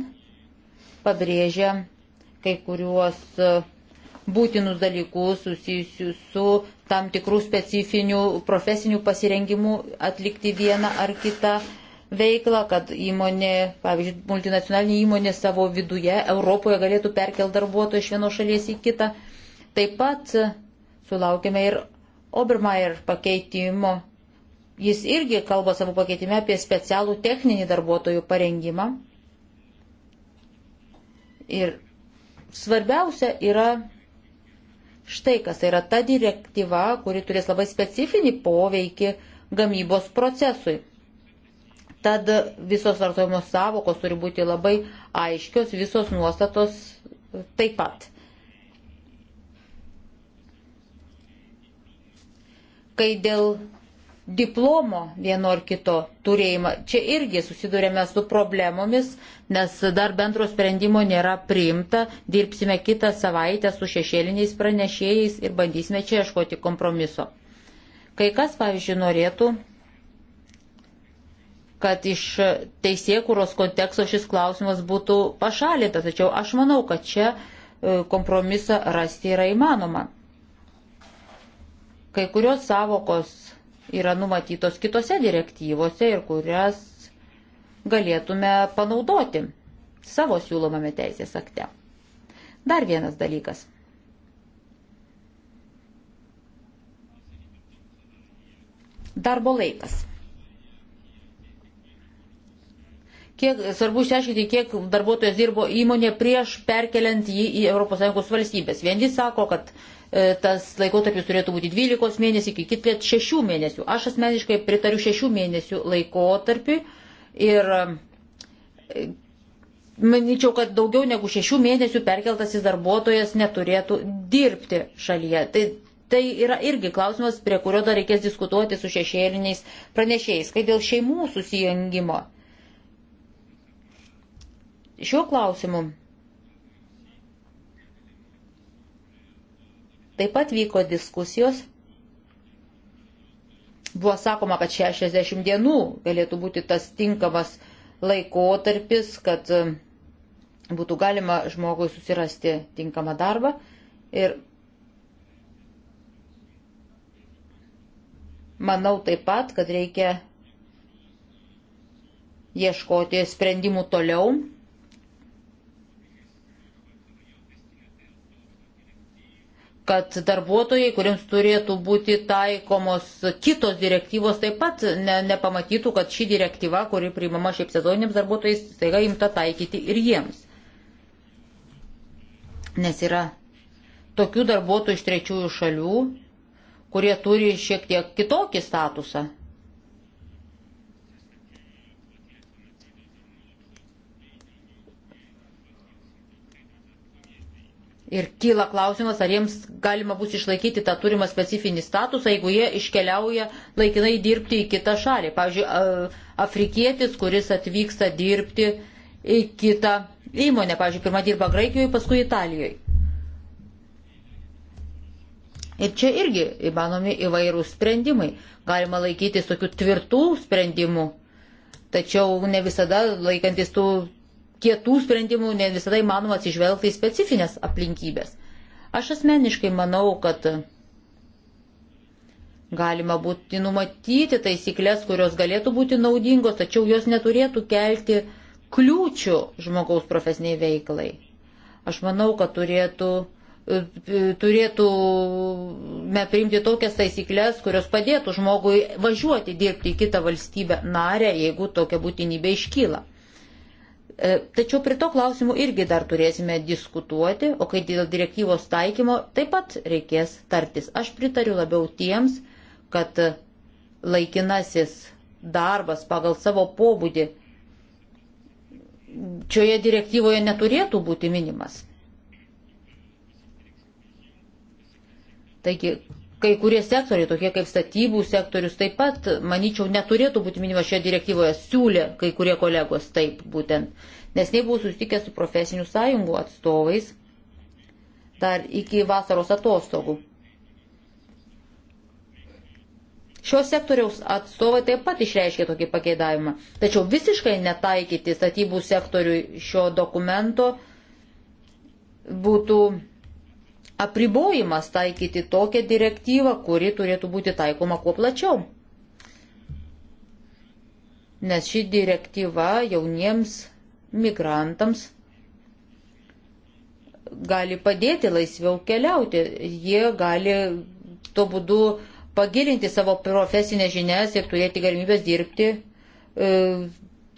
pabrėžia kai kuriuos e, būtinus dalykus susijusius su tam tikrų specifinių profesinių pasirengimų atlikti vieną ar kitą veiklą, kad įmonė, pavyzdžiui, multinacionalinė įmonė savo viduje Europoje galėtų perkelti darbuotojų iš vienos šalies į kitą. Taip pat sulaukime ir Obermeier pakeitimo. Jis irgi kalba savo pakeitime apie specialų techninį darbuotojų parengimą. Ir svarbiausia yra štai kas, tai yra ta direktyva, kuri turės labai specifinį poveikį gamybos procesui. Tad visos vartojamos savokos turi būti labai aiškios, visos nuostatos taip pat. Kai dėl diplomo vieno ar kito turėjimą, čia irgi susidurėme su problemomis, nes dar bendro sprendimo nėra priimta, dirbsime kitą savaitę su šešėliniais pranešėjais ir bandysime čia ieškoti kompromiso. Kai kas, pavyzdžiui, norėtų kad iš teisėkūros konteksto šis klausimas būtų pašalintas, tačiau aš manau, kad čia e, kompromisą rasti yra įmanoma. Kai kurios savokos yra numatytos kitose direktyvose ir kurias galėtume panaudoti savo siūlomame teisės akte. Dar vienas dalykas. Darbo laikas. kiek, svarbu išsiaiškinti, kiek darbuotojas dirbo įmonė prieš perkeliant jį į ES valstybės. Vieni sako, kad e, tas laikotarpis turėtų būti 12 mėnesių, iki kiti 6 mėnesių. Aš asmeniškai pritariu 6 mėnesių laikotarpį ir e, manyčiau, kad daugiau negu 6 mėnesių perkeltasis darbuotojas neturėtų dirbti šalyje. Tai, tai yra irgi klausimas, prie kurio dar reikės diskutuoti su šešėliniais pranešėjais, kai dėl šeimų susijungimo. Šiuo klausimu taip pat vyko diskusijos. Buvo sakoma, kad 60 dienų galėtų būti tas tinkamas laikotarpis, kad e, būtų galima žmogui susirasti tinkamą darbą. Ir manau taip pat, kad reikia ieškoti sprendimų toliau kad darbuotojai, kuriems turėtų būti taikomos kitos direktyvos, taip pat ne, nepamatytų, kad ši direktyva, kuri priimama šiaip sezoniniams darbuotojais, staiga imta taikyti ir jiems. Nes yra tokių darbuotojų iš trečiųjų šalių, kurie turi šiek tiek kitokį statusą Ir kyla klausimas, ar jiems galima bus išlaikyti tą turimą specifinį statusą, jeigu jie iškeliauja laikinai dirbti į kitą šalį. Pavyzdžiui, afrikietis, kuris atvyksta dirbti į kitą įmonę. Pavyzdžiui, pirmą dirba Graikijoje, paskui Italijoje. Ir čia irgi įmanomi įvairūs sprendimai. Galima laikytis tokių tvirtų sprendimų, tačiau ne visada laikantis tų kietų sprendimų ne visada įmanoma atsižvelgti į specifines aplinkybės. Aš asmeniškai manau, kad galima būti numatyti taisyklės, kurios galėtų būti naudingos, tačiau jos neturėtų kelti kliūčių žmogaus profesiniai veiklai. Aš manau, kad turėtų, e, e, turėtume priimti tokias taisyklės, kurios padėtų žmogui važiuoti dirbti į kitą valstybę narę, jeigu tokia būtinybė iškyla. E, tačiau prie to klausimų irgi dar turėsime diskutuoti, o kai dėl direktyvos taikymo taip pat reikės tartis. Aš pritariu labiau tiems, kad laikinasis darbas pagal savo pobūdį šioje direktyvoje neturėtų būti minimas. Taigi, kai kurie sektoriai, tokie kaip statybų sektorius, taip pat, manyčiau, neturėtų būti minimas šioje direktyvoje, siūlė kai kurie kolegos taip būtent. Nes nei buvau susitikęs su profesinių sąjungų atstovais dar iki vasaros atostogų. Šio sektoriaus atstovai taip pat išreiškė tokį pakeidavimą. Tačiau visiškai netaikyti statybų sektoriui šio dokumento būtų apribojimas taikyti tokią direktyvą, kuri turėtų būti taikoma kuo plačiau. Nes ši direktyva jauniems migrantams gali padėti laisviau keliauti. Jie gali tuo būdu pagilinti savo profesinės žinias ir turėti galimybės dirbti e,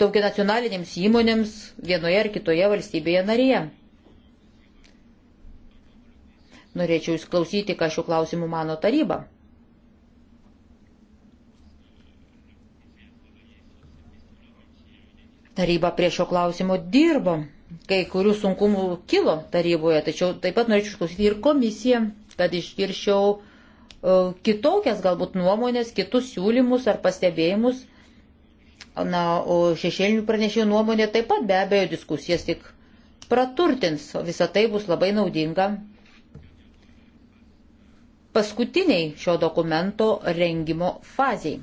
tokia nacionalinėms įmonėms vienoje ar kitoje valstybėje narėje. Norėčiau išklausyti, ką šių klausimų mano taryba. Taryba prie šio klausimo dirbo, kai kurių sunkumų kilo taryboje, tačiau taip pat norėčiau išklausyti ir komisiją, kad išgirščiau e, kitokias galbūt nuomonės, kitus siūlymus ar pastebėjimus. Na, o šešėlinių pranešėjų nuomonė taip pat be abejo diskusijas tik praturtins, o visa tai bus labai naudinga paskutiniai šio dokumento rengimo faziai.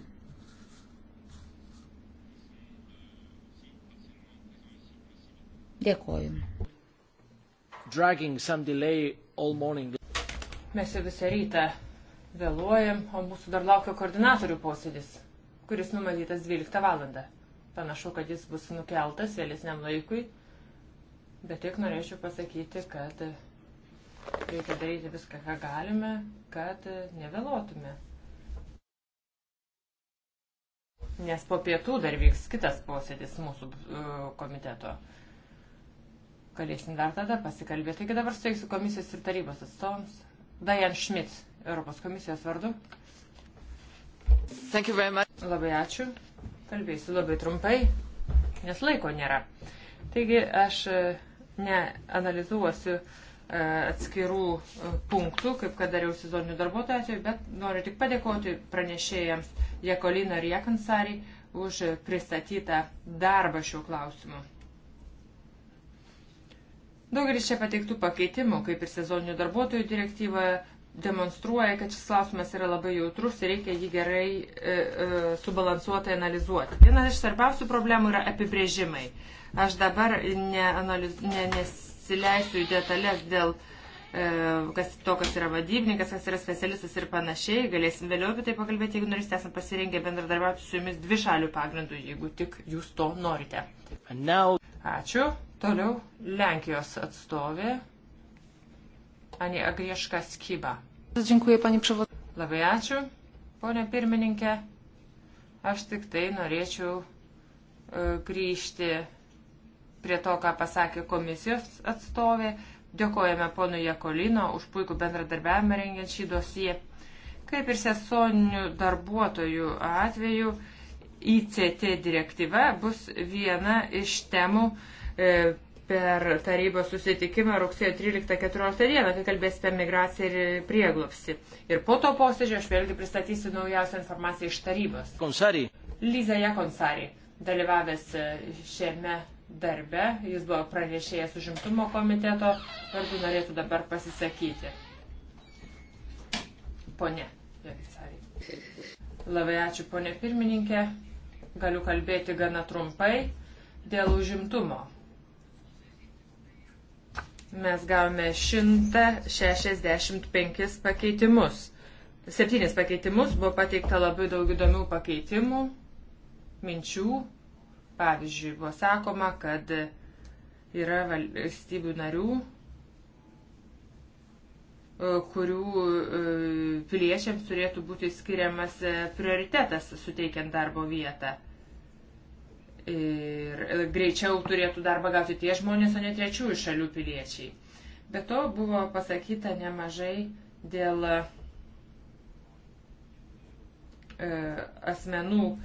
Dėkoju. Mes jau visą rytą vėluojam, o mūsų dar laukia koordinatorių posėdis, kuris numatytas 12 valandą. Panašu, kad jis bus nukeltas vėlesniam laikui, bet tik norėčiau pasakyti, kad Reikia daryti viską, ką galime, kad nevėluotume. Nes po pietų dar vyks kitas posėdis mūsų e, komiteto. Galėsim dar tada pasikalbėti. Taigi dabar steiksiu komisijos ir tarybos atstovams. Dajan Šmit, Europos komisijos vardu. Labai ačiū. Kalbėsiu labai trumpai, nes laiko nėra. Taigi aš e, neanalizuosiu E, atskirų e, punktų, kaip kad dariau sezoninių darbuotojų atveju, bet noriu tik padėkoti pranešėjams Jekolino ir Jekansarį už pristatytą darbą šiuo klausimu. Daugelis čia pateiktų pakeitimų, kaip ir sezoninių darbuotojų direktyvoje, demonstruoja, kad šis klausimas yra labai jautrus ir reikia jį gerai e, e, subalansuotai analizuoti. Viena iš svarbiausių problemų yra apibrėžimai. Aš dabar neanaliz, ne, nes, nesileisiu į detalės dėl e, kas, to, kas yra vadybininkas, kas yra specialistas ir panašiai. Galėsim vėliau apie tai pakalbėti, jeigu norėsite, esame pasirengę bendradarbiauti su jumis dvi šalių pagrindų, jeigu tik jūs to norite. Now... Ačiū. Toliau Lenkijos atstovė Ani Agrieška Skyba. Dziękuję, pani przewodnicząca. Labai ačiū, ponė pirmininkė. Aš tik tai norėčiau e, grįžti prie to, ką pasakė komisijos atstovė. Dėkojame ponu Jekolino už puikų bendradarbiavimą rengiant šį dosiją. Kaip ir sesoninių darbuotojų atveju, ICT direktyva bus viena iš temų e, per tarybos susitikimą rugsėjo 13-14 dieną, kai kalbės apie migraciją ir prieglopsi. Ir po to posėdžio aš vėlgi pristatysiu naujausią informaciją iš tarybos. Konsari. Liza Jakonsari, dalyvavęs e, šiame darbe, jis buvo pranešėjęs užimtumo komiteto, vardu norėtų dabar pasisakyti. Pone, Javisarė. Labai ačiū, ponė pirmininkė. Galiu kalbėti gana trumpai dėl užimtumo. Mes gavome 165 pakeitimus. Septynis pakeitimus buvo pateikta labai daug įdomių pakeitimų, minčių, Pavyzdžiui, buvo sakoma, kad yra valstybių narių, e, kurių e, piliečiams turėtų būti skiriamas e, prioritetas suteikiant darbo vietą. Ir greičiau turėtų darbą gauti tie žmonės, o ne trečiųjų šalių piliečiai. Be to buvo pasakyta nemažai dėl asmenų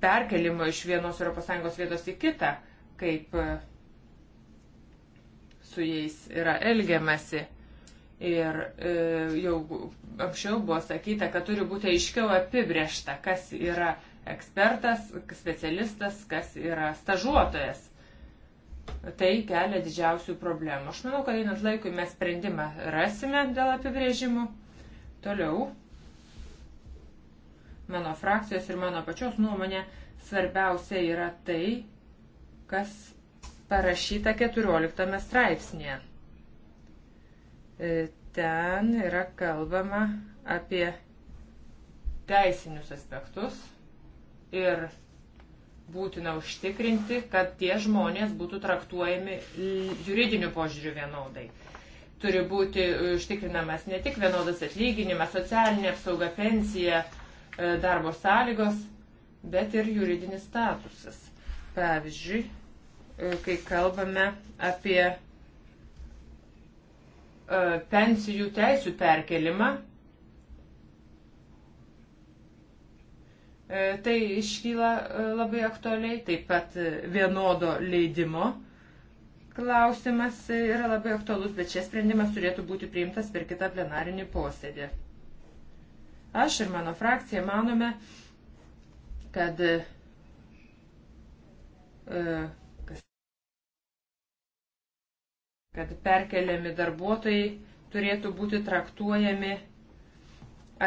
perkelimo iš vienos ES vietos į kitą, kaip e, su jais yra elgiamasi. Ir e, jau anksčiau buvo sakyta, kad turi būti aiškiau apibriešta, kas yra ekspertas, specialistas, kas yra stažuotojas. Tai kelia didžiausių problemų. Aš manau, kad einant laikui mes sprendimą rasime dėl apibrėžimų. Toliau mano frakcijos ir mano pačios nuomonė, svarbiausia yra tai, kas parašyta 14 straipsnėje. E, ten yra kalbama apie teisinius aspektus ir būtina užtikrinti, kad tie žmonės būtų traktuojami juridiniu požiūriu vienodai. Turi būti užtikrinamas ne tik vienodas atlyginimas, socialinė apsauga, pensija, E, darbo sąlygos, bet ir juridinis statusas. Pavyzdžiui, e, kai kalbame apie e, pensijų teisų perkelimą, tai iškyla labai aktualiai, taip pat vienodo leidimo klausimas yra labai aktualus, bet šis sprendimas turėtų būti priimtas per kitą plenarinį posėdį. Aš ir mano frakcija manome, kad e, kad perkeliami darbuotojai turėtų būti traktuojami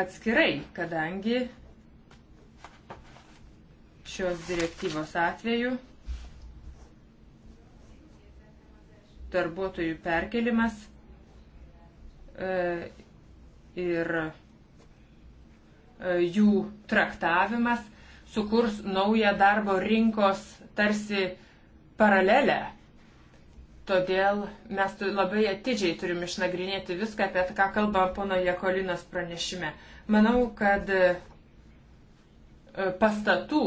atskirai, kadangi šios direktyvos atveju darbuotojų perkelimas e, ir jų traktavimas sukurs naują darbo rinkos tarsi paralelę. Todėl mes labai atidžiai turim išnagrinėti viską, apie ką kalba pono Jekolinos pranešime. Manau, kad e, pastatų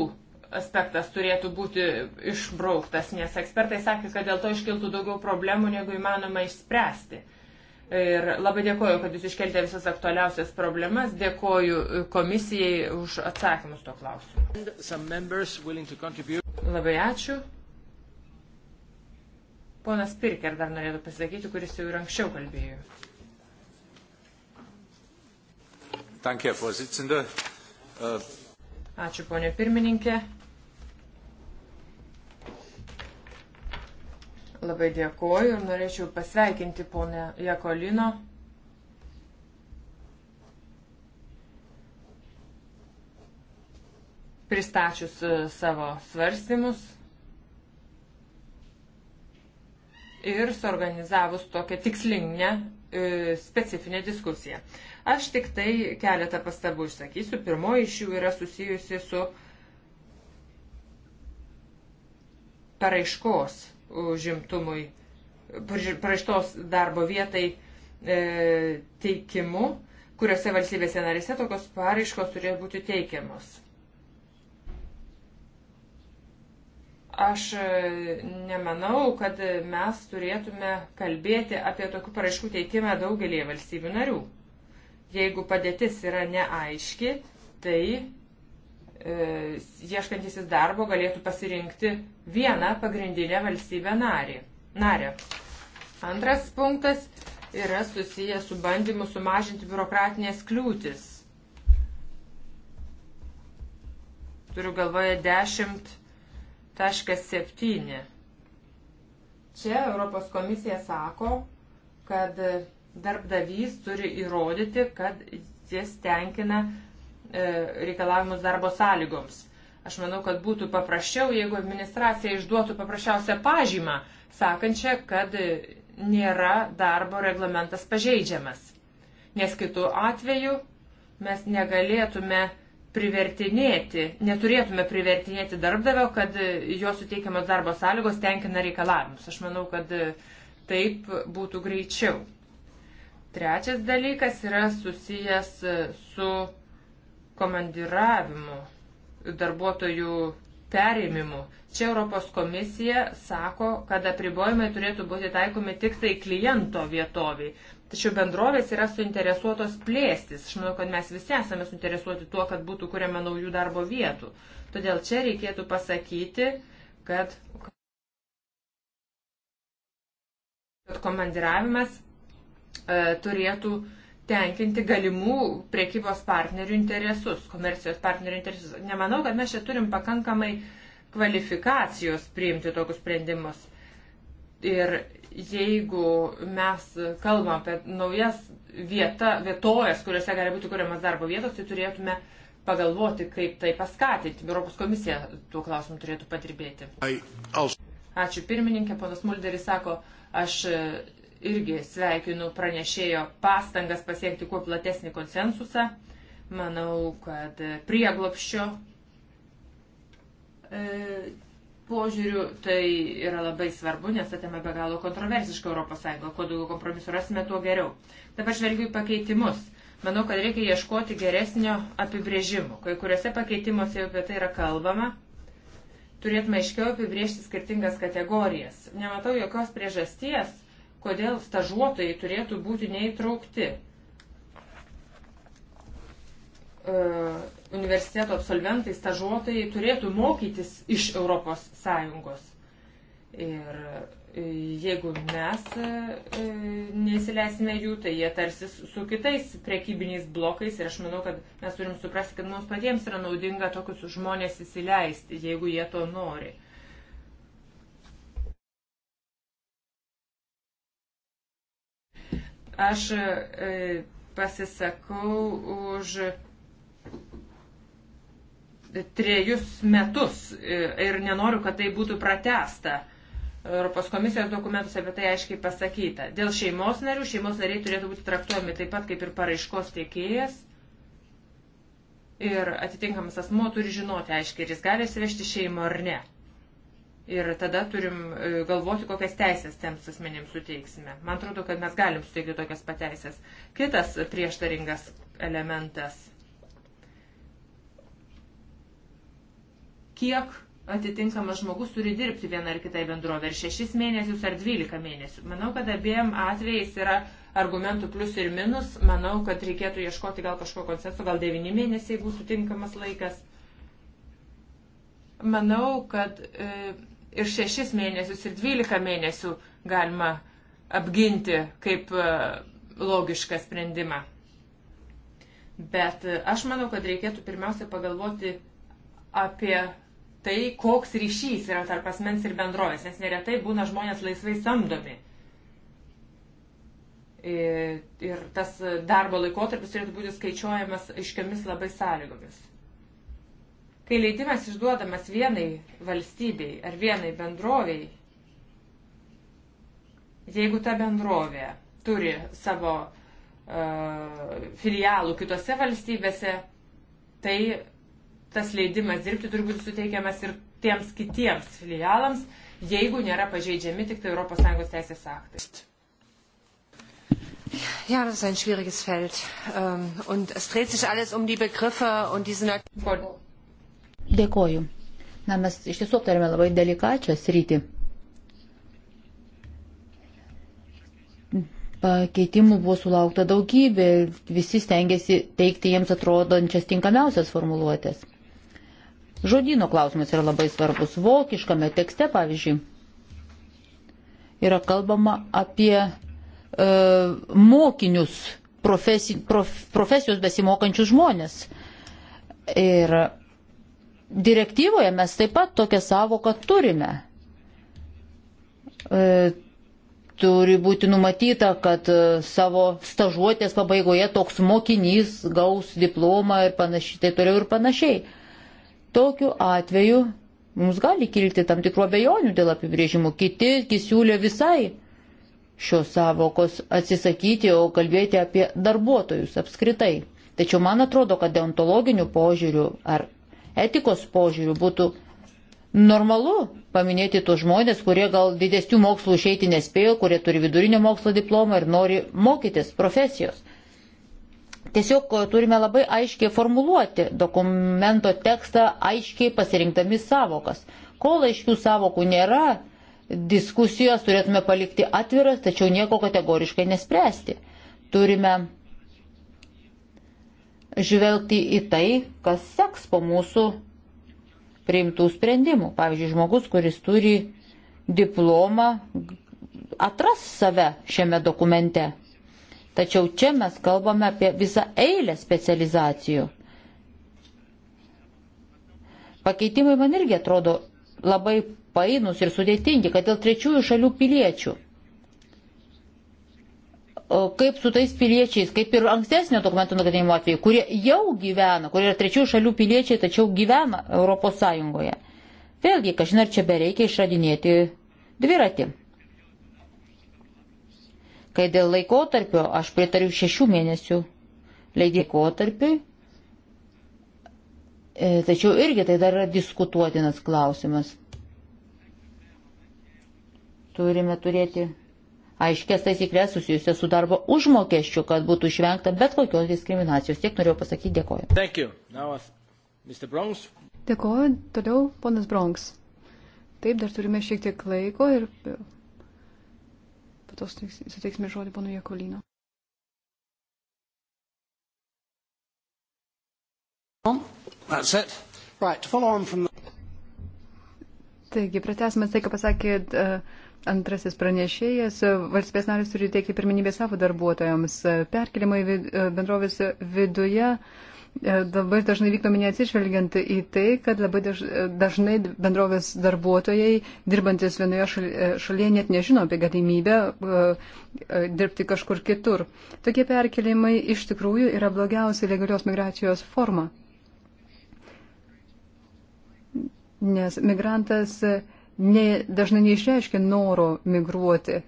aspektas turėtų būti išbrauktas, nes ekspertai sakė, kad dėl to iškiltų daugiau problemų, negu įmanoma išspręsti. Ir labai dėkoju, kad jūs iškeltė visas aktualiausias problemas. Dėkoju komisijai už atsakymus tuo klausimu. Labai ačiū. Ponas Pirker dar norėtų pasakyti, kuris jau ir anksčiau kalbėjo. Äh, ačiū, ponė pirmininkė. Labai dėkoju ir norėčiau pasveikinti ponę Jekolino. Pristačius e, savo svarstymus ir suorganizavus tokią tikslinę e, specifinę diskusiją. Aš tik tai keletą pastabų išsakysiu. Pirmoji iš jų yra susijusi su paraiškos užimtumui, praštos darbo vietai e, teikimu, kuriuose valstybėse narėse tokios paraiškos turėjo būti teikiamos. Aš e, nemanau, kad mes turėtume kalbėti apie tokių paraiškų teikimą daugelį valstybių narių. Jeigu padėtis yra neaiški, tai E, ieškantisis darbo galėtų pasirinkti vieną pagrindinę valstybę narį, narę. Antras punktas yra susijęs su bandymu sumažinti biurokratinės kliūtis. Turiu galvoje 10.7. Čia Europos komisija sako, kad darbdavys turi įrodyti, kad jis tenkina E, reikalavimus darbo sąlygoms. Aš manau, kad būtų paprasčiau, jeigu administracija išduotų paprasčiausią pažymą, sakančią, kad nėra darbo reglamentas pažeidžiamas. Nes kitų atveju mes negalėtume privertinėti, neturėtume privertinėti darbdavio, kad jo suteikiamas darbo sąlygos tenkina reikalavimus. Aš manau, kad taip būtų greičiau. Trečias dalykas yra susijęs su komandiravimu, darbuotojų perėmimu. Čia Europos komisija sako, kad apribojimai turėtų būti taikomi tik tai kliento vietoviai. Tačiau bendrovės yra suinteresuotos plėstis. Aš manau, kad mes visi esame suinteresuoti tuo, kad būtų kuriama naujų darbo vietų. Todėl čia reikėtų pasakyti, kad, kad komandiravimas e, turėtų e, tenkinti galimų prekybos partnerių interesus, komercijos partnerių interesus. Nemanau, kad mes čia turim pakankamai kvalifikacijos priimti tokius sprendimus. Ir jeigu mes kalbam apie naujas vieta, vietojas, kuriuose gali būti kuriamas darbo vietos, tai turėtume pagalvoti, kaip tai paskatinti. Europos komisija tuo klausimu turėtų padirbėti. Ačiū pirmininkė, ponas Mulderis sako, aš irgi sveikinu pranešėjo pastangas pasiekti kuo platesnį konsensusą. Manau, kad prieglopščio e, požiūrių tai yra labai svarbu, nes ta tema be galo kontroversiška ES. Kuo daugiau kompromisų rasime, tuo geriau. Dabar žvelgiu į pakeitimus. Manau, kad reikia ieškoti geresnio apibrėžimo. Kai kuriuose pakeitimuose jau apie tai yra kalbama, turėtume aiškiau apibriežti skirtingas kategorijas. Nematau jokios priežasties kodėl stažuotojai turėtų būti neįtraukti. E, universiteto absolventai, stažuotojai turėtų mokytis iš ES. Ir e, jeigu mes e, nesileisime jų, tai jie tarsi su kitais prekybiniais blokais ir aš manau, kad mes turim suprasti, kad mums patiems yra naudinga tokius žmonės įsileisti, jeigu jie to nori. Aš e, pasisakau už e, trejus metus e, ir nenoriu, kad tai būtų pratesta. Europos komisijos dokumentus apie tai aiškiai pasakyta. Dėl šeimos narių, šeimos nariai turėtų būti traktuojami taip pat kaip ir paraiškos tiekėjas. Ir atitinkamas asmo turi žinoti aiškiai, ar jis gali įsivežti šeimą ar ne ir tada turim e, galvoti, kokias teisės tiems asmenims suteiksime. Man atrodo, kad mes galim suteikti tokias pateisės. Kitas prieštaringas elementas. Kiek atitinkamas žmogus turi dirbti vieną ar kitą bendrovę, ar šešis mėnesius, ar dvylika mėnesių. Manau, kad abiem atvejais yra argumentų plus ir minus. Manau, kad reikėtų ieškoti gal kažko konsenso, gal devyni mėnesiai būtų tinkamas laikas. Manau, kad e, ir 6 mėnesius, ir 12 mėnesių galima apginti kaip e, logišką sprendimą. Bet e, aš manau, kad reikėtų pirmiausia pagalvoti apie tai, koks ryšys yra tarp asmens ir bendrovės, nes neretai būna žmonės laisvai samdomi. E, ir tas darbo laikotarpis turėtų būti skaičiuojamas aiškiamis labai sąlygomis. Kai leidimas išduodamas vienai valstybei ar vienai bendroviai, jeigu ta bendrovė turi savo uh, filialų kitose valstybėse, tai tas leidimas dirbti turi būti suteikiamas ir tiems kitiems filialams, jeigu nėra pažeidžiami tik tai ES teisės aktai. Ja, das ist ein schwieriges Feld. Ähm, und es dreht sich alles um die Begriffe und diese. Dėkoju. Na, mes iš tiesų aptarėme labai delikačią sritį. Pakeitimų buvo sulaukta daugybė, visi stengiasi teikti jiems atrodančias tinkamiausias formuluotės. Žodino klausimas yra labai svarbus. Vokiškame tekste, pavyzdžiui, yra kalbama apie e, mokinius, profesi, prof, profesijos besimokančius žmonės. Ir direktyvoje mes taip pat tokią savoką turime. E, turi būti numatyta, kad e, savo stažuotės pabaigoje toks mokinys gaus diplomą ir panašiai, tai toliau ir panašiai. Tokiu atveju mums gali kilti tam tikrų abejonių dėl apibrėžimų. Kiti siūlė visai šios savokos atsisakyti, o kalbėti apie darbuotojus apskritai. Tačiau man atrodo, kad deontologinių požiūrių ar etikos požiūrių būtų normalu paminėti tos žmonės, kurie gal didesnių mokslų išeiti nespėjo, kurie turi vidurinio mokslo diplomą ir nori mokytis profesijos. Tiesiog e, turime labai aiškiai formuluoti dokumento tekstą, aiškiai pasirinkdami savokas. Kol aiškių savokų nėra, diskusijos turėtume palikti atviras, tačiau nieko kategoriškai nespręsti. Turime žvelgti į tai, kas seks po mūsų priimtų sprendimų. Pavyzdžiui, žmogus, kuris turi diplomą, atras save šiame dokumente. Tačiau čia mes kalbame apie visą eilę specializacijų. Pakeitimai man irgi atrodo labai painus ir sudėtingi, kad dėl trečiųjų šalių piliečių kaip su tais piliečiais, kaip ir ankstesnio dokumento nagrinėjimo atveju, kurie jau gyvena, kurie yra trečių šalių piliečiai, tačiau gyvena Europos Sąjungoje. Vėlgi, kažin ar čia bereikia išradinėti dviratį. Kai dėl laikotarpio aš pritariu šešių mėnesių leidikotarpiui, e, tačiau irgi tai dar yra diskutuotinas klausimas. Turime turėti aiškės taisyklės susijusias su darbo užmokesčiu, kad būtų išvengta bet kokios diskriminacijos. Tiek norėjau pasakyti, dėkoju. Uh, dėkoju, toliau ponas Bronks. Taip, dar turime šiek tiek laiko ir uh, po to suteiksime žodį ponui Jekolino. Right, Taigi, pratesime tai, ką pasakė uh, Antrasis pranešėjas, valstybės narės turi teikti pirminybę savo darbuotojams. Perkelimai vid, bendrovės viduje e, labai dažnai vykdomi neatsižvelgiant į tai, kad labai dažnai bendrovės darbuotojai, dirbantis vienoje e, šalyje, net nežino apie galimybę e, dirbti kažkur kitur. Tokie perkelimai iš tikrųjų yra blogiausia legalios migracijos forma. Nes migrantas ne, dažnai neišreiškia noro migruoti.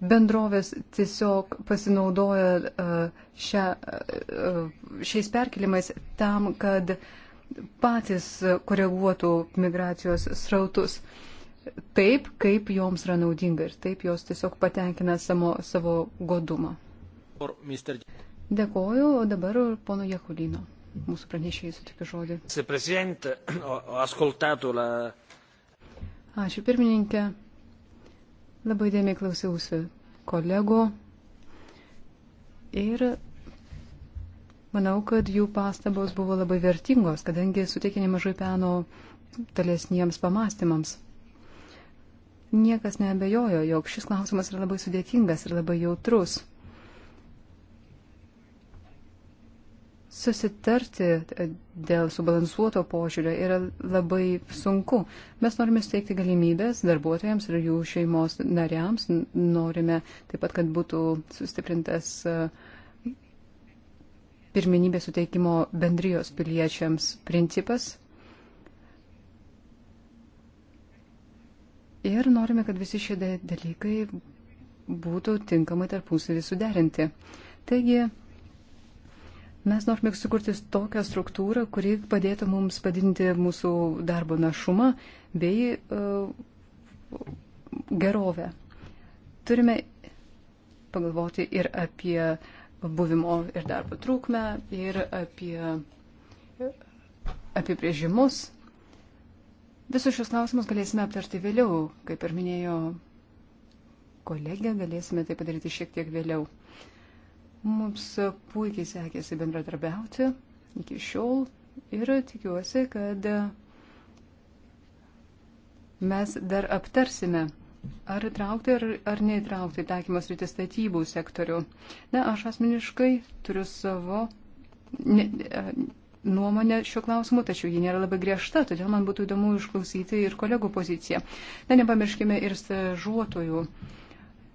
Bendrovės tiesiog pasinaudoja šia, šiais perkelimais tam, kad patys koreguotų migracijos srautus taip, kaip joms yra naudinga ir taip jos tiesiog patenkina samo, savo godumą. Dėkoju, o dabar pono Jekulino, mūsų pranešėjai sutikiu žodį. Ačiū pirmininkė. Labai dėmiai klausiausi kolegų ir manau, kad jų pastabos buvo labai vertingos, kadangi suteikė nemažai peno talesniems pamastymams. Niekas neabejojo, jog šis klausimas yra labai sudėtingas ir labai jautrus. susitarti e, dėl subalansuoto požiūrio yra labai sunku. Mes norime steigti galimybės darbuotojams ir jų šeimos nariams. Norime taip pat, kad būtų sustiprintas e, pirmenybės suteikimo bendrijos piliečiams principas. Ir norime, kad visi šie dalykai būtų tinkamai tarpusavį suderinti. Taigi, Mes norime sukurti tokią struktūrą, kuri padėtų mums padidinti mūsų darbo našumą bei uh, gerovę. Turime pagalvoti ir apie buvimo ir darbo trūkmę, ir apie apibrėžimus. Visus šios klausimus galėsime aptarti vėliau, kaip ir minėjo kolegė, galėsime tai padaryti šiek tiek vėliau. Mums puikiai sekėsi bendradarbiauti iki šiol ir tikiuosi, kad mes dar aptarsime, ar įtraukti ar, ar neįtraukti taikymas rytis statybų sektorių. Na, aš asmeniškai turiu savo ne, nuomonę šiuo klausimu, tačiau ji nėra labai griežta, todėl man būtų įdomu išklausyti ir kolegų poziciją. Na, nepamirškime ir stažuotojų. Uh,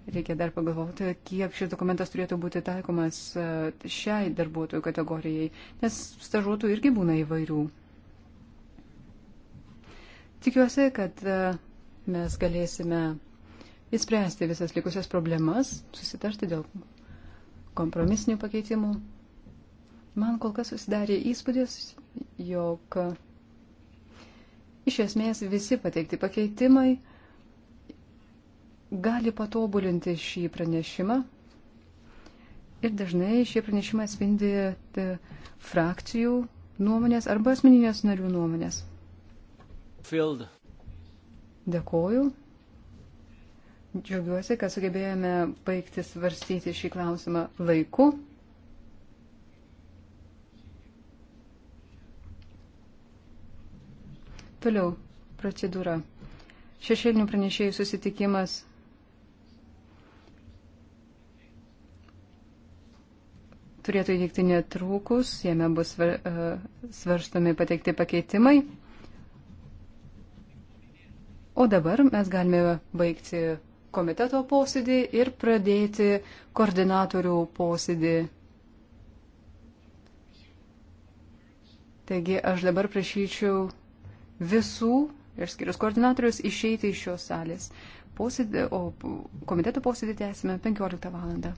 Reikia dar pagalvoti, kiek šis dokumentas turėtų būti taikomas e, šiai darbuotojų kategorijai, nes stažuotojų irgi būna įvairių. Tikiuosi, kad e, mes galėsime įspręsti visas likusias problemas, susitarti dėl kompromisinių pakeitimų. Man kol kas susidarė įspūdis, jog iš esmės visi pateikti pakeitimai gali patobulinti šį pranešimą. Ir dažnai šie pranešimai atspindi e, frakcijų nuomonės arba asmeninės narių nuomonės. Field. Dėkoju. Džiaugiuosi, kad sugebėjome baigti svarstyti šį klausimą laiku. Toliau procedūra. Šešėlinių pranešėjų susitikimas turėtų įvykti netrukus, jame bus e, svarstomi pateikti pakeitimai. O dabar mes galime baigti komiteto posėdį ir pradėti koordinatorių posėdį. Taigi aš dabar prašyčiau visų, išskirius koordinatorius, išeiti iš šios salės. Posėdį, o komiteto posėdį tęsime 15 valandą.